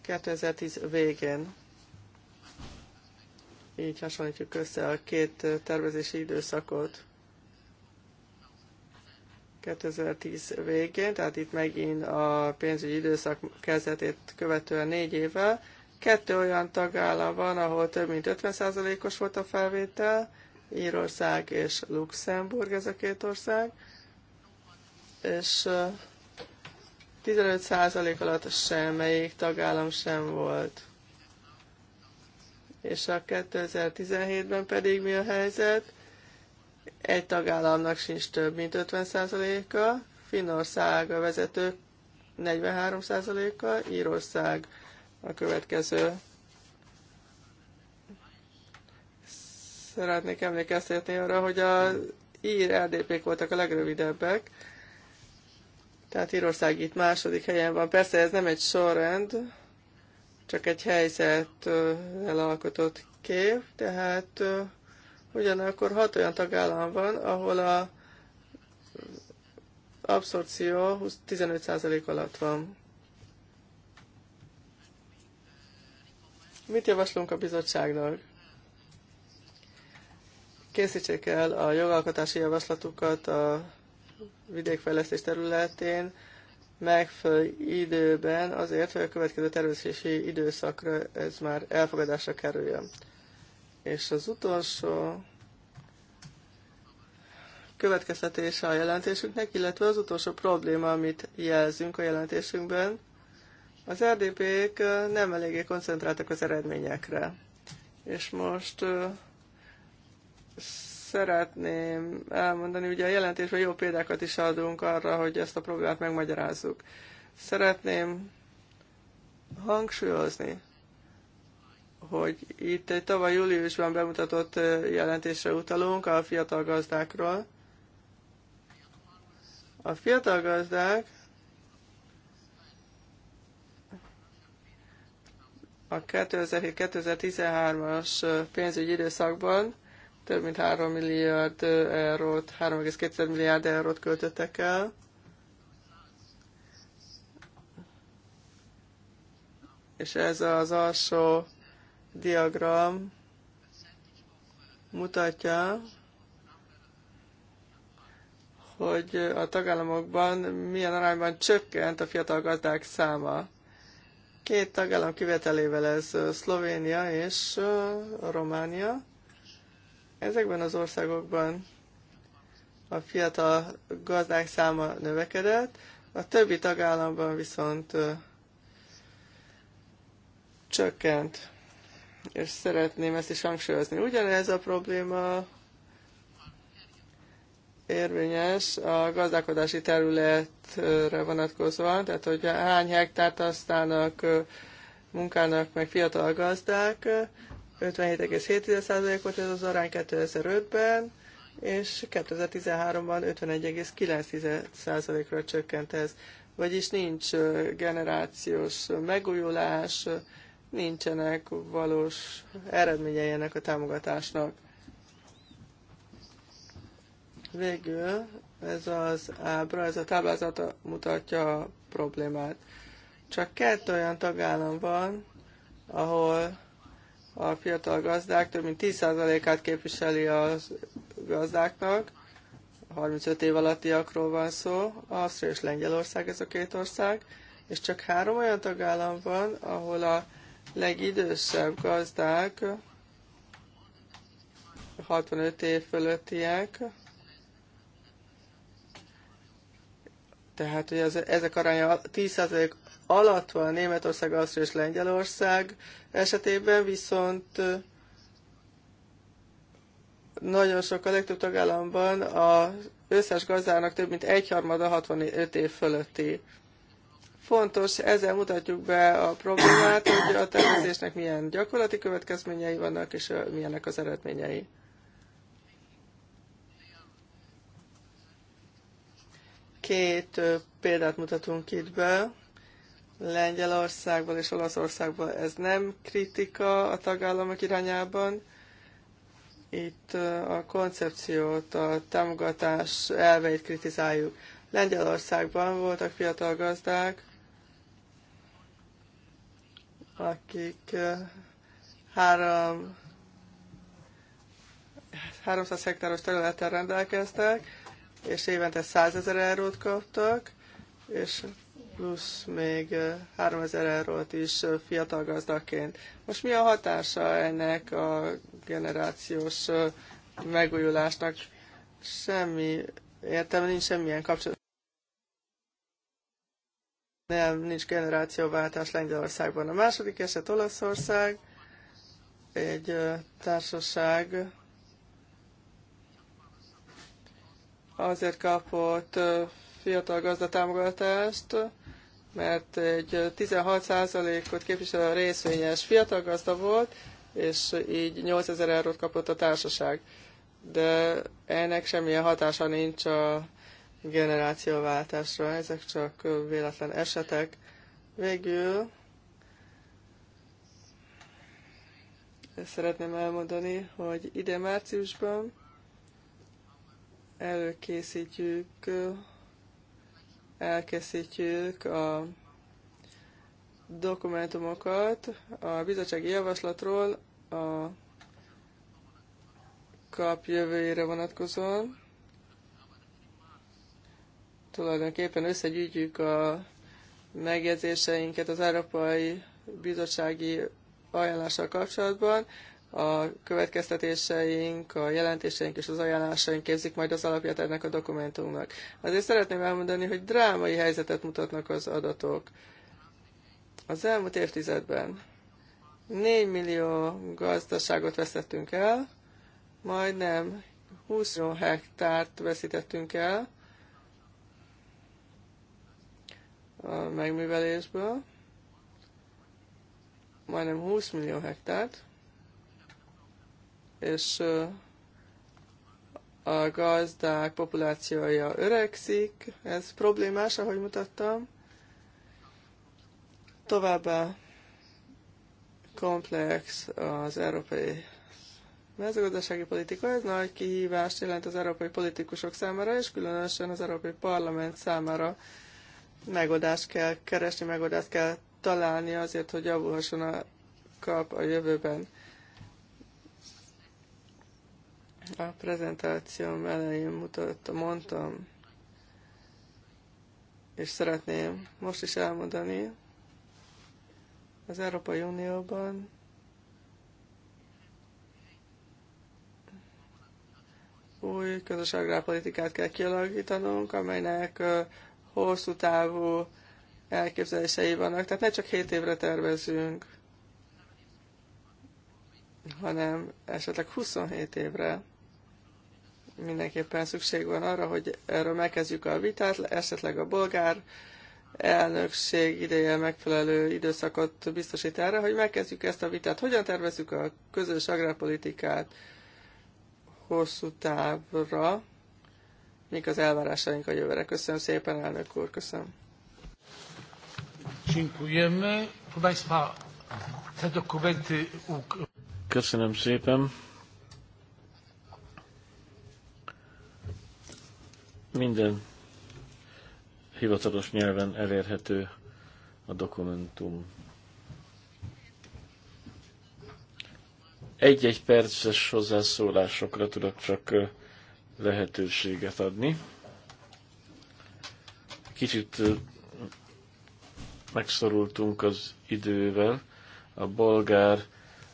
2010 végén. Így hasonlítjuk össze a két tervezési időszakot. 2010 végén, tehát itt megint a pénzügyi időszak kezdetét követően négy évvel, Kettő olyan tagállam van, ahol több mint 50%-os volt a felvétel, Írország és Luxemburg ez a két ország, és 15% alatt semmelyik tagállam sem volt. És a 2017-ben pedig mi a helyzet? Egy tagállamnak sincs több, mint 50%-a, Finnország a vezető 43%-a, Írország a következő. Szeretnék emlékeztetni arra, hogy a ír ldp voltak a legrövidebbek, tehát Írország itt második helyen van. Persze ez nem egy sorrend, csak egy helyzet elalkotott kép, tehát ugyanakkor hat olyan tagállam van, ahol a abszorció 15% alatt van. Mit javaslunk a bizottságnak? Készítsék el a jogalkotási javaslatukat a vidékfejlesztés területén megfelelő időben azért, hogy a következő tervezési időszakra ez már elfogadásra kerüljön. És az utolsó következtetése a jelentésünknek, illetve az utolsó probléma, amit jelzünk a jelentésünkben, az RDP-k nem eléggé koncentráltak az eredményekre. És most szeretném elmondani, ugye a jelentésben jó példákat is adunk arra, hogy ezt a problémát megmagyarázzuk. Szeretném hangsúlyozni, hogy itt egy tavaly júliusban bemutatott jelentésre utalunk a fiatal gazdákról. A fiatal gazdák a 2007-2013-as pénzügyi időszakban több mint 3 milliárd eurót, 3,2 milliárd eurót költöttek el. És ez az alsó diagram mutatja, hogy a tagállamokban milyen arányban csökkent a fiatal gazdák száma. Két tagállam kivetelével ez Szlovénia és Románia. Ezekben az országokban a fiatal gazdák száma növekedett, a többi tagállamban viszont csökkent, és szeretném ezt is hangsúlyozni. Ugyanez a probléma érvényes a gazdálkodási területre vonatkozóan, tehát hogy hány hektárt használnak munkának meg fiatal gazdák, 57,7%-ot ez az arány 2005-ben, és 2013-ban 51,9%-ra csökkent ez. Vagyis nincs generációs megújulás, nincsenek valós eredményei ennek a támogatásnak. Végül ez az ábra, ez a táblázat mutatja a problémát. Csak kettő olyan tagállam van, ahol a fiatal gazdák több mint 10%-át képviseli a gazdáknak, 35 év alattiakról van szó, Ausztria és Lengyelország ez a két ország, és csak három olyan tagállam van, ahol a legidősebb gazdák 65 év fölöttiek, Tehát, hogy az, ezek aránya 10% alatt van Németország, Ausztria és Lengyelország esetében, viszont nagyon sok, a legtöbb tagállamban az összes gazdának több mint egyharmada 65 év fölötti. Fontos, ezzel mutatjuk be a problémát, hogy a tervezésnek milyen gyakorlati következményei vannak, és milyenek az eredményei. Két példát mutatunk itt be. Lengyelországból és Olaszországból ez nem kritika a tagállamok irányában. Itt a koncepciót, a támogatás elveit kritizáljuk. Lengyelországban voltak fiatal gazdák, akik három 300 hektáros területen rendelkeztek, és évente 100 ezer eurót kaptak, és plusz még ezer eurót is fiatal gazdaként. Most mi a hatása ennek a generációs megújulásnak? Semmi értelme, nincs semmilyen kapcsolat. Nem, nincs generációváltás Lengyelországban. A második eset Olaszország, egy társaság azért kapott fiatal gazda támogatást, mert egy 16%-ot képviselő részvényes fiatal gazda volt, és így 8000 eurót kapott a társaság. De ennek semmilyen hatása nincs a generációváltásra, ezek csak véletlen esetek. Végül szeretném elmondani, hogy ide márciusban előkészítjük, elkészítjük a dokumentumokat a bizottsági javaslatról a kap jövőjére vonatkozóan. Tulajdonképpen összegyűjtjük a megjegyzéseinket az Európai Bizottsági ajánlással kapcsolatban, a következtetéseink, a jelentéseink és az ajánlásaink képzik majd az alapját ennek a dokumentumnak. Azért szeretném elmondani, hogy drámai helyzetet mutatnak az adatok. Az elmúlt évtizedben 4 millió gazdaságot veszettünk el, majdnem 20 millió hektárt veszítettünk el a megművelésből, majdnem 20 millió hektárt, és a gazdák populációja öregszik, ez problémás, ahogy mutattam. Továbbá komplex az európai mezőgazdasági politika, ez nagy kihívást jelent az európai politikusok számára, és különösen az európai parlament számára megoldást kell keresni, megoldást kell találni azért, hogy javulhasson a kap a jövőben. A prezentációm elején mutatta, mondtam, és szeretném most is elmondani, az Európai Unióban új közös agrárpolitikát kell kialakítanunk, amelynek hosszú távú elképzelései vannak. Tehát ne csak 7 évre tervezünk, hanem esetleg 27 évre mindenképpen szükség van arra, hogy erről megkezdjük a vitát, esetleg a bolgár elnökség ideje megfelelő időszakot biztosít erre, hogy megkezdjük ezt a vitát. Hogyan tervezzük a közös agrárpolitikát hosszú távra? Mik az elvárásaink a jövőre? Köszönöm szépen, elnök úr, köszönöm. Köszönöm szépen. Minden hivatalos nyelven elérhető a dokumentum. Egy-egy perces hozzászólásokra tudok csak lehetőséget adni. Kicsit megszorultunk az idővel a bolgár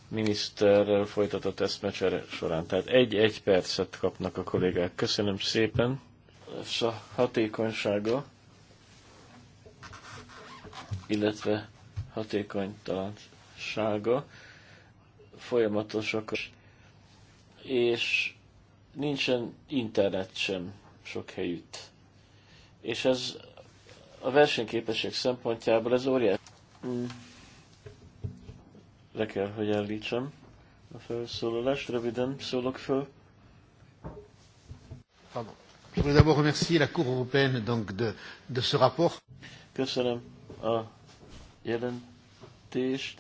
miniszterrel folytatott eszmecsere során. Tehát egy-egy percet kapnak a kollégák. Köszönöm szépen! a hatékonysága, illetve hatékonytalansága folyamatosak, és nincsen internet sem sok helyütt. És ez a versenyképesség szempontjából ez óriás. Mm. Le kell, hogy állítsam a felszólalást, röviden szólok föl. Pardon. Je voudrais d'abord remercier la Cour européenne donc de, de ce rapport. Köszönöm a jelentést.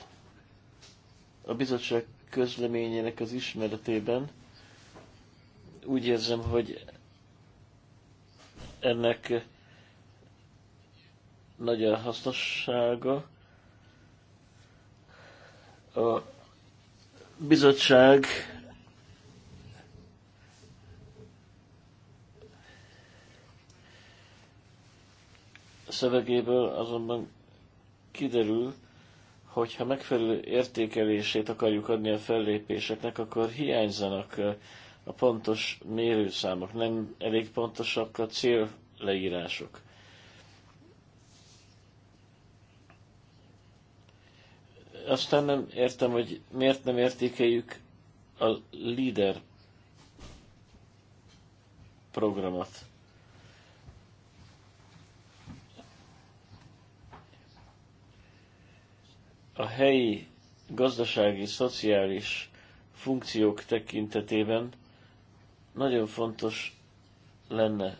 A bizottság közleményének az ismeretében úgy érzem, hogy ennek nagy a hasznossága. A bizottság szövegéből azonban kiderül, hogy ha megfelelő értékelését akarjuk adni a fellépéseknek, akkor hiányzanak a pontos mérőszámok, nem elég pontosak a célleírások. Aztán nem értem, hogy miért nem értékeljük a LEADER programot. a helyi gazdasági, szociális funkciók tekintetében nagyon fontos lenne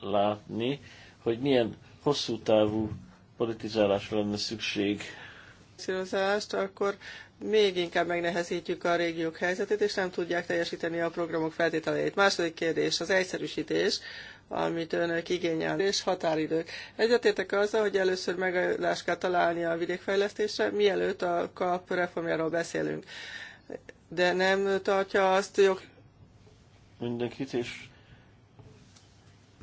látni, hogy milyen hosszú távú politizálásra lenne szükség. Finanszírozást, akkor még inkább megnehezítjük a régiók helyzetét, és nem tudják teljesíteni a programok feltételeit. Második kérdés, az egyszerűsítés amit önök igényel, és határidők. Egyetértek azzal, hogy először megoldást kell találni a vidékfejlesztésre, mielőtt a kap reformjáról beszélünk. De nem tartja azt jog... Mindenkit, és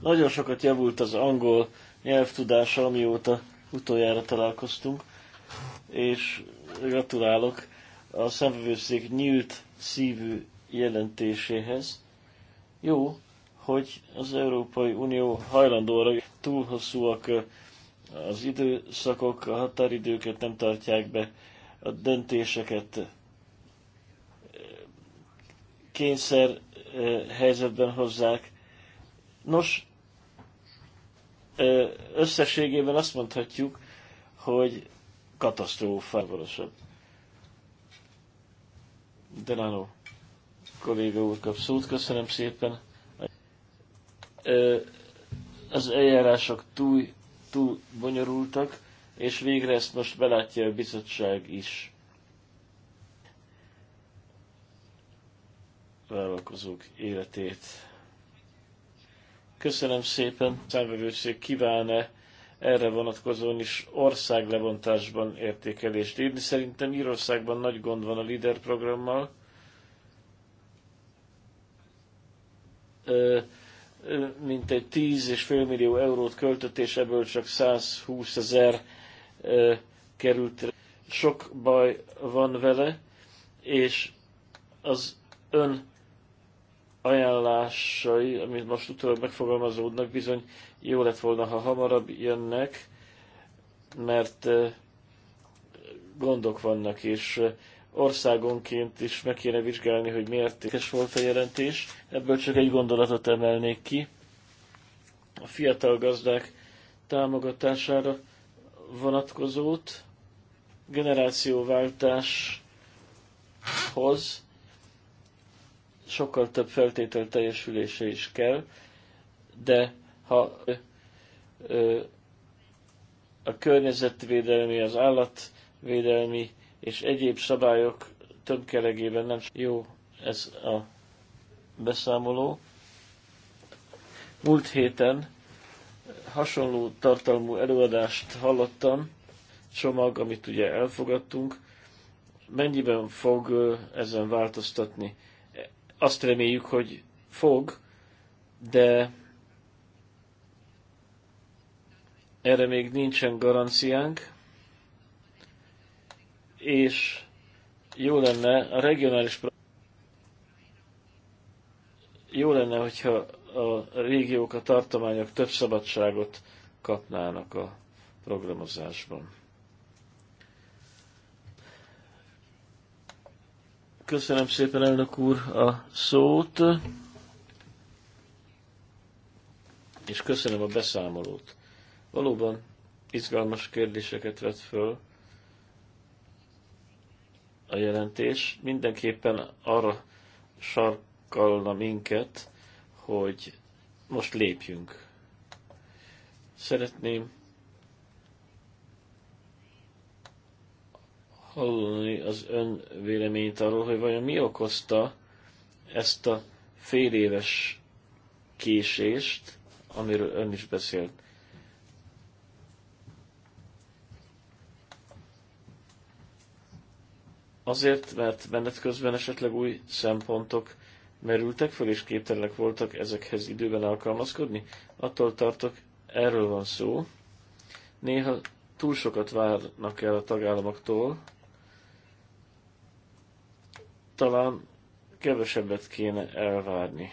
nagyon sokat javult az angol nyelvtudása, amióta utoljára találkoztunk, és gratulálok a szemvevőszék nyílt szívű jelentéséhez. Jó, hogy az Európai Unió hajlandó arra, túl hosszúak az időszakok, a határidőket nem tartják be, a döntéseket kényszer helyzetben hozzák. Nos, összességében azt mondhatjuk, hogy katasztrófa valósabb. Delano kolléga úr kap szót, köszönöm szépen az eljárások túl, túl bonyolultak, és végre ezt most belátja a bizottság is. vállalkozók életét. Köszönöm szépen, számvevőszék kíván-e erre vonatkozóan is országlebontásban értékelést írni. Szerintem Írországban nagy gond van a LIDER programmal. Ö, mintegy 10 és fél millió eurót költött, és ebből csak 120 ezer került. Sok baj van vele, és az ön ajánlásai, amit most utólag megfogalmazódnak, bizony jó lett volna, ha hamarabb jönnek, mert gondok vannak, és országonként is meg kéne vizsgálni, hogy miért értékes volt a jelentés. Ebből csak egy gondolatot emelnék ki. A fiatal gazdák támogatására vonatkozót generációváltáshoz sokkal több feltétel teljesülése is kell, de ha a környezetvédelmi, az állatvédelmi és egyéb szabályok tömkelegében nem jó ez a beszámoló. Múlt héten hasonló tartalmú előadást hallottam, csomag, amit ugye elfogadtunk. Mennyiben fog ezen változtatni? Azt reméljük, hogy fog, de erre még nincsen garanciánk és jó lenne a regionális jó lenne, hogyha a régiók, a tartományok több szabadságot kapnának a programozásban. Köszönöm szépen, elnök úr, a szót, és köszönöm a beszámolót. Valóban izgalmas kérdéseket vett föl, a jelentés, mindenképpen arra sarkalna minket, hogy most lépjünk. Szeretném hallani az ön véleményt arról, hogy vajon mi okozta ezt a fél éves késést, amiről ön is beszélt. Azért, mert menet közben esetleg új szempontok merültek fel és képtelenek voltak ezekhez időben alkalmazkodni? Attól tartok, erről van szó. Néha túl sokat várnak el a tagállamoktól, talán kevesebbet kéne elvárni.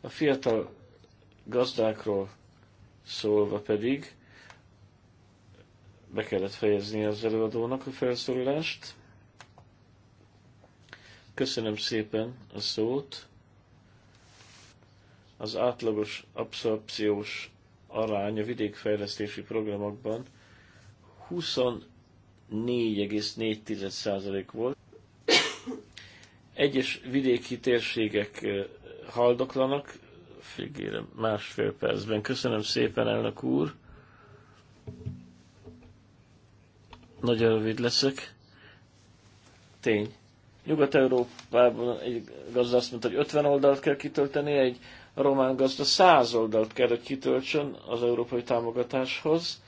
A fiatal gazdákról szólva pedig be kellett fejezni az előadónak a felszólalást. Köszönöm szépen a szót. Az átlagos abszorpciós arány a vidékfejlesztési programokban 24,4% volt. Egyes vidéki térségek haldoklanak, figyelem, másfél percben. Köszönöm szépen, elnök úr! Nagyon rövid leszek. Tény. Nyugat-Európában egy gazda azt mondta, hogy 50 oldalt kell kitölteni, egy román gazda 100 oldalt kell, hogy kitöltsön az európai támogatáshoz.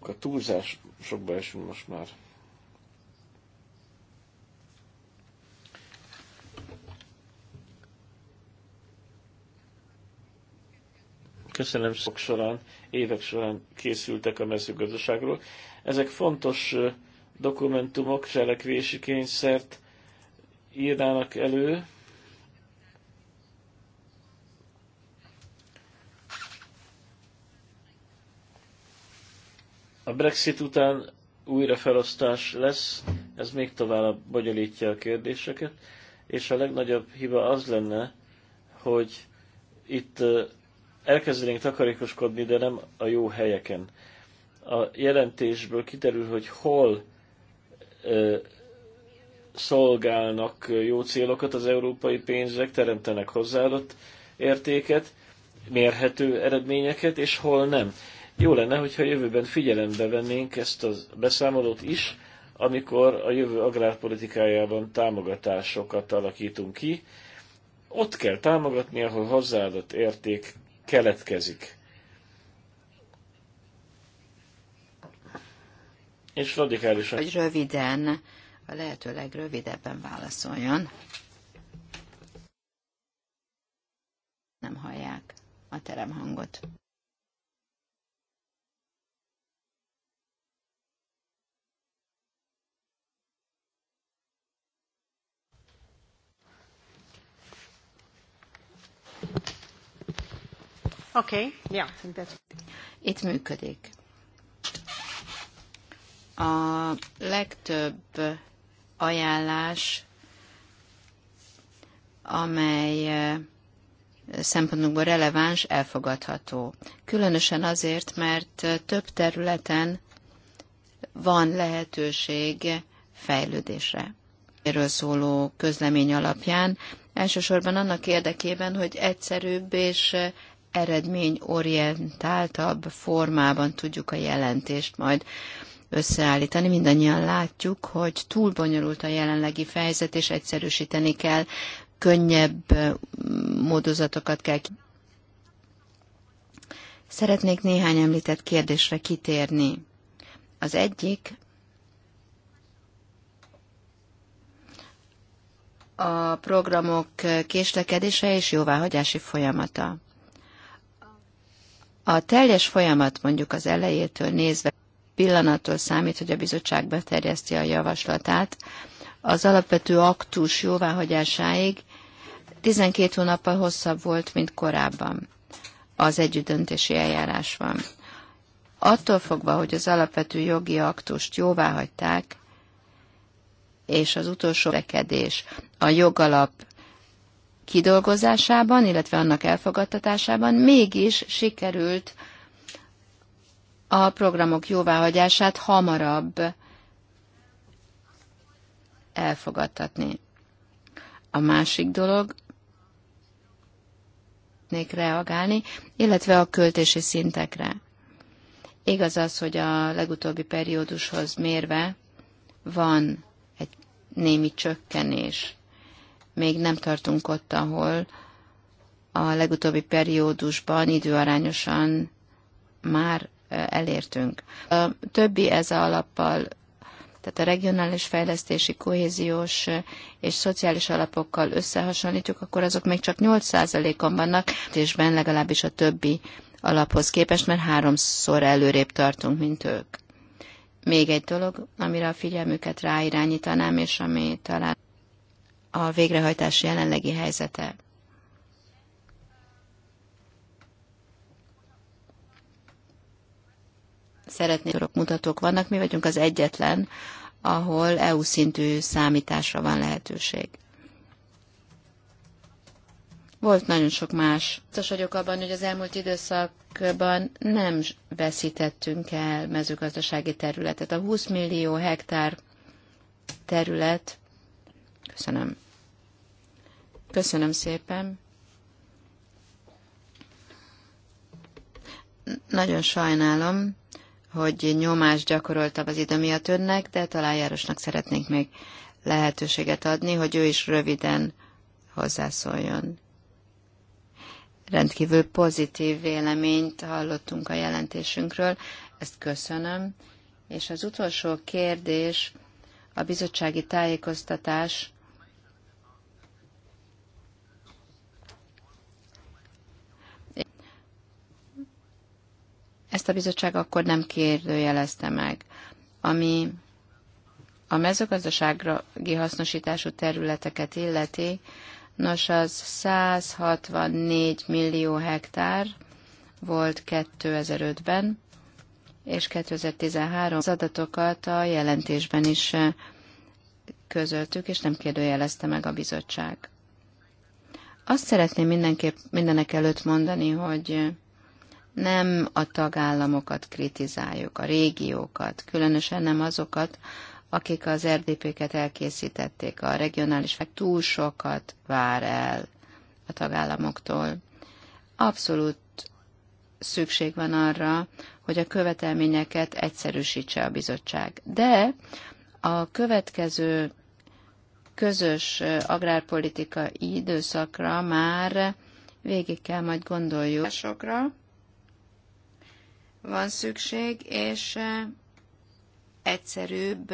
A túlzás sokba esünk most már. köszönöm sok során, évek során készültek a mezőgazdaságról. Ezek fontos dokumentumok, cselekvési kényszert írnának elő, A Brexit után újra felosztás lesz, ez még tovább bonyolítja a kérdéseket, és a legnagyobb hiba az lenne, hogy itt elkezdenénk takarékoskodni, de nem a jó helyeken. A jelentésből kiderül, hogy hol ö, szolgálnak jó célokat az európai pénzek, teremtenek hozzáadott értéket, mérhető eredményeket, és hol nem. Jó lenne, hogyha jövőben figyelembe vennénk ezt a beszámolót is, amikor a jövő agrárpolitikájában támogatásokat alakítunk ki. Ott kell támogatni, ahol hozzáadott érték keletkezik. És radikálisan. Hogy röviden, a lehető legrövidebben válaszoljon. Nem hallják a teremhangot. Okay, yeah, I think that's... Itt működik. A legtöbb ajánlás, amely eh, szempontunkból releváns, elfogadható. Különösen azért, mert eh, több területen van lehetőség fejlődésre. Erről szóló közlemény alapján, elsősorban annak érdekében, hogy egyszerűbb és eh, eredményorientáltabb formában tudjuk a jelentést majd összeállítani. Mindannyian látjuk, hogy túl bonyolult a jelenlegi fejezet, és egyszerűsíteni kell, könnyebb módozatokat kell. Szeretnék néhány említett kérdésre kitérni. Az egyik a programok késlekedése és jóváhagyási folyamata. A teljes folyamat mondjuk az elejétől nézve pillanattól számít, hogy a bizottság beterjeszti a javaslatát, az alapvető aktus jóváhagyásáig 12 hónappal hosszabb volt, mint korábban az együttdöntési eljárás van. Attól fogva, hogy az alapvető jogi aktust jóvá hagyták, és az utolsó rekedés, a jogalap kidolgozásában, illetve annak elfogadtatásában mégis sikerült a programok jóváhagyását hamarabb elfogadtatni. A másik dolog, tudnék reagálni, illetve a költési szintekre. Igaz az, hogy a legutóbbi periódushoz mérve van egy némi csökkenés még nem tartunk ott, ahol a legutóbbi periódusban időarányosan már elértünk. A többi ez a alappal, tehát a regionális fejlesztési, kohéziós és szociális alapokkal összehasonlítjuk, akkor azok még csak 8%-on vannak, és ben legalábbis a többi alaphoz képest, mert háromszor előrébb tartunk, mint ők. Még egy dolog, amire a figyelmüket ráirányítanám, és ami talán a végrehajtás jelenlegi helyzete. Szeretnék mutatók vannak, mi vagyunk az egyetlen, ahol EU szintű számításra van lehetőség. Volt nagyon sok más. Biztos vagyok abban, hogy az elmúlt időszakban nem veszítettünk el mezőgazdasági területet. A 20 millió hektár terület, köszönöm, Köszönöm szépen. Nagyon sajnálom, hogy nyomást gyakoroltam az idő miatt önnek, de talán Járosnak szeretnénk még lehetőséget adni, hogy ő is röviden hozzászóljon. Rendkívül pozitív véleményt hallottunk a jelentésünkről, ezt köszönöm. És az utolsó kérdés, a bizottsági tájékoztatás Ezt a bizottság akkor nem kérdőjelezte meg. Ami a mezőgazdasági hasznosítású területeket illeti, nos az 164 millió hektár volt 2005-ben, és 2013 az adatokat a jelentésben is eh, közöltük, és nem kérdőjelezte meg a bizottság. Azt szeretném mindenképp mindenek előtt mondani, hogy eh, nem a tagállamokat kritizáljuk, a régiókat, különösen nem azokat, akik az RDP-ket elkészítették. A regionális fek túl sokat vár el a tagállamoktól. Abszolút szükség van arra, hogy a követelményeket egyszerűsítse a bizottság. De a következő közös agrárpolitika időszakra már végig kell majd gondoljuk sokra, van szükség, és eh, egyszerűbb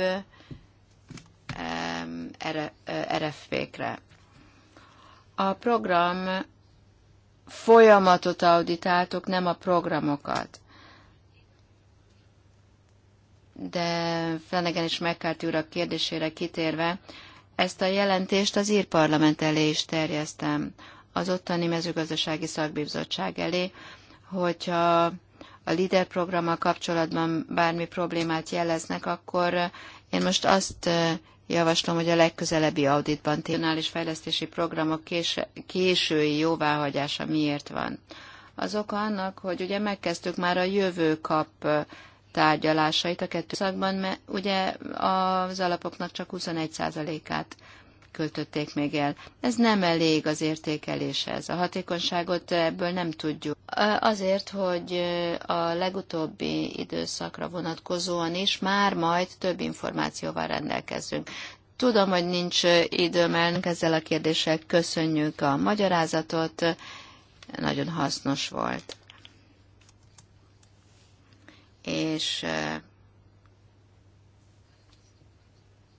RFP-kre. Eh, a program folyamatot auditáltok, nem a programokat. De Flanagan és McCarthy a kérdésére kitérve, ezt a jelentést az írparlament parlament elé is terjesztem, az ottani mezőgazdasági szakbizottság elé, hogyha a LIDER programmal kapcsolatban bármi problémát jeleznek, akkor én most azt javaslom, hogy a legközelebbi auditban tényleg fejlesztési programok kés, késői jóváhagyása miért van. Az oka annak, hogy ugye megkezdtük már a jövő kap tárgyalásait a kettő szakban, mert ugye az alapoknak csak 21%-át költötték még el. Ez nem elég az értékeléshez. A hatékonyságot ebből nem tudjuk azért, hogy a legutóbbi időszakra vonatkozóan is már majd több információval rendelkezzünk. Tudom, hogy nincs időm elnök ezzel a kérdéssel. Köszönjük a magyarázatot, nagyon hasznos volt. És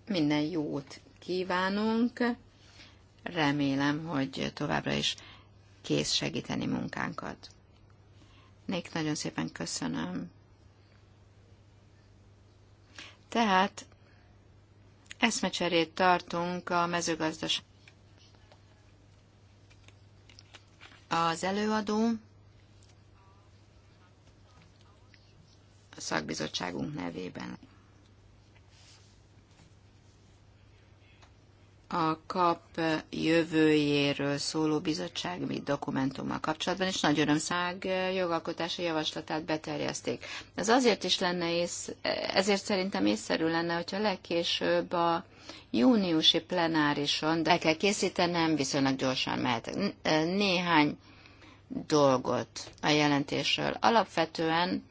minden jót kívánunk. Remélem, hogy továbbra is kész segíteni munkánkat. Nék, nagyon szépen köszönöm. Tehát eszmecserét tartunk a mezőgazdaság. Az előadó a szakbizottságunk nevében. a KAP jövőjéről szóló bizottsági dokumentummal kapcsolatban, és nagy örömszág jogalkotási javaslatát beterjeszték. Ez azért is lenne, ész, ezért szerintem észszerű lenne, hogyha legkésőbb a júniusi plenárison, de el kell készítenem, viszonylag gyorsan mehetek. Néhány dolgot a jelentésről. Alapvetően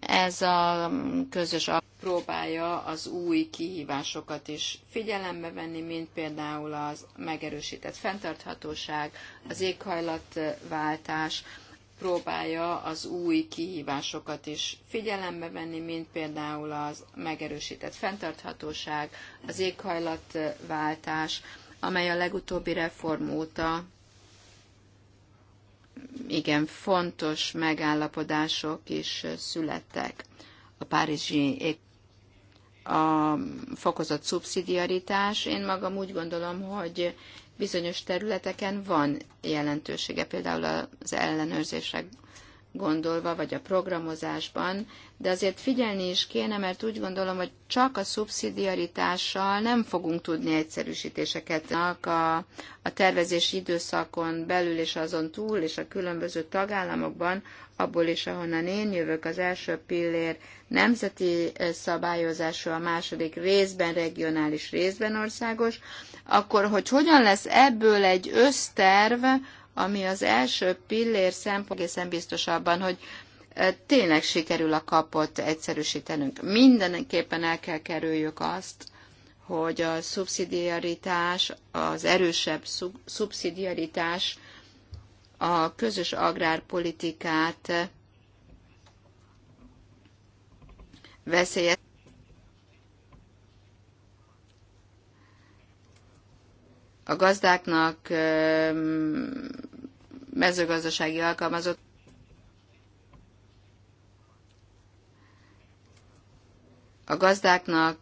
ez a közös próbálja az új kihívásokat is figyelembe venni, mint például az megerősített fenntarthatóság, az éghajlatváltás, próbálja az új kihívásokat is figyelembe venni, mint például az megerősített fenntarthatóság, az éghajlatváltás, amely a legutóbbi reform óta igen fontos megállapodások is születtek. A párizsi a fokozott szubszidiaritás, én magam úgy gondolom, hogy bizonyos területeken van jelentősége, például az ellenőrzésre gondolva, vagy a programozásban, de azért figyelni is kéne, mert úgy gondolom, hogy csak a szubszidiaritással nem fogunk tudni egyszerűsítéseket. A, a tervezési időszakon belül és azon túl, és a különböző tagállamokban, abból is, ahonnan én jövök, az első pillér nemzeti eh, szabályozású, a második részben regionális, részben országos, akkor hogy hogyan lesz ebből egy összterv, ami az első pillér szempont, egészen biztos abban, hogy e, tényleg sikerül a kapot egyszerűsítenünk. Mindenképpen el kell kerüljük azt, hogy a szubszidiaritás, az erősebb szubszidiaritás a közös agrárpolitikát veszélyes a gazdáknak, mezőgazdasági alkalmazott. A gazdáknak,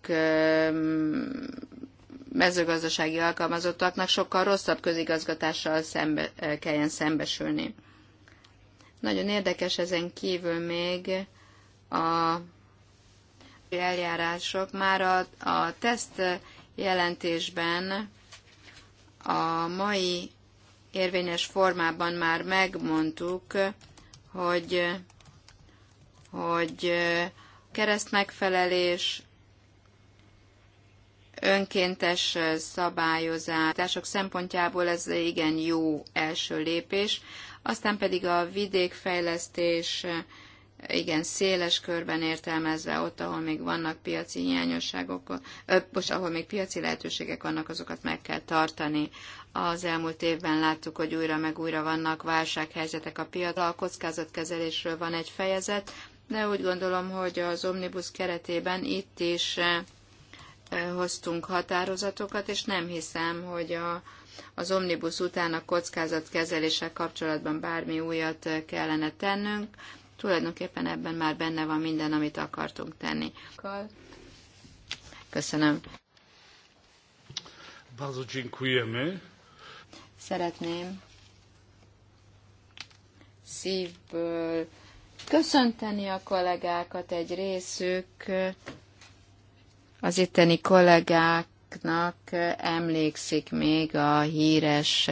mezőgazdasági alkalmazottaknak sokkal rosszabb közigazgatással szembe, kelljen szembesülni. Nagyon érdekes ezen kívül még a eljárások. Már a, a teszt jelentésben a mai érvényes formában már megmondtuk, hogy, hogy keresztmegfelelés, önkéntes szabályozások szempontjából ez igen jó első lépés, aztán pedig a vidékfejlesztés igen, széles körben értelmezve, ott, ahol még vannak piaci hiányosságok, most ahol még piaci lehetőségek vannak, azokat meg kell tartani. Az elmúlt évben láttuk, hogy újra meg újra vannak válsághelyzetek a piac. A kockázatkezelésről van egy fejezet, de úgy gondolom, hogy az Omnibus keretében itt is hoztunk határozatokat, és nem hiszem, hogy a, az Omnibus után a kockázatkezeléssel kapcsolatban bármi újat kellene tennünk Tulajdonképpen ebben már benne van minden, amit akartunk tenni. Köszönöm. Bardzo dziękujemy. Szeretném szívből köszönteni a kollégákat egy részük. Az itteni kollégáknak emlékszik még a híres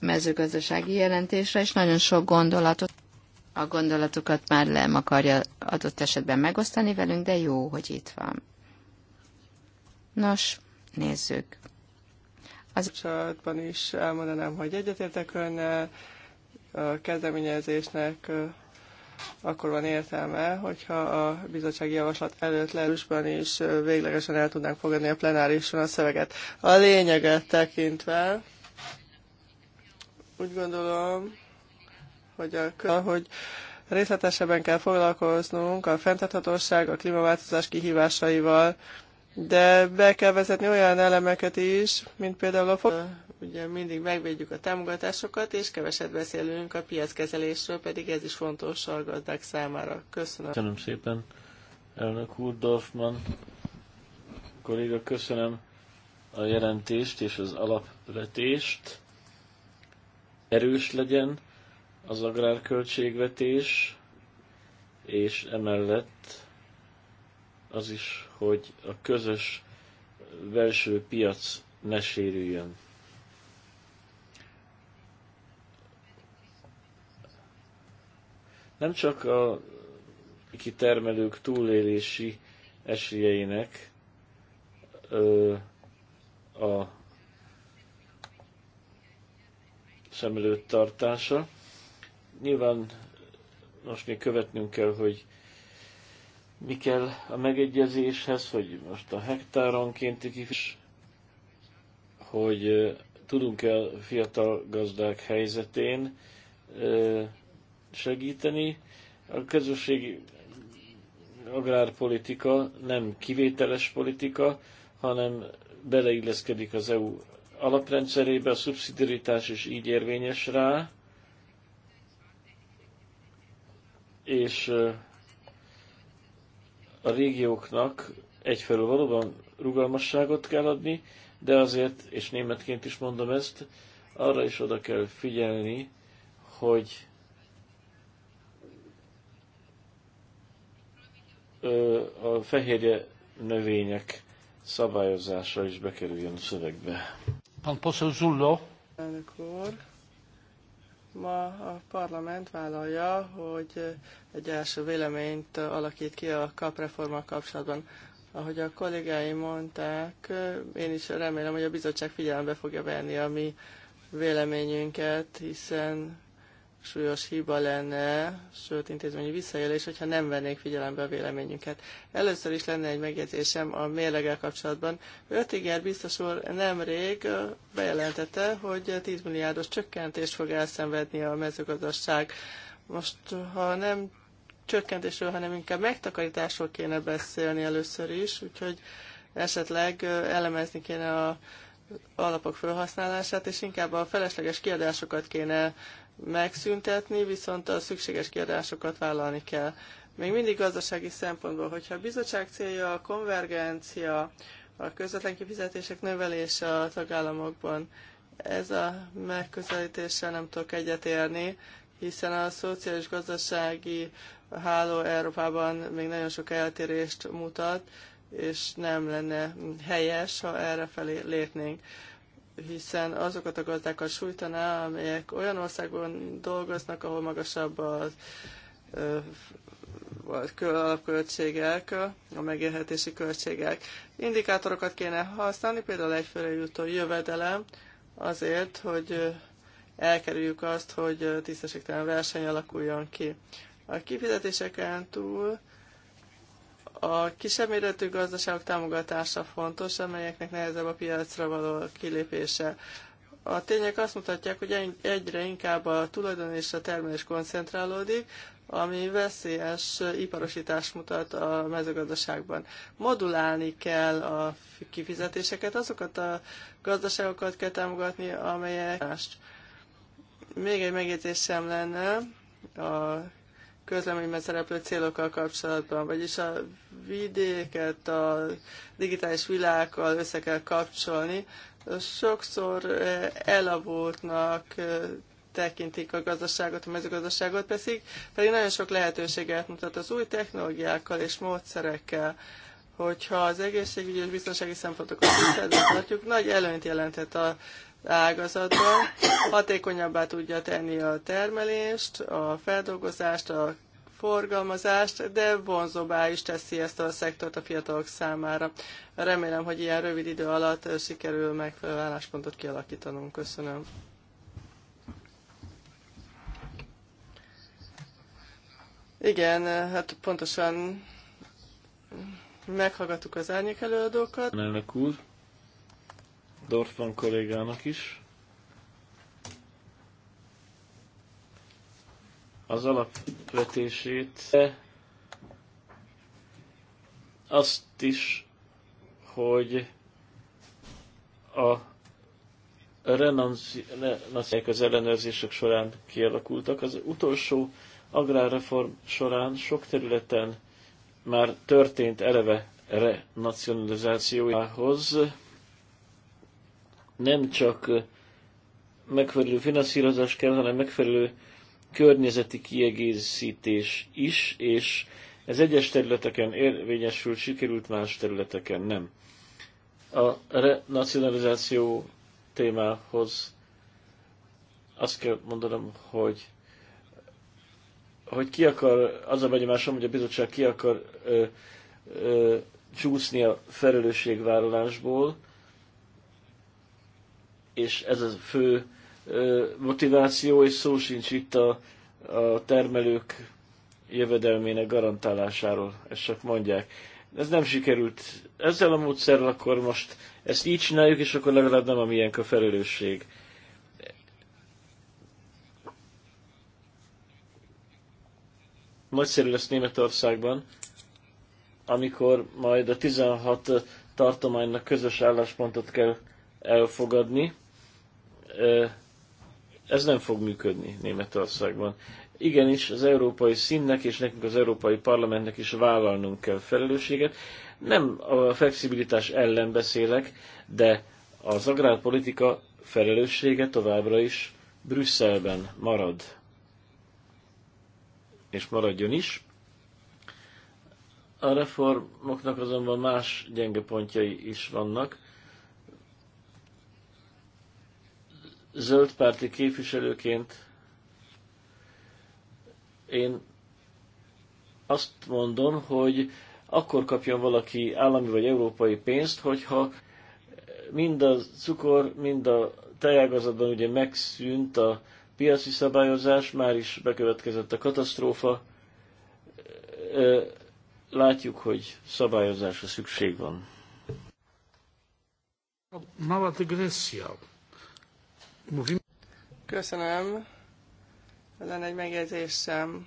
mezőgazdasági jelentésre, és nagyon sok gondolatot a gondolatukat már nem akarja adott esetben megosztani velünk, de jó, hogy itt van. Nos, nézzük. Az csatban is elmondanám, hogy egyetértek önnel, a kezdeményezésnek akkor van értelme, hogyha a bizottsági javaslat előtt leerősben is véglegesen el tudnánk fogadni a plenárison a szöveget. A lényeget tekintve úgy gondolom, hogy, a, hogy részletesebben kell foglalkoznunk a fenntarthatóság, a klímaváltozás kihívásaival, de be kell vezetni olyan elemeket is, mint például a fog... Ugye mindig megvédjük a támogatásokat, és keveset beszélünk a piackezelésről, pedig ez is fontos a gazdák számára. Köszönöm. Köszönöm szépen, elnök úr Dorfman. Kolléga, köszönöm a jelentést és az alapvetést. Erős legyen, az agrárköltségvetés, és emellett az is, hogy a közös belső piac ne sérüljön. Nem csak a kitermelők túlélési esélyeinek ö, a szem előtt tartása, Nyilván most még követnünk kell, hogy mi kell a megegyezéshez, hogy most a hektáronkénti is, hogy tudunk-e fiatal gazdák helyzetén segíteni. A közösségi agrárpolitika nem kivételes politika, hanem beleilleszkedik az EU alaprendszerébe, a szubszidiaritás is így érvényes rá, és a régióknak egyfelől valóban rugalmasságot kell adni, de azért, és németként is mondom ezt, arra is oda kell figyelni, hogy a fehérje növények szabályozása is bekerüljön a szövegbe. Pan poseł Zullo. Elnök úr. Ma a parlament vállalja, hogy egy első véleményt alakít ki a kapreforma kapcsolatban. Ahogy a kollégáim mondták, én is remélem, hogy a bizottság figyelembe fogja venni a mi véleményünket, hiszen súlyos hiba lenne, sőt intézményi visszaélés, hogyha nem vennék figyelembe a véleményünket. Először is lenne egy megjegyzésem a mérlegel kapcsolatban. Ötiger biztos úr nemrég bejelentette, hogy 10 milliárdos csökkentést fog elszenvedni a mezőgazdaság. Most, ha nem csökkentésről, hanem inkább megtakarításról kéne beszélni először is, úgyhogy esetleg elemezni kéne a alapok felhasználását, és inkább a felesleges kiadásokat kéne megszüntetni, viszont a szükséges kiadásokat vállalni kell. Még mindig gazdasági szempontból, hogyha a bizottság célja a konvergencia, a közvetlen kifizetések növelése a tagállamokban, ez a megközelítéssel nem tudok egyetérni, hiszen a szociális gazdasági háló Európában még nagyon sok eltérést mutat, és nem lenne helyes, ha erre felé lépnénk hiszen azokat a gazdákat sújtaná, amelyek olyan országban dolgoznak, ahol magasabb az vagy alapköltségek, a megélhetési költségek. Indikátorokat kéne használni, például egyfőre jutó jövedelem, azért, hogy elkerüljük azt, hogy tisztességtelen verseny alakuljon ki. A kifizetéseken túl a kisebb méretű gazdaságok támogatása fontos, amelyeknek nehezebb a piacra való kilépése. A tények azt mutatják, hogy egyre inkább a tulajdon és a termelés koncentrálódik, ami veszélyes iparosítást mutat a mezőgazdaságban. Modulálni kell a kifizetéseket, azokat a gazdaságokat kell támogatni, amelyek mást. Még egy megjegyzésem lenne a közleményben szereplő célokkal kapcsolatban, vagyis a vidéket a digitális világgal össze kell kapcsolni. Sokszor eh, elavultnak eh, tekintik a gazdaságot, a mezőgazdaságot pedig, pedig nagyon sok lehetőséget mutat az új technológiákkal és módszerekkel hogyha az egészségügyi és biztonsági szempontokat tiszteletben tartjuk, nagy előnyt jelenthet a ágazatban hatékonyabbá tudja tenni a termelést, a feldolgozást, a forgalmazást, de vonzóbbá is teszi ezt a szektort a fiatalok számára. Remélem, hogy ilyen rövid idő alatt sikerül megfelelő álláspontot kialakítanunk. Köszönöm. Igen, hát pontosan meghallgattuk az árnyék előadókat. Elnök úr. Dorfman kollégának is. Az alapvetését azt is, hogy a renanciák az ellenőrzések során kialakultak. Az utolsó agrárreform során sok területen már történt eleve renacionalizációjához, nem csak megfelelő finanszírozás kell, hanem megfelelő környezeti kiegészítés is, és ez egyes területeken érvényesül, sikerült más területeken nem. A renacionalizáció témához azt kell mondanom, hogy hogy ki akar, az a benyomásom, hogy a bizottság ki akar ö, ö, csúszni a felelősségvállalásból, és ez a fő motiváció, és szó sincs itt a, a termelők jövedelmének garantálásáról, ezt csak mondják. Ez nem sikerült ezzel a módszerrel, akkor most ezt így csináljuk, és akkor legalább nem a miénk a felelősség. Nagyszerű lesz Németországban, amikor majd a 16 tartománynak közös álláspontot kell elfogadni, ez nem fog működni Németországban. Igenis, az európai színnek és nekünk az európai parlamentnek is vállalnunk kell felelősséget. Nem a flexibilitás ellen beszélek, de az agrárpolitika felelőssége továbbra is Brüsszelben marad. És maradjon is. A reformoknak azonban más gyenge pontjai is vannak zöldpárti képviselőként én azt mondom, hogy akkor kapjon valaki állami vagy európai pénzt, hogyha mind a cukor, mind a tejágazatban ugye megszűnt a piaci szabályozás, már is bekövetkezett a katasztrófa. Látjuk, hogy szabályozásra szükség van. Mała Mówimy... Köszönöm. Lenne egy megjegyzésem.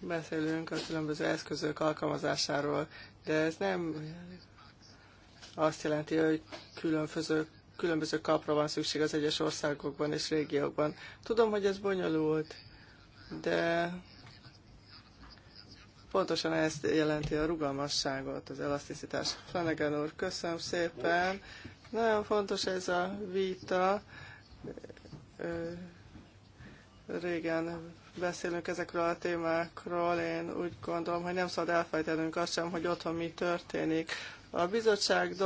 Beszélünk a különböző eszközök alkalmazásáról, de ez nem azt jelenti, hogy különböző, különböző kapra van szükség az egyes országokban és régiókban. Tudom, hogy ez bonyolult, de Pontosan ezt jelenti a rugalmasságot, az elaszticitás. Flanagan úr, köszönöm szépen. Nagyon fontos ez a vita. Régen beszélünk ezekről a témákról, én úgy gondolom, hogy nem szabad elfejtenünk azt sem, hogy otthon mi történik. A bizottság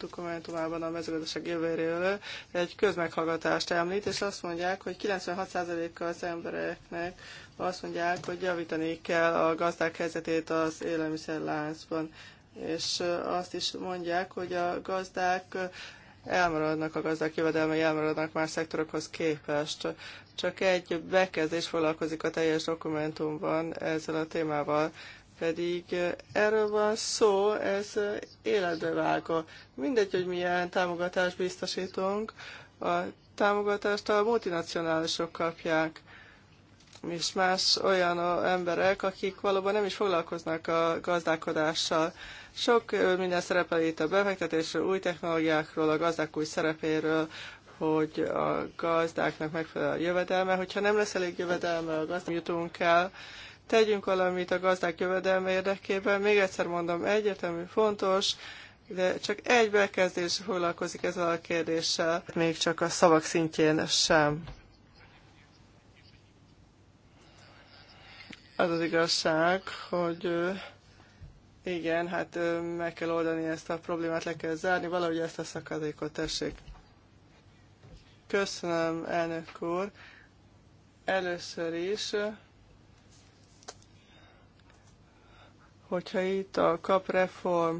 dokumentumában a mezőgazdaság jövőről egy közmeghallgatást említ, és azt mondják, hogy 96%-a az embereknek azt mondják, hogy javítani kell a gazdák helyzetét az élelmiszerláncban. És azt is mondják, hogy a gazdák elmaradnak, a gazdák jövedelmei elmaradnak más szektorokhoz képest. Csak egy bekezdés foglalkozik a teljes dokumentumban ezzel a témával, pedig erről van szó, ez életbevágó. Mindegy, hogy milyen támogatást biztosítunk, a támogatást a multinacionálisok kapják és más olyan emberek, akik valóban nem is foglalkoznak a gazdálkodással. Sok minden szerepel itt a befektetésről, új technológiákról, a gazdák új szerepéről, hogy a gazdáknak megfelel a jövedelme. Hogyha nem lesz elég jövedelme, a gazdák jutunk el, tegyünk valamit a gazdák jövedelme érdekében. Még egyszer mondom, egyértelmű fontos, de csak egy bekezdés foglalkozik ezzel a kérdéssel, még csak a szavak szintjén sem. Az az igazság, hogy igen, hát meg kell oldani ezt a problémát, le kell zárni, valahogy ezt a szakadékot tessék. Köszönöm, elnök úr. Először is, hogyha itt a kapreform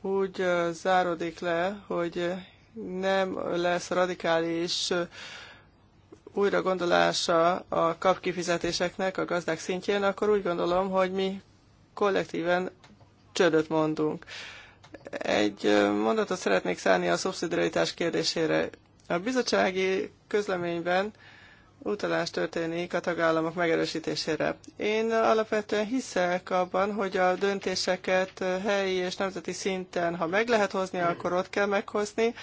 úgy záródik le, hogy nem lesz radikális újra gondolása a kapkifizetéseknek a gazdák szintjén, akkor úgy gondolom, hogy mi kollektíven csődöt mondunk. Egy mondatot szeretnék szállni a szubszidiaritás kérdésére. A bizottsági közleményben utalás történik a tagállamok megerősítésére. Én alapvetően hiszek abban, hogy a döntéseket helyi és nemzeti szinten, ha meg lehet hozni, akkor ott kell meghozni,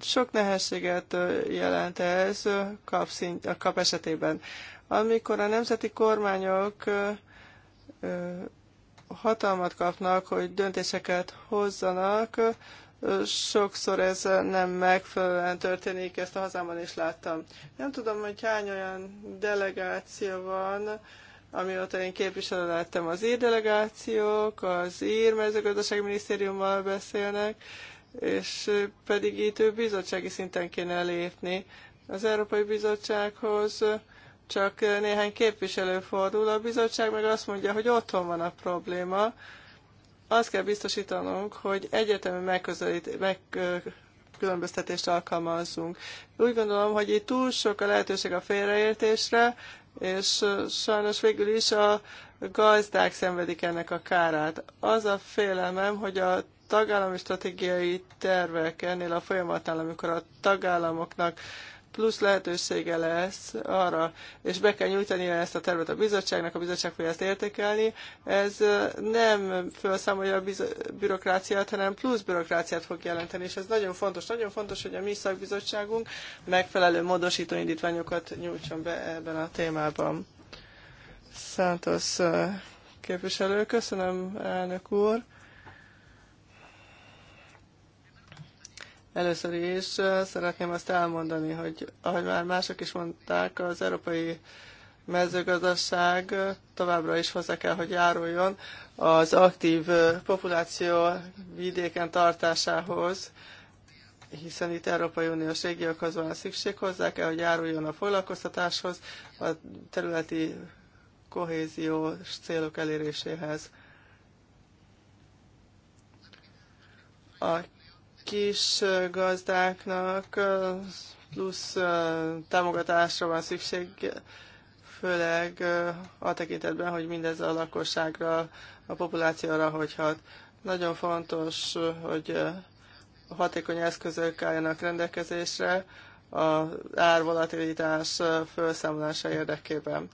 sok nehézséget jelent ez kap, szint, a kap esetében. Amikor a nemzeti kormányok hatalmat kapnak, hogy döntéseket hozzanak, sokszor ez nem megfelelően történik, ezt a hazámban is láttam. Nem tudom, hogy hány olyan delegáció van, amióta én képviselő lettem az ír delegációk, az ír mezőgazdasági minisztériummal beszélnek, és pedig itt bizottsági szinten kéne lépni. Az Európai Bizottsághoz csak néhány képviselő fordul, a bizottság meg azt mondja, hogy otthon van a probléma. Azt kell biztosítanunk, hogy egyetemi megközelít, meg, alkalmazzunk. Úgy gondolom, hogy itt túl sok a lehetőség a félreértésre, és sajnos végül is a gazdák szenvedik ennek a kárát. Az a félelmem, hogy a tagállami stratégiai tervek ennél a folyamatnál, amikor a tagállamoknak plusz lehetősége lesz arra, és be kell nyújtani ezt a tervet a bizottságnak, a bizottság fogja ezt értékelni, ez nem felszámolja a bürokráciát, hanem plusz bürokráciát fog jelenteni, és ez nagyon fontos. Nagyon fontos, hogy a mi szakbizottságunk megfelelő módosító indítványokat nyújtson be ebben a témában. Szántos képviselő, köszönöm elnök úr. Először is szeretném azt elmondani, hogy ahogy már mások is mondták, az európai mezőgazdaság továbbra is hozzá kell, hogy járuljon az aktív populáció vidéken tartásához, hiszen itt Európai Uniós régiókhoz van szükség, hozzá kell, hogy járuljon a foglalkoztatáshoz, a területi kohéziós célok eléréséhez. A kis gazdáknak plusz támogatásra van szükség, főleg a tekintetben, hogy mindez a lakosságra, a populációra hogyhat. Nagyon fontos, hogy hatékony eszközök álljanak rendelkezésre az árvolatilitás felszámolása érdekében.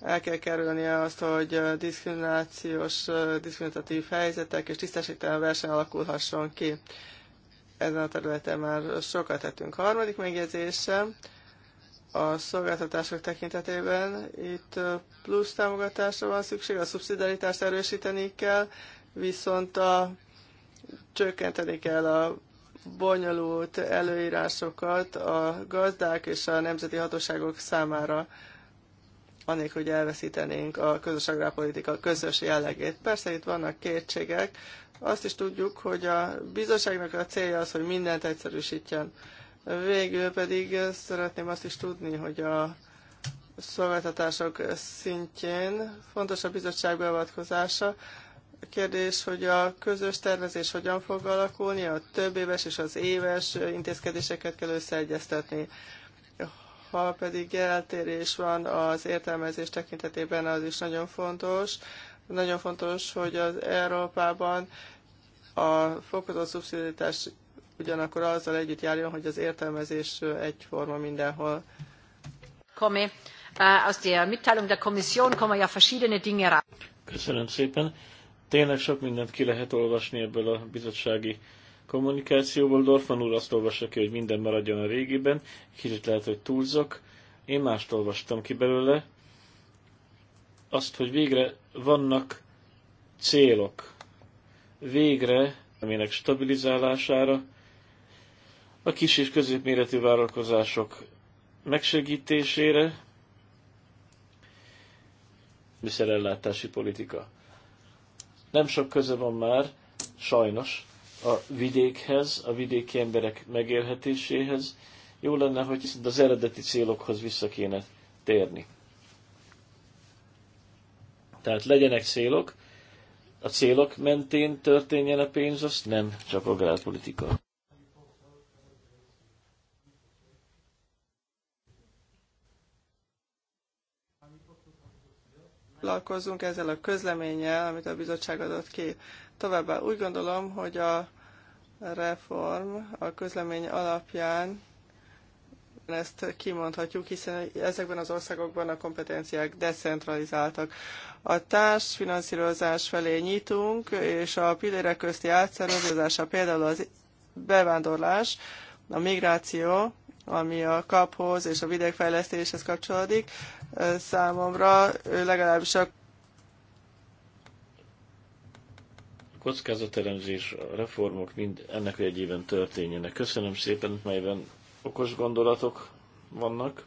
El kell kerülni azt, hogy diszkriminációs, diszkriminatív helyzetek és tisztességtelen verseny alakulhasson ki ezen a területen már sokat tettünk. Harmadik megjegyzésem, a szolgáltatások tekintetében itt plusz támogatásra van szükség, a szubszidaritást erősíteni kell, viszont a, csökkenteni kell a bonyolult előírásokat a gazdák és a nemzeti hatóságok számára, anélkül, hogy elveszítenénk a közös agrárpolitika közös jellegét. Persze itt vannak kétségek, azt is tudjuk, hogy a bizottságnak a célja az, hogy mindent egyszerűsítjen. Végül pedig szeretném azt is tudni, hogy a szolgáltatások szintjén fontos a bizottság beavatkozása. A kérdés, hogy a közös tervezés hogyan fog alakulni, a több éves és az éves intézkedéseket kell összeegyeztetni. Ha pedig eltérés van az értelmezés tekintetében, az is nagyon fontos. Nagyon fontos, hogy az Európában a fokozott szubszidiaritás ugyanakkor azzal együtt járjon, hogy az értelmezés egyforma mindenhol. Komme, eh, aus der Mitteilung der Kommission kommen ja verschiedene Dinge rá. Köszönöm szépen. Tényleg sok mindent ki lehet olvasni ebből a bizottsági kommunikációból. Dorfan úr azt olvassa ki, hogy minden maradjon a régiben. Kicsit lehet, hogy túlzok. Én mást olvastam ki belőle. Azt, hogy végre vannak célok. Végre, aminek stabilizálására, a kis és középméretű vállalkozások megsegítésére, viszerellátási politika. Nem sok köze van már, sajnos, a vidékhez, a vidéki emberek megélhetéséhez. Jó lenne, hogy az eredeti célokhoz vissza kéne térni. Tehát legyenek célok, a célok mentén történjen a pénz, az nem csak agrárpolitika. Lalkozzunk ezzel a közleménnyel, amit a bizottság adott ki. Továbbá úgy gondolom, hogy a reform a közlemény alapján ezt kimondhatjuk, hiszen ezekben az országokban a kompetenciák decentralizáltak. A társfinanszírozás felé nyitunk, és a pillérek közti átszervezása például az bevándorlás, a migráció, ami a kaphoz és a vidékfejlesztéshez kapcsolódik, számomra legalábbis a kockázatelemzés, a reformok mind ennek jegyében történjenek. Köszönöm szépen, melyben okos gondolatok vannak.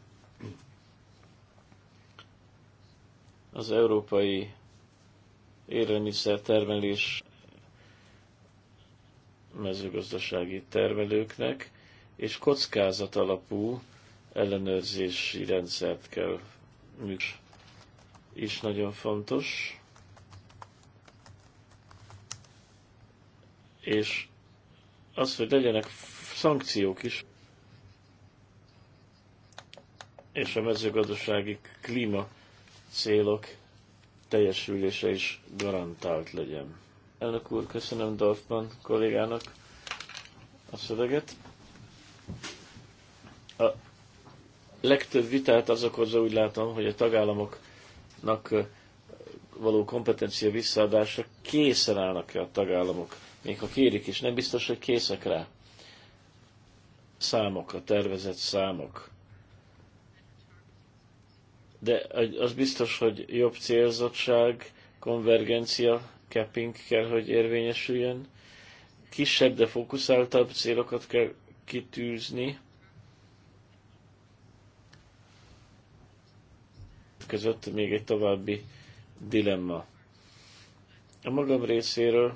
Az európai élelmiszer termelés mezőgazdasági termelőknek, és kockázat alapú ellenőrzési rendszert kell működni. Is nagyon fontos. És az, hogy legyenek szankciók is, és a mezőgazdasági klíma célok teljesülése is garantált legyen. Elnök úr, köszönöm Dorfman kollégának a szöveget. A legtöbb vitát az okozza, úgy látom, hogy a tagállamoknak való kompetencia visszaadása készen állnak-e a tagállamok, még ha kérik is, nem biztos, hogy készek rá. Számok, a tervezett számok de az biztos, hogy jobb célzottság, konvergencia, capping kell, hogy érvényesüljön. Kisebb, de fókuszáltabb célokat kell kitűzni. Között még egy további dilemma. A magam részéről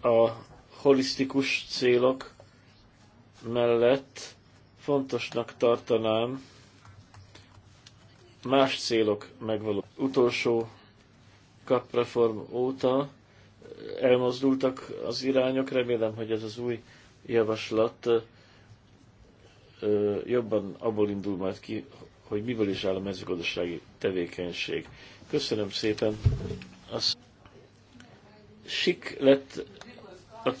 a holisztikus célok mellett fontosnak tartanám más célok megvaló. Utolsó kapreform óta elmozdultak az irányok, remélem, hogy ez az új javaslat jobban abból indul majd ki, hogy miből is áll a mezőgazdasági tevékenység. Köszönöm szépen. Az sik lett a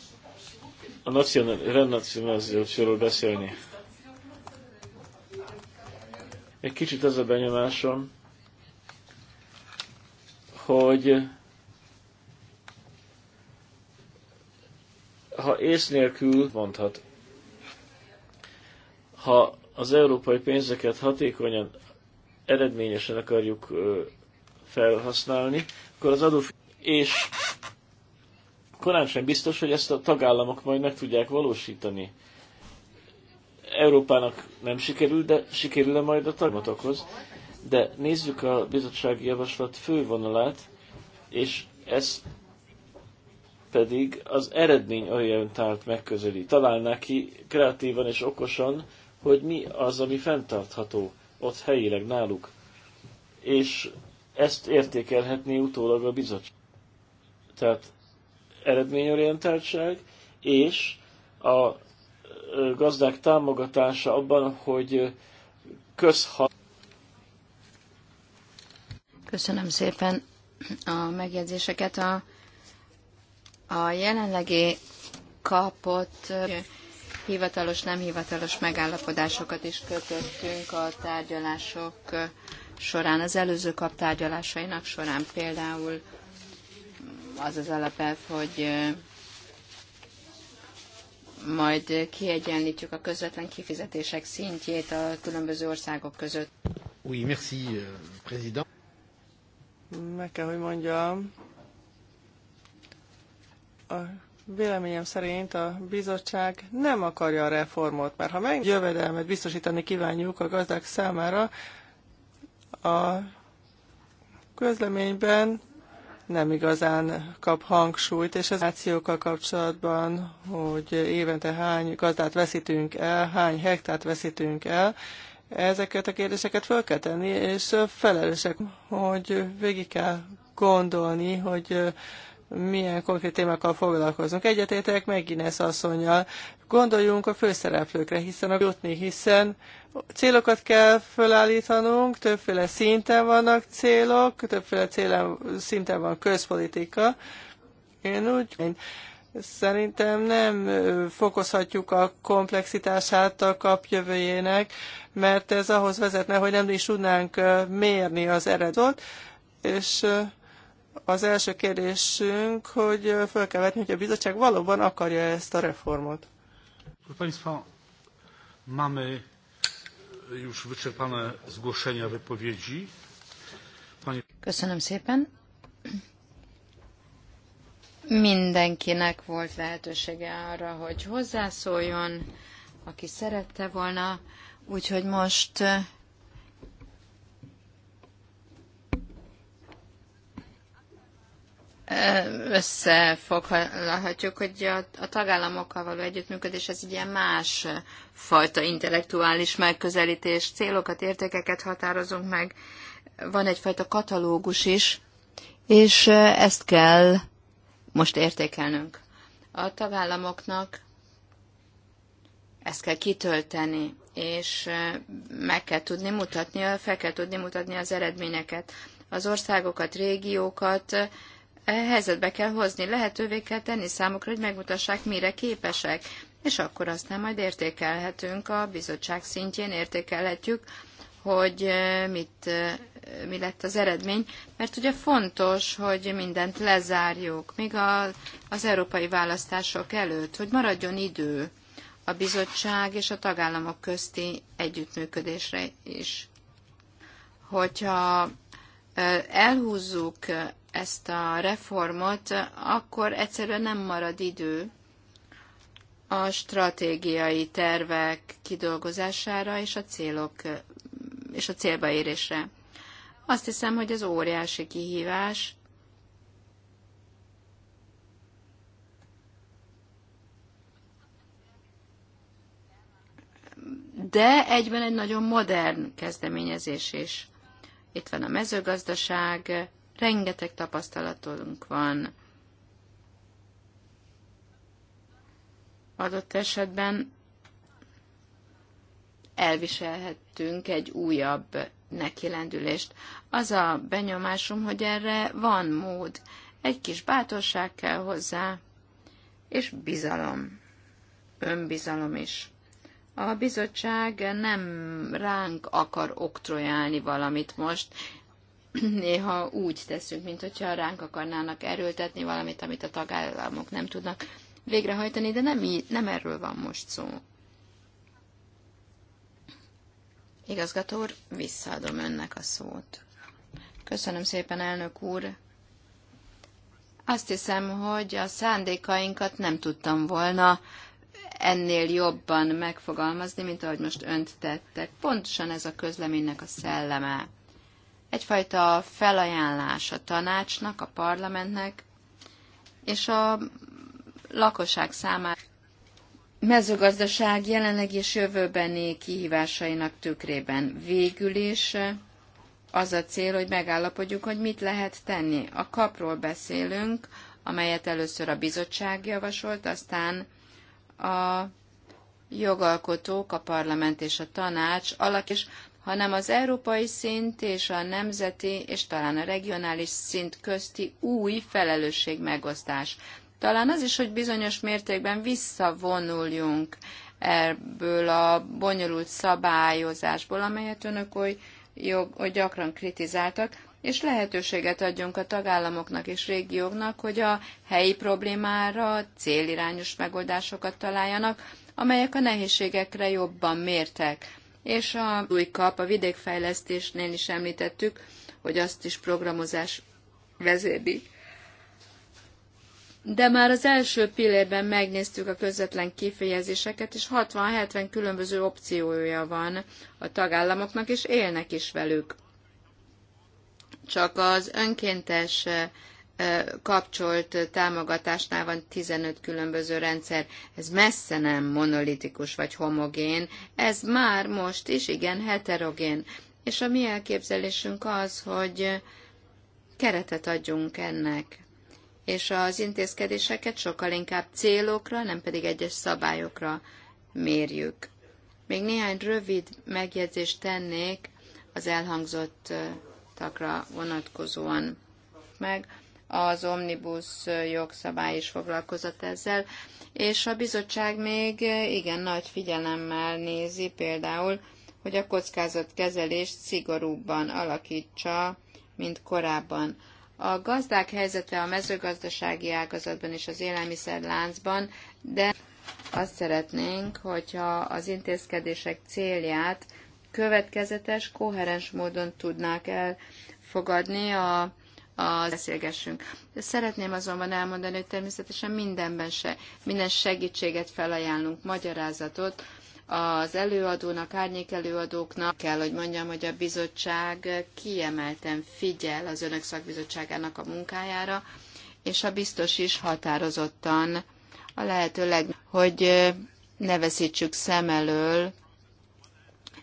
a rendnacionalizációról beszélni. Egy kicsit az a benyomásom, hogy ha ész nélkül mondhat, ha az európai pénzeket hatékonyan, eredményesen akarjuk felhasználni, akkor az adó és korán sem biztos, hogy ezt a tagállamok majd meg tudják valósítani. Európának nem sikerül, de sikerül-e majd a tagmatokhoz. De nézzük a bizottsági javaslat fővonalát, és ez pedig az eredmény orientált megközeli. Találná ki kreatívan és okosan, hogy mi az, ami fenntartható ott helyileg náluk. És ezt értékelhetné utólag a bizottság. Tehát eredményorientáltság, és a gazdák támogatása abban, hogy közhat. Köszönöm szépen a megjegyzéseket. A, a jelenlegi kapott hivatalos, nem hivatalos megállapodásokat is kötöttünk a tárgyalások során, az előző kap tárgyalásainak során például az az alapelv, hogy majd kiegyenlítjük a közvetlen kifizetések szintjét a különböző országok között. Oui, merci, euh, président. Meg kell, hogy mondjam, a véleményem szerint a bizottság nem akarja a reformot, mert ha meg jövedelmet biztosítani kívánjuk a gazdák számára, a közleményben nem igazán kap hangsúlyt, és az ációkkal kapcsolatban, hogy évente hány gazdát veszítünk el, hány hektát veszítünk el, ezeket a kérdéseket fel kell tenni, és felelősek, hogy végig kell gondolni, hogy milyen konkrét témákkal foglalkozunk. Egyetétek meg Ginesz asszonyjal. Gondoljunk a főszereplőkre, hiszen a jutni, hiszen Célokat kell felállítanunk, többféle szinten vannak célok, többféle célen, szinten van közpolitika. Én úgy én szerintem nem fokozhatjuk a komplexitását a kap jövőjének, mert ez ahhoz vezetne, hogy nem is tudnánk mérni az eredet, és az első kérdésünk, hogy föl kell vetni, hogy a bizottság valóban akarja ezt a reformot. Proszę Państwa, mamy już wyczerpane zgłoszenia wypowiedzi. Pani... Köszönöm szépen. Mindenkinek volt lehetősége arra, hogy hozzászóljon, aki szerette volna. Úgyhogy most összefoghatjuk, hogy a, a tagállamokkal való együttműködés ez ilyen más fajta intellektuális megközelítés, célokat, értékeket határozunk meg, van egyfajta katalógus is, és ezt kell most értékelnünk. A tagállamoknak ezt kell kitölteni, és meg kell tudni mutatni, fel kell tudni mutatni az eredményeket. Az országokat, régiókat, helyzetbe kell hozni, lehetővé kell tenni számukra, hogy megmutassák, mire képesek, és akkor aztán majd értékelhetünk a bizottság szintjén, értékelhetjük, hogy mit, mi lett az eredmény, mert ugye fontos, hogy mindent lezárjuk, még a, az európai választások előtt, hogy maradjon idő a bizottság és a tagállamok közti együttműködésre is. Hogyha elhúzzuk ezt a reformot, akkor egyszerűen nem marad idő a stratégiai tervek kidolgozására és a célok és a célbaérésre. Azt hiszem, hogy az óriási kihívás de egyben egy nagyon modern kezdeményezés is. Itt van a mezőgazdaság, Rengeteg tapasztalatunk van. Adott esetben elviselhettünk egy újabb nekilendülést. Az a benyomásom, hogy erre van mód. Egy kis bátorság kell hozzá, és bizalom. Önbizalom is. A bizottság nem ránk akar oktrojálni valamit most, néha úgy teszünk, mint hogyha ránk akarnának erőltetni valamit, amit a tagállamok nem tudnak végrehajtani, de nem, nem erről van most szó. Igazgató úr, visszaadom önnek a szót. Köszönöm szépen, elnök úr. Azt hiszem, hogy a szándékainkat nem tudtam volna ennél jobban megfogalmazni, mint ahogy most önt tettek. Pontosan ez a közleménynek a szelleme egyfajta felajánlás a tanácsnak, a parlamentnek és a lakosság számára. Mezőgazdaság jelenleg és jövőbeni kihívásainak tükrében végül is az a cél, hogy megállapodjuk, hogy mit lehet tenni. A kapról beszélünk, amelyet először a bizottság javasolt, aztán a jogalkotók, a parlament és a tanács alak, és hanem az európai szint és a nemzeti és talán a regionális szint közti új felelősség megosztás. Talán az is, hogy bizonyos mértékben visszavonuljunk ebből a bonyolult szabályozásból, amelyet önök oly, jog, oly gyakran kritizáltak, és lehetőséget adjunk a tagállamoknak és régióknak, hogy a helyi problémára célirányos megoldásokat találjanak, amelyek a nehézségekre jobban mértek és a új kap, a vidékfejlesztésnél is említettük, hogy azt is programozás vezéri. De már az első pillérben megnéztük a közvetlen kifejezéseket, és 60-70 különböző opciója van a tagállamoknak, és élnek is velük. Csak az önkéntes kapcsolt támogatásnál van 15 különböző rendszer. Ez messze nem monolitikus vagy homogén, ez már most is igen heterogén. És a mi elképzelésünk az, hogy keretet adjunk ennek, és az intézkedéseket sokkal inkább célokra, nem pedig egyes szabályokra mérjük. Még néhány rövid megjegyzést tennék az elhangzottakra vonatkozóan meg az omnibus jogszabály is foglalkozott ezzel, és a bizottság még igen nagy figyelemmel nézi például, hogy a kockázatkezelést szigorúbban alakítsa, mint korábban. A gazdák helyzete a mezőgazdasági ágazatban és az élelmiszerláncban, de azt szeretnénk, hogyha az intézkedések célját következetes, koherens módon tudnák elfogadni a az beszélgessünk. Szeretném azonban elmondani, hogy természetesen mindenben se, minden segítséget felajánlunk, magyarázatot, az előadónak, árnyék előadóknak kell, hogy mondjam, hogy a bizottság kiemelten figyel az önök szakbizottságának a munkájára, és a biztos is határozottan a lehető leg, hogy ne veszítsük szem elől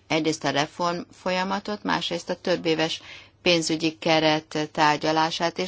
egyrészt a reform folyamatot, másrészt a több éves pénzügyi keret tárgyalását, és